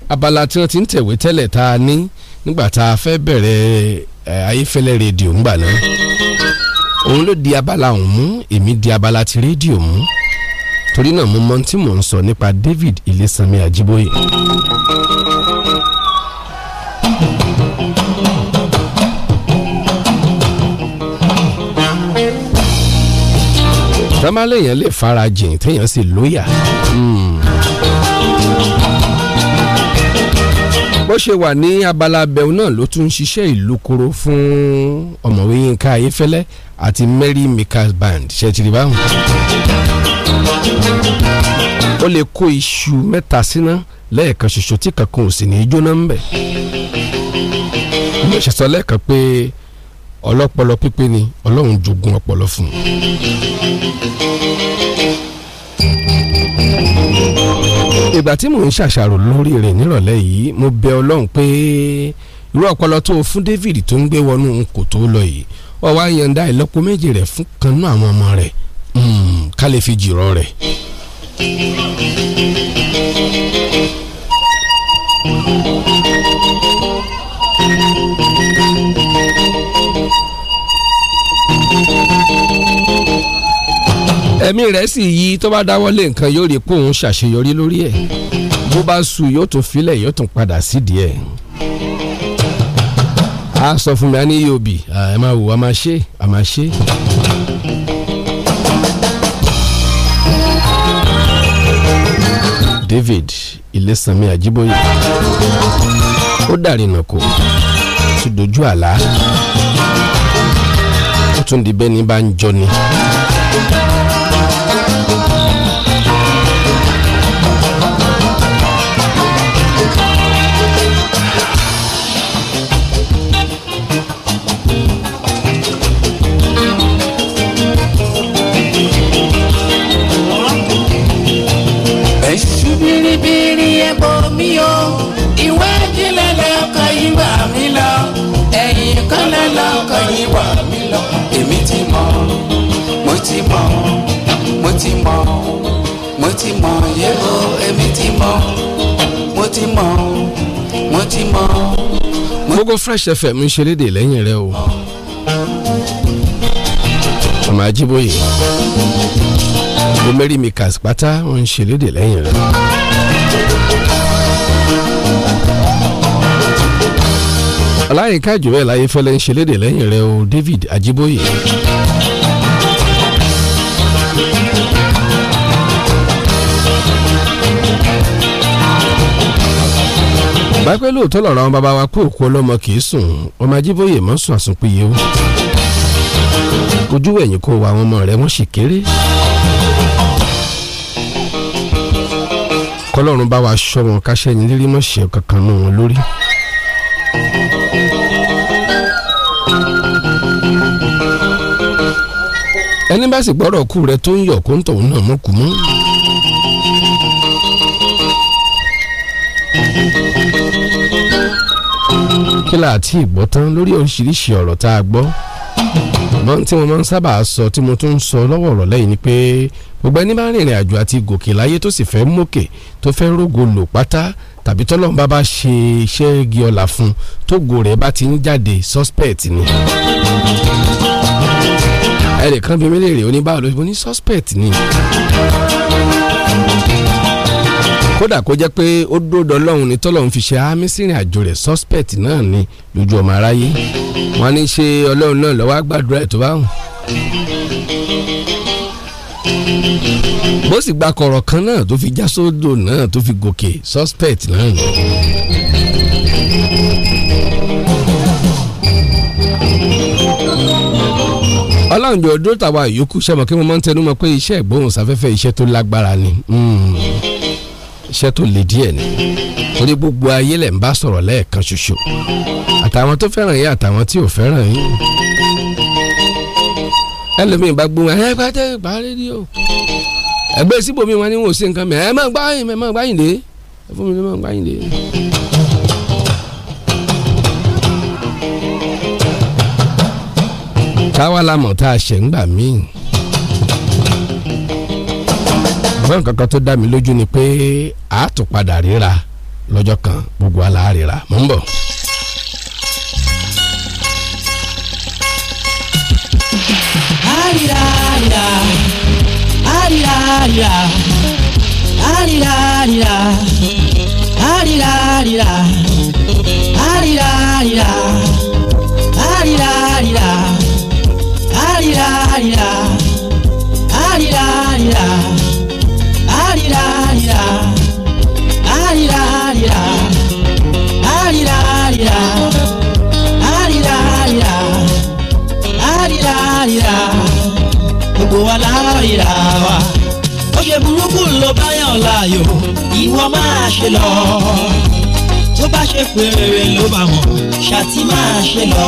abala tí wọ́n ti ń tẹ̀wé tẹ́lẹ̀ tá a ní nígbà tá a fẹ́ bẹ̀rẹ̀ eh, ayéfẹ́lẹ́ rédíò ńgbà náà òun ló di abala ọ̀hún mú èmi di abala ti rédíò mú torí náà mo mọ ohun tí mò ń sọ nípa David Ilésanmí Ajíbóyè. tọ́málẹ̀yàn lè farajìn téèyàn sì lóyà. Hmm. bó ṣe wà ní abala abẹ́wò náà ló tún ń ṣiṣẹ́ ìlú koro fún ọ̀mọ̀wé Yínká Ayéfẹ́lẹ́ àti Mary Makers Band ṣètìlì báwọn. ó lè kó iṣu mẹ́ta síná lẹ́ẹ̀kan ṣoṣo tí kankan ò sì ní í jóná ń bẹ̀. mo ṣe sọ lẹ́ẹ̀kan pé ọlọ́pọlọ pípé ni ọlọ́run jogún ọpọlọ fún un. ìgbà tí mò ń ṣàṣàrò lórí rẹ̀ nírọ̀lẹ́ yìí mo bẹ ọlọ́run pé irú ọpọlọ tó o fún David tó ń gbé wọnú kòtò lọ yìí ó wá yọ̀ǹda ìlọ́po méjì rẹ̀ fún kanú àwọn ọmọ rẹ̀ hmm, ká lè fi jìrọ̀ rẹ̀. thank you ẹ̀mí rẹ̀ sì yí tó bá dáwọ́lé nǹkan yóò rí kóun ṣàṣeyọrí lórí ẹ̀ bó bá su yóò tún filẹ̀ yóò tún padà sídìí ẹ̀ a sọ fún mi a ní yóòbí ẹ máa wò a máa ṣe a máa ṣe. David Ilésànmí Àjíbóyè ó dàrí nàkó ti dojú àlá. Látúndì bá ń jọ ni.
mọ̀ mo ti mọ̀
mo ti mọ̀ yẹ́bọ̀ èmi ti mọ̀ mo ti mọ̀ mo ti mọ̀.
gbogbo Fresh FM ń ṣe léde lẹ́yìn rẹ o ọmọ Ajíbóyè omeri mikas pátá wọn ń ṣe léde lẹ́yìn rẹ. ọláyínká jùlọ ìlàyé fẹlẹ ń ṣe lẹ́yìn rẹ o David Ajiboye. bá pẹ́ lóòótọ́ lọ́rọ̀ àwọn bàbá wa kú òkú ọlọ́mọ kì í sùn ọmọ ajíbóyè mọ́ sùn àsùnpìyẹ o ojú ẹ̀yìn kó wa àwọn ọmọ rẹ̀ wọ́n sì kéré. kọlọ́run bá wa ṣọ́ wọn káṣẹ́ ní rírí mọ́ ṣe kankan mọ́ wọn lórí. ẹni bá sì gbọ́dọ̀ kú rẹ tó ń yọ̀ kó ń tọ̀hún náà mọ́ kú mọ́. thank you kílà àti ìgbọ́tán lórí oríṣiríṣi ọ̀rọ̀ tá a gbọ́ ṣùgbọ́n tí mo máa ń sábà sọ tí mo tún ń sọ lọ́wọ́ ọ̀rọ̀ lẹ́yìn ni pé gbogbo ẹni bá rìnrìn àjò àti gòkè láyé tó sì fẹ́ mókè tó fẹ́ rógo lò pátá tàbí tọ́lọ́mùbá bá ṣe iṣẹ́ igi ọ̀la fún tógo rẹ̀ bá ti ń jáde suspect ni ẹnìkan bí mi lè rè oníbàálò suspect ni kódà kó jẹ́ pé ó dódò ọlọ́run ní tọ́lọ́run fi ṣe àmì àjò rẹ̀ suspect náà ni lójú ọmọ aráyé wọ́n ní ṣe ọlọ́run náà lọ́wọ́ àgbàdúrà ẹ̀ tó bá wù. bó sì gba kọ̀rọ̀ kan náà tó fi já sódò náà tó fi gòkè suspect náà ni. ọlọ́run jọ̀ọ́ dó tàwa ìyókù ṣe mọ̀ kí mo máa ń tẹnu mọ́ pé iṣẹ́ ìgbóhùnsáfẹ́fẹ́ iṣẹ́ tó lágbára ni. Hmm iṣẹ́ tó le díẹ̀ ni torí gbogbo ayé lẹ̀ ń bá sọ̀rọ̀ lẹ́ẹ̀kan ṣoṣo àtàwọn tó fẹ́ràn yín àtàwọn tí ò fẹ́ràn yín ẹlòmíì bá gbóhùn ẹ pátẹ gbà rédíò ẹgbẹ́ síbòmí wọn ni wọn ò sí nǹkan mẹ́ ẹ má gbá yín mẹ́ má gbá yín dé ẹ fún mi ní má gbá yín dé. táwa la mọ̀ tá a ṣẹ̀ ń gbà míì. àmọ́ nǹkan kan tó dá mi lójú ni pé àtúpadà ríra lọ́jọ́ kan gbogbo aláàríra mò ń bọ̀.
àríra àríra àríra àríra àríra àríra àríra àríra àríra àríra àríra àríra àríra àríra àríra àríra. ríra gbogbo wa la ríra wa oyè burúkú ló báyọ̀ láàyò ìwọ máa ṣe lọ tó bá ṣe péré ló bá wọn ṣàtì máa ṣe lọ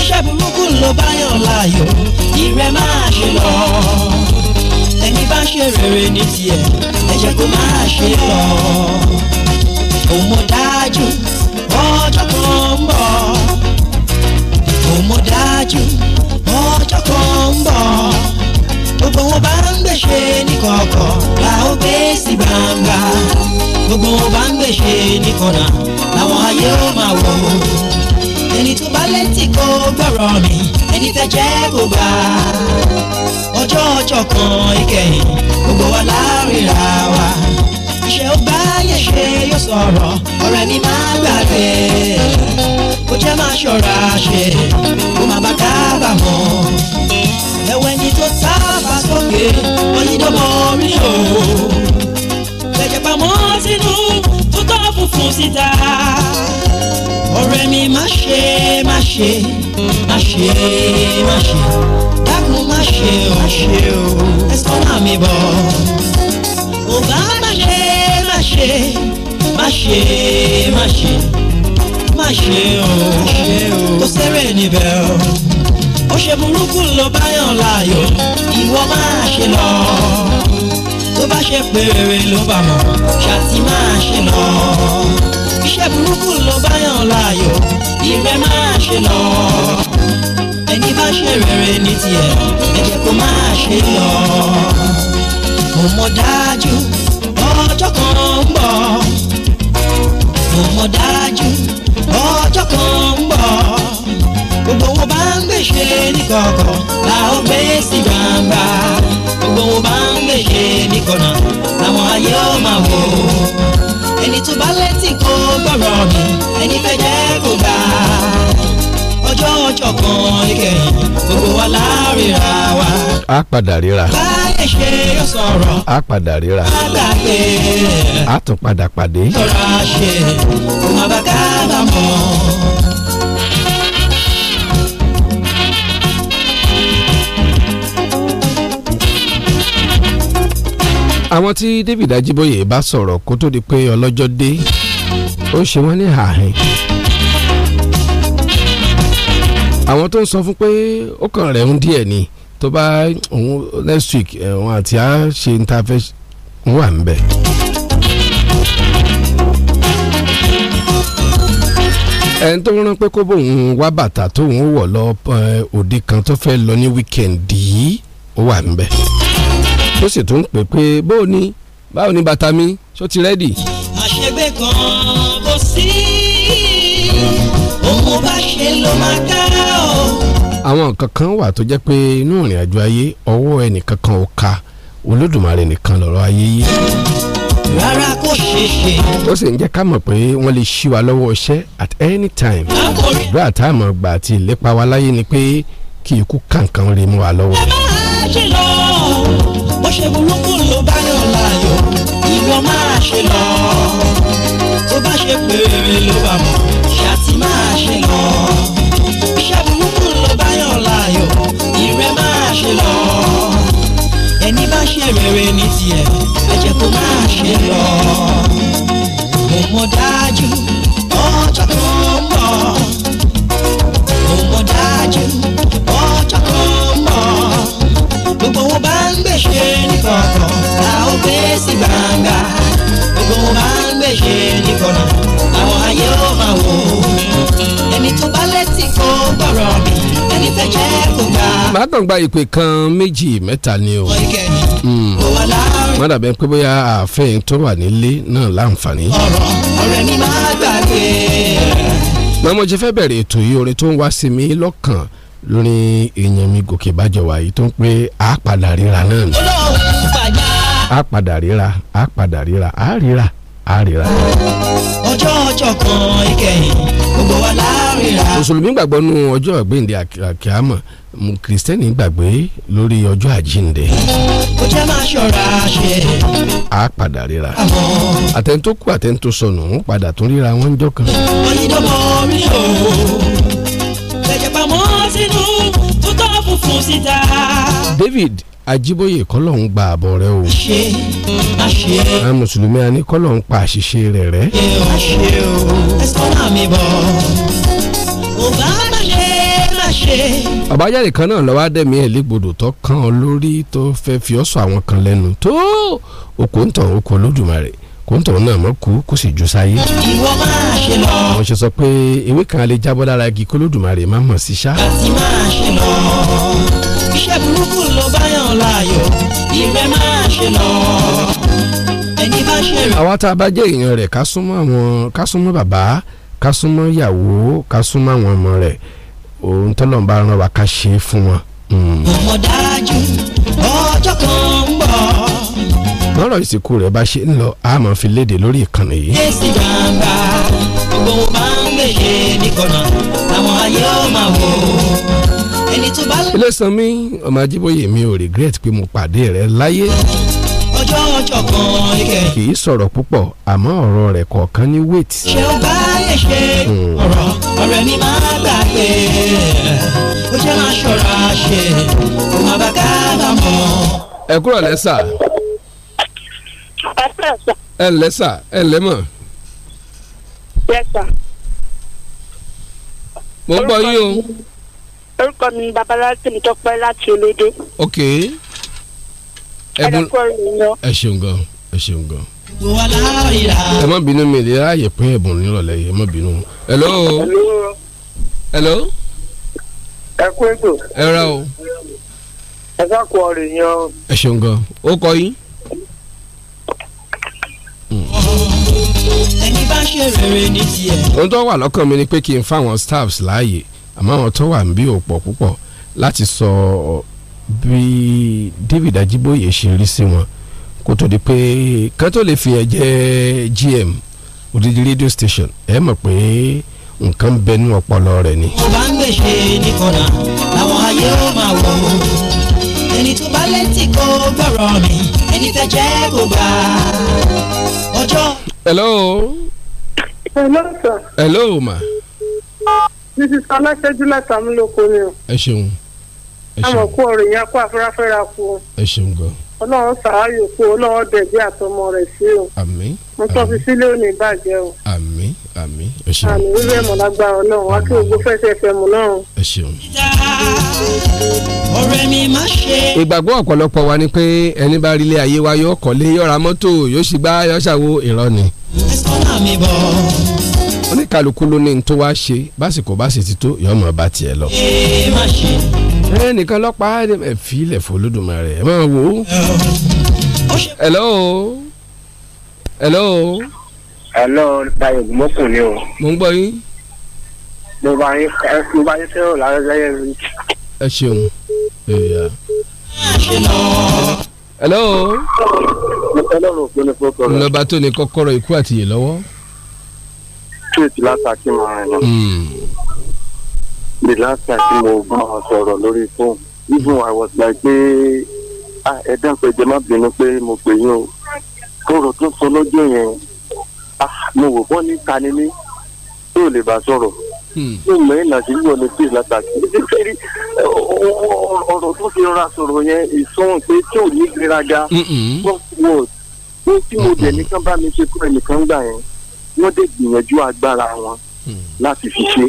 iṣẹ́ burúkú ló báyọ̀ láàyò ìrẹ́ máa ṣe lọ ẹni bá ṣe rere ní tiẹ̀ ẹ jẹ́ máa ṣe lọ òun mo dájú ọjọ́ kan ń bọ̀ òun mo dájú lọ́kàn ń bọ̀ gbogbo wọn bá ń gbèsè ní kọ̀ọ̀kọ̀ la ó gbé sí gbangba gbogbo wọn bá ń gbèsè ní kọ̀nà làwọn ayé ó máa wò ó ẹni tó bá létí kó gbọ́rọ̀ mi ẹni fẹ́ jẹ́ kó gbà ọjọ́ ọjọ́ kan ìkẹyìn gbogbo wa láríra wa iṣẹ́ ó bá yẹ ṣe yóò sọ̀rọ̀ ọ̀rẹ́ mi máa gbàgbé kó jẹ́ máa ṣọ́ra ṣe kó má bàa kábàámọ̀ òkè oyídọ́mọ rí o. Gbẹ̀jẹ̀ pamọ́ sínú tó tọ́ funfun síta. Ọ̀rẹ́ mi má ṣe má ṣe má ṣe má ṣe dákun má ṣe má ṣe o. Ẹ̀sọ́ náà mi bọ̀. Ògá má ṣe má ṣe má ṣe má ṣe má ṣe o. Kò sẹ́rẹ̀ níbẹ̀ o ó ṣe burúkú ló bá yàn láàyò ìwọ máa ṣe lọ tó bá ṣe péré ló bá mọ̀ ṣàtì máa ṣe lọ iṣẹ́ burúkú ló bá yàn láàyò ìrẹ́ máa ṣe lọ ẹni bá ṣe rere ní tiẹ̀ ẹ̀jẹ̀ kó máa ṣe lọ mo mọ̀ dájú ọjọ́ kan ń bọ̀ mo mọ̀ dájú ọjọ́ kan ń gbèsè níkọ̀kọ̀ la ó gbé sí gbangba gbogbo wọn bá ń gbèsè níkọ̀nà làwọn ayé ó máa wò ẹni tó bá létí kó gbọ́rọ̀ mi ẹni fẹ́ jẹ́ kó gbà ọjọ́ ọjọ́ kan ìkẹyìn gbogbo wa láríra wa.
a padà ríra.
báyẹ̀ ṣe yóò
sọ̀rọ̀. a padà ríra. a gbàgbé. a tún padà pàdé. tọ́ra ṣe
òun àbáká bá mọ̀.
àwọn tí David Ajiboye bá sọ̀rọ̀ kó tó di pé ọlọ́jọ́ dé ó ṣe wọ́n ní àhìn àwọn tó ń sọ fún pé ó kàn rẹ̀ ń díẹ̀ ni tó bá òun next week eh, òun àti á ṣe ń ta fẹ́ wà ń bẹ̀. ẹni tó rán pé kó bóun wá bàtà tóun wọ̀ lọ eh, òde kan tó fẹ́ lọ ní wíkẹ̀ndì yìí ó wà ń bẹ̀ ó sì tún pè pé bó o ní báwo ni bàtà mi ṣó ti rẹ́dì.
àṣegbè kan kò sí òun bá ṣe ló máa ká o.
àwọn nǹkan kan wà tó jẹ́ pé inú ìrìn àjò ayé ọwọ́ ẹnìkan kan ò ka olódùmarè nìkan lọ́rọ̀ ayé yé. rárá kò ṣeé ṣe. ó sì ń jẹ́ ká mọ̀ pé wọ́n lè ṣí wa lọ́wọ́ iṣẹ́ at any time. ìgbà àtàmọ̀gbà àti ìlépa wa láyé ni pé kí ikú kàǹkan rè mú wa lọ́wọ́
bó ṣe burúkú ló bá yàn láàyò ìwọ máa ṣe lọ tó bá ṣe péré ló bá mọ̀ ṣáàtì máa ṣe lọ iṣẹ́ burúkú ló bá yàn láàyò ìrẹ́ máa ṣe lọ ẹni bá ṣe rere ní tiẹ̀ ẹ̀jẹ̀ kó máa ṣe lọ mo mọ̀ dájú ọjọ́ kan ń bọ̀ mo mọ̀ dájú. fọkàn a ó gbé sí gbangba gbogbo máa ń gbèsè nìkọ̀nà àwọn ayé ó máa wò ó ẹni tó bá létí kó gbọ́rọ̀ mi ẹni fẹ́ jẹ́
kó gbà. màá kàn gba ìpè kan méjì mẹ́ta ni o mọ́dà hmm. bẹ́ẹ̀ pé bóyá ààfin tó wà nílé náà láǹfààní. ọ̀rẹ́
mi máa gbàgbé.
màmá jẹ́ fẹ́ bẹ̀rẹ̀ ètò yìí orin tó ń wá sí mi lọ́kàn lórí èèyàn mi gòkè bàjẹ́ wàyí tó ń pé àápàdà ríra náà ni á padà ríra á padà ríra A ríra á ríra. ọjọ́ ọjọ́ kan
ìkẹyìn gbogbo wa
láàrínra. mùsùlùmí gbàgbọ́ nú ọjọ́ ìgbéǹde àkíámọ̀ kìrìsìtẹ́nì gbàgbé lórí ọjọ́ àjínde.
ó jẹ́ máa ṣọ́ra ṣe.
á padà ríra. àtẹ̀ntó kú àtẹ̀ntó sọnù ń padà tún ríra wọn jọ kan.
ọ̀yìndọ́mọ mi ò lẹ̀jẹ̀ pamọ́ sínú tó tọ́ funfun síta.
David Ajíbóyè kọ́lọ́hún gba àbọ̀ rẹ o. a mùsùlùmí a ní kọ́lọ́hún pa àṣìṣe rẹ̀ rẹ́. àbájáde kan náà lọ́wọ́ dẹ̀mí ẹ̀ légbodò tó kàn án lórí tó fẹ́ fi ọ́ sọ àwọn kan lẹ́nu tó okò ń tàn okò Olódùmarè kò ń tàn náà mọ́ kú kó sì jù sáyé.
ìwọ máa
ṣe lọ. àwọn ṣe sọ pé ewé kan lè jábọ́ lára igi k'Olódùmarè má mọ̀ sí ṣá. àti máa ṣe lọ
iṣẹ́ burúkú yàn láàyò ìrẹ́ máa ṣe lọ.
ẹni bá ṣe
rẹ̀. àwọn tá a bá jẹ́ èèyàn rẹ̀ ká súnmọ́ àwọn ká súnmọ́ bàbá ká súnmọ́ ìyàwó ká súnmọ́ àwọn ọmọ rẹ̀ òun tọ́lọ̀ ń bá ràn wá ká ṣe é fún wọn.
Hmm. ọmọ dájú ọjọ́ kan ń bọ̀.
lọ́rọ̀ ìsìnkú rẹ̀ bá ṣe ń lọ a máa fi léde lórí ìkànnì yìí.
èsì gbangba gbogbo bá ń gbèsè nìkan náà ayé ó wò ẹni tó
bá. iléeṣẹ́ mi ọmọ ajíbóyè mi ò regret pé mo pàdé rẹ láyé.
ọjọ́ ọjọ́ kan ikẹ̀.
kì í sọ̀rọ̀ púpọ̀ àmọ́ ọ̀rọ̀ rẹ̀ kọ̀ọ̀kan ní wait. ṣé o
bá lè ṣe hmm. ọ̀rọ̀ ọ̀rẹ́ mi máa gbàgbé ó jẹ́ máa ṣọ̀ra ṣe kò má bá
káàbà mọ́. ẹ kúrò lẹ́sà. ẹ ǹlẹ́ sà ẹ ǹlẹ́ mọ̀.
yes sir.
mo ń yín o orúkọ mi ni babalá tèmi tọpẹ láti olóde.
ok ẹbùn ẹ ṣeun gan ẹ ṣeun gan. ẹ má bínú mi ìlera ààyè pín ẹ̀bùn nírọ̀lẹ́ yìí ẹ má bínú. hello. hello. ẹ kú ètò. ẹ
ra o. ẹ sákò ọ̀rẹ́ yan.
ẹ ṣeun gan ó kọ yín.
Hmm. ẹni bá ṣe rere ní tiẹ̀.
ohun tó wà lọ́kàn mi ni pé kí n fáwọn staffs láàyè àmọ́ àwọn tó wà ń bí òpọ̀ púpọ̀ láti sọ bí David Ajiboye ṣe rí sí wọn kó tó di pé kán tó lè fi ẹ jẹ GM odidi radio station ẹ mọ̀ pé nǹkan ń bẹnu ọpọlọ rẹ ni. mo
bá ń gbèsè ní kọ́nà làwọn ayé ó máa wò ẹni tó bá létí kó gbọ́rọ̀ mi ẹni tẹ́ jẹ́ kó gbà
ọjọ́.
hello. hello sir. hello ma
mrs ọlọ́ṣẹ́jú látàmúlòkọ ni o. ẹ ṣeun ẹ ṣeun àmọ̀ kú ọ̀rọ̀ yẹn kó afẹ́rẹ́fẹ́ra kú o. ẹ ṣeun gan. ọlọ́run sàáyò kú ọlọ́run dẹ̀bí àtọmọ rẹ̀ sí o. àmín mo tọ́ fi sílé òní ìbàjẹ́ o. àmín àmín ẹ ṣeun. àmì wíwẹ́ mọ̀ lágbára náà wá kí ògbó fẹsẹ̀ fẹ́ mu náà.
ẹ ṣeun. ìgbàgbọ́ ọ̀pọ̀lọpọ̀ wa ni pé ẹni bá rí ilé ayé wa yóò kọ́lé yóò ra mọ́tò yóò oníkàlùkù ló ní tó wá ṣe básìkò báṣe ti tó yọ ọmọ bá tiẹ̀ lọ. ẹ nìkan lọ́pàá ẹ fi ilẹ̀ fún Olódùmarè ẹ máa wò ó. hello hello. hello Báyọ̀ gbọ́kùn ni o. mo ń gbọ́ yín.
mo bá yín mo bá yín fẹ́ràn lára lẹ́yìn
ẹ ṣeun. hello.
mo fẹ́ lọ́rùn òpin ní fọ́kọ̀rọ̀. ńlọba
tó ní kọ́kọ́rọ́ ikú àtìyè lọ́wọ́
straight látàkì mọ̀ràn yẹn. the last time tí mo bá wọn sọ̀rọ̀ lórí fóònù even I was like pé ẹ dẹ́pẹ̀ jẹ́ má bínú pé mo pè yín o fóònù tó sọ lọ́jọ́ yẹn mo wò wọ́n ní tani ní tí ò lè bá sọ̀rọ̀ tí hmm. mo ń nà sí yíyọ ní straight látàkì ọ̀rọ̀ tó fi rọra sọ̀rọ̀ yẹn ìsọ̀hún pé tí ò ní gbéraga wọ́n wọ́n tí mo dẹ̀ nìkan bá mi ṣe kúrò nìkan gbà yẹn wọ́n dẹ̀ gbìyànjú agbára wọn hmm. láti fi ṣe.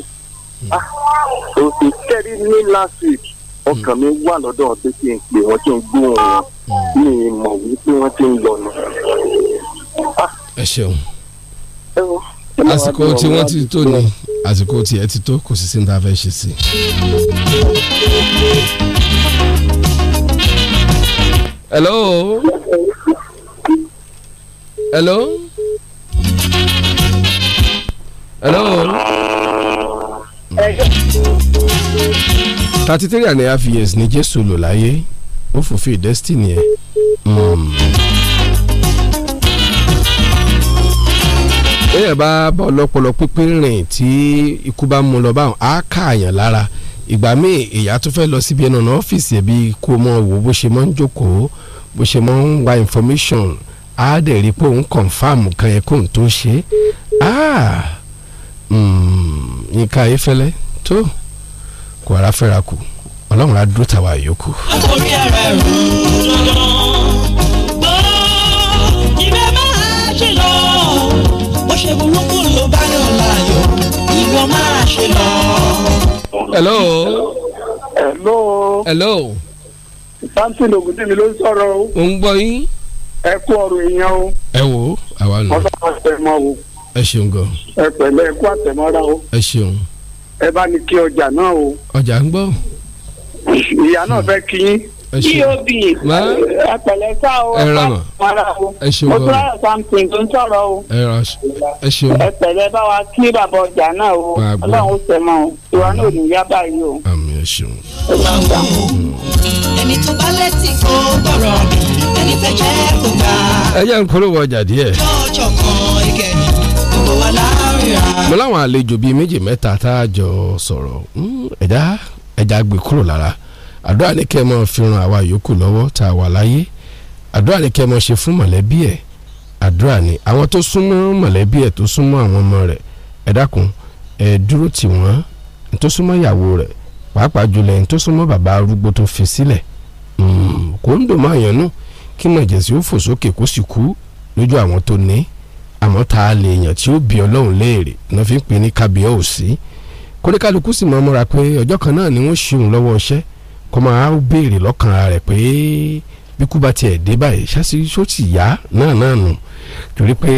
òsè hmm. ah, kẹ́rí ní last week ọkàn hmm. mi wà lọ́dọ̀ pé kí n pè wọ́n kí n gbóhùn wọn mi mọ̀ wípé wọ́n ti ń lọ́nà.
Ah. ẹ ṣeun
àsìkò tí wọ́n ti
tó ni
àsìkò tí ẹ ti tó kò sì sí ní ta ṣe sí. hello. hello hello. thirty three and a half years ni jésù lò láyé ó fòfin destiny ẹ. Hmm. bẹ́ẹ̀ bá bá ọlọ́pọlọ pínpín rìn tí ikú bá mú lọ báwọn á káàyàn lára ìgbà míì ìyá tó fẹ́ lọ síbi ẹnu ọ̀nà ọ́fíìsì ẹ̀bí kó mọ wò bó ṣe mọ́ ń jókòó bó ṣe mọ́ ń wá information á dẹ̀ rí pé òun confam kan yẹ kó n tó ṣe ah! Hmm, Yínká Ayéfẹ́lẹ́ tó kò ara fẹ́ra kù ọlọ́run á dúró tàwa yòókù.
àkórí ara
rù dandan gbọ́
ìbẹ́ máa ṣe lọ bó ṣe burúkú ló bá yàn láàyò
ìwọ máa ṣe lọ.
hello. hello.
hello. samson ogundemi ló ń sọ̀rọ̀ o. ò ń gbọ́ yín. ẹ kú ọ̀rọ̀ èèyàn o.
ẹ wo àwa lọ.
wọ́n sọ mọ́ o ẹ ṣeun gan. ẹ pẹ̀lẹ́ ẹ kú àtẹ̀mọ́ra o. ẹ ṣeun. ẹ bá ní kí ọjà náà o. ọjà ń gbọ́. ìyá náà fẹ́ kí yín. ẹ ṣeun eob ẹ pẹ̀lẹ́ sá o ẹ bá mọ́ra o.
ẹ ṣeun gan. mo tún àrà
samson tó ń sọ̀rọ̀ o. ẹ ṣeun. ẹ pẹ̀lẹ́ bá wa kí bàbá ọjà náà o. ọlọ́run ó tẹ̀ mọ́ o. ìwà náà ò ní yá báyìí o.
àmín ẹ ṣeun. ẹ
bá ń gbà
ẹni tó bá létí kó gbọ́rọ̀ ẹni fẹ́ jẹ́ kó gbà.
ẹ mo láwọn àlejò bíi méjì mẹ́ta tá a jọ sọ̀rọ̀ hmm, ẹ̀dá ẹ̀dá gbé kúrò lára àdúrà ní kẹ́ ẹ mọ́ fi ran àwa yòókù lọ́wọ́ tá a wà láyé àdúrà ní kẹ́ ẹ mọ́ ṣe fún mọ̀lẹ́bí ẹ̀ àdúrà ni àwọn tó súnmọ́ mọ̀lẹ́bí ẹ̀ tó súnmọ́ àwọn ọmọ rẹ̀ ẹ dákun ẹ dúró tì wọ́n tó súnmọ́ ìyàwó rẹ̀ pàápàá jùlọ ẹni tó súnmọ́ bàbá arúgbó tó fi sílẹ̀ hmm, kò ń dùn mọ́ àyàn náà kí mọ̀jẹ̀sí ó fò sókè kó sì kú lójú àwọn tó ní àmọ́ ta lè yàn tí ó bí ọlọ́run léèrè náà fi ń pè ní kábíyà òsì kóníkálukú sì mọ̀ múra pé ọjọ́ kan náà ni wọ́n ṣe òun lọ́wọ́ iṣẹ́ kó máa béèrè lọ́kàn rẹ̀ pé bí kú bá tiẹ̀ dé báyìí ṣáṣí ṣó ti yá náà náà nù torí pé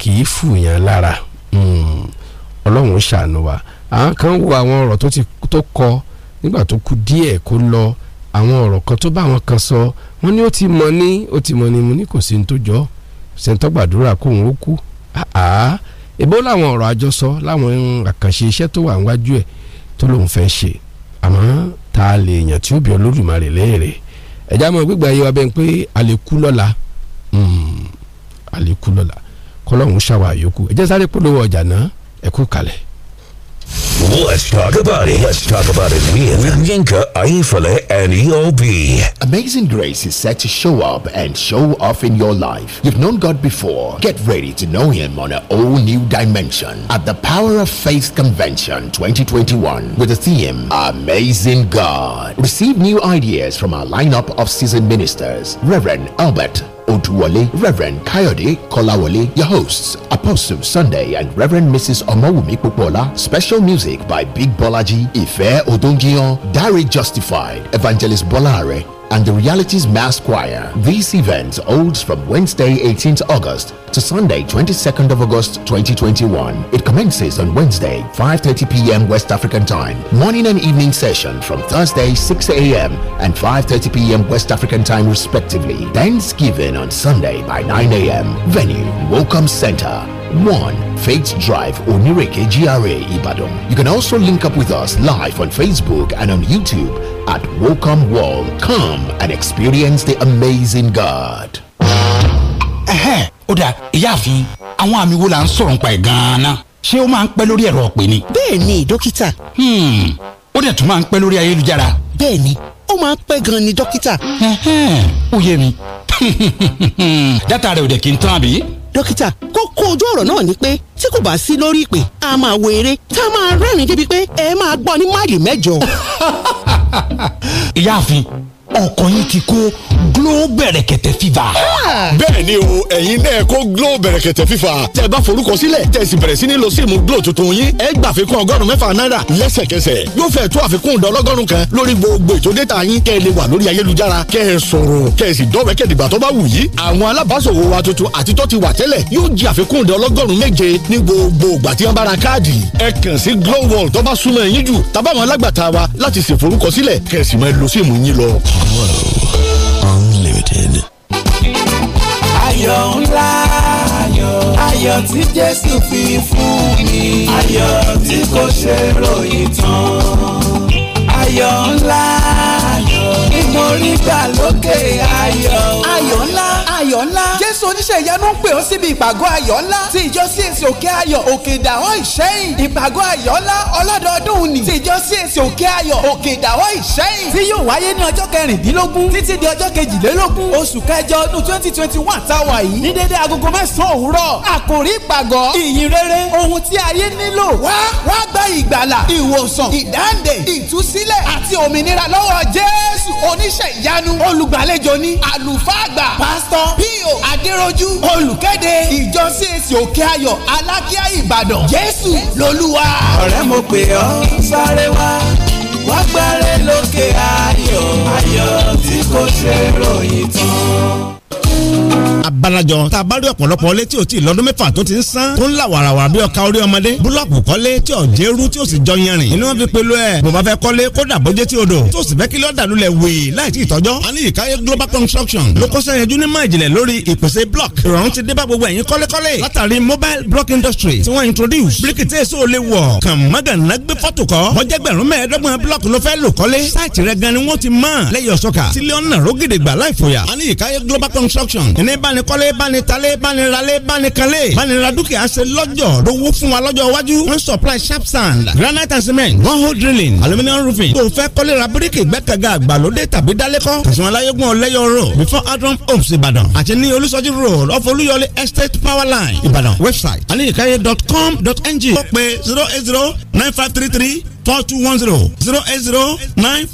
kì í fùyàn lára hmm. ọlọ́run ṣàánú wa àwọn kan wo àwọn ọ̀rọ̀ tó kọ nígbà tó kù díẹ̀ kó lọ àwọn ọ̀rọ̀ kan tó bá wọn kan sọ wọ́n ní ó ti mọ̀ ní ó ti mọ̀ ní mo ní kò sí ní tó jọ ọ́ ṣèǹtọ́gbàdúrà kóun ó kú ebó làwọn ọ̀rọ̀ àjọsọ láwọn àkànṣe iṣẹ́ tó wà níwájú ẹ̀ tó lòun fẹ́ ṣe àmọ́ ta lè yàn tí ó bí Olódùmarè léèrè ẹ̀já mọ̀ gbígbà yẹ wa bẹ́ẹ̀ pé a kú lọ́la hmm. a kú lọ́la kọ́lọ́hún ṣàwà yòókù ẹ̀jẹ̀ sáré polówó ọjà náà ẹ̀kú kalẹ̀.
Let's talk about it. Let's talk about it
with, with Yinka, Aifale, and EOB. Amazing grace is set to show up and show off in your life. You've known God before. Get ready to know Him on a whole new dimension at the Power of Faith Convention 2021 with the theme Amazing God. Receive new ideas from our lineup of seasoned ministers Reverend Albert Oduwale, Reverend Kayode Kolawole, your hosts, Apostle Sunday and Reverend Mrs. Omawumi Popola. Special music by Big Bolaji, Ife Odongion, Diary Justified, Evangelist Bolare, and the Realities Mass Choir. This event holds from Wednesday, 18th August to Sunday, 22nd of August 2021. It commences on Wednesday, 5:30 p.m. West African Time. Morning and evening session from Thursday, 6 a.m. and 5:30 p.m. West African Time respectively. Thanksgiving on Sunday by 9 a.m. Venue: Welcome Center, 1. Faith Drive Onireke GRA Ibadan. You can also link up with us live on Facebook and on YouTube at Welcome Wall. Come and experience the amazing God.
Eh ó dáa, ìyáàfin, àwọn àmì wo la ń sọ̀rọ̀ nípa ẹ̀ gan-an náà? Ṣé ó máa ń pẹ́ lórí ẹ̀rọ ọ̀pẹ ni? Bẹ́ẹ̀ni, dókítà. Hmm, ó dẹ̀ tún máa ń pẹ́ lórí ayélujára. Bẹ́ẹ̀ni, ó máa ń pẹ́ gan-an ni dókítà. Ẹ̀hẹ́n, ó yé mi. Dátà rẹ̀ ò dẹ̀ kí n soro nipa gan an naa se o maa n pe lori ero ope ni beeni dokita o de tun maa n pe àbí?
dókítà kókó ojú ọ̀rọ̀ náà ni pé tí kò bá sí lórí
ìpè a máa wo eré tá a máa rẹ́rìn-ín débi pé ẹ máa gbọ́ ní máìlì mẹ́jọ. ìyáàfin ọkàn yín ti kó glo bẹ̀rẹ̀kẹ̀tẹ̀ fífa.
Ah! bẹ́ẹ̀ o ẹ̀yin náà kó glo bẹ̀rẹ̀kẹ̀tẹ̀ fífa tẹ́ bá forúkọ sílẹ̀ tẹ́ sì bẹ̀rẹ̀ sí ní lo síìmù glo tuntun yín ẹ gbà àfikún ọgọ́rùn mẹ́fà náírà lẹ́sẹ̀kẹsẹ̀ yóò fẹ́ tó àfikún ìdánlọ́gọ́rùn kan lórí gbogbo ètò dẹ́ta yín kẹ́ ẹ lè wà lórí ayélujára kẹ́ ẹ sọ̀rọ̀ kẹ́ ẹ sì dọ́wẹ́kẹ́ dìgbà tó bá wù yí àwọn alábàáṣòwò wa tuntun àti tó ti wà tẹ́lẹ̀ yóò jẹ àfikún ìdánlọ́gọ́rùn méje ní gbogbo ìgbà tí wọ́n bá Glow Unlimited.
Ayọ̀ ńlá ayọ̀ ayọ̀ tí Jésù fi fún mi ayọ̀ tí kò ṣe ròyìn tán ayọ̀ ńlá ayọ̀ ni mo rí gbà lókè ayọ̀ ayọ̀ ńlá ayọ̀ ńlá Jésù iṣẹ́ ìyanu ń pè ó síbi ìpàgọ́ ayọ̀ ńlá ti ìjọ csc òkè ayọ̀ òkè ìdàwọ́
ìṣẹ́yìn ìpàgọ́ ayọ̀ ńlá ọlọ́dọọdún ni ti ìjọ csc òkè ayọ̀ òkè ìdàwọ́
ìṣẹ́yìn tí yóò wáyé ní ọjọ́ kẹrìndínlógún títí di ọjọ́ kejìlélógún oṣù kẹjọ ọdún twenty twenty one táwa yìí ní dédé agogo mẹ́sàn-án òwúrọ̀ àkòrí ìpàgọ́ ìyìn rere ohun tí
ayé nílò wá wá gba ìgbàlà ìwòsàn ìdáǹdè ìtúsílẹ̀ àti òmìnira
lọ́wọ́ jésù oníṣẹ́ ìyanu olùgbàlejò ni àlùfáàgbà pásítọ̀ pio adéròjú olùkéde ìjọ csc òkè ayọ̀ alákíá ìbàdàn
jésù lolúwa. ọ̀rẹ́ mo pè ọ́ sáré wá wá gbáre lókè ayọ̀ ayọ̀ tí kò ṣe ròyìn tán
abalajọ tabari ọ̀pọ̀lọpọ̀ ilé tí o ti lọ́dún mẹ́fà tó ti ń san tó ń la warawara bí ọ̀ka orí ọmọdé búlọ́ọ̀kù kọ́lé tí ò jẹ́rú tí o sì jọ yanrìn inú wọn fi pelu ẹ̀ bó bá fẹ́ kọ́lé kódà bójé tí o dò tó sì fẹ́ kí lọ́ọ̀dà lulẹ̀ wèé láì tí ì tọ́jọ́ ìkáyé global construction ló kọ́sẹ́ yẹn júní máa jìnlẹ̀ lórí ìpèsè block ìrọ̀rùn ti dé bá gbogbo ẹ̀yin kọ́lékọ́lé mobile block industry tí introduce bíríkì tí èso lè wọ̀ kàn mọ́gànnà gbé fọ́tò kọ́ wọ́n jẹ́ gbẹ̀rún mẹ́ẹ̀ẹ́dọ́gbọ̀n block ló fẹ́ lò kọ́lé sáìtì rẹ̀ gan ni wọ́n ti mọ̀ global construction promotion. ní banikọ́lé banitalé baniralé banikanlé baniradúkìá ṣe lọ́jọ́ lówó fún wa lọ́jọ́
iwájú wọ́n supply sharp sand granite and cement one hole drilling aluminium roofing tó fẹ́ kọ́lé ra bíríkì gbẹ́kẹ̀gà àgbàlódé tàbí dálékọ́ kàṣùmáláyégún ọ̀lẹ́yọ̀ road before adron homes Ìbàdàn àti ní olùsọ́jú road of olúyọlé estate power line Ìbàdàn website dot dot com ng.
ó pe zero eight zero nine five three three four two one zero zero eight zero nine five.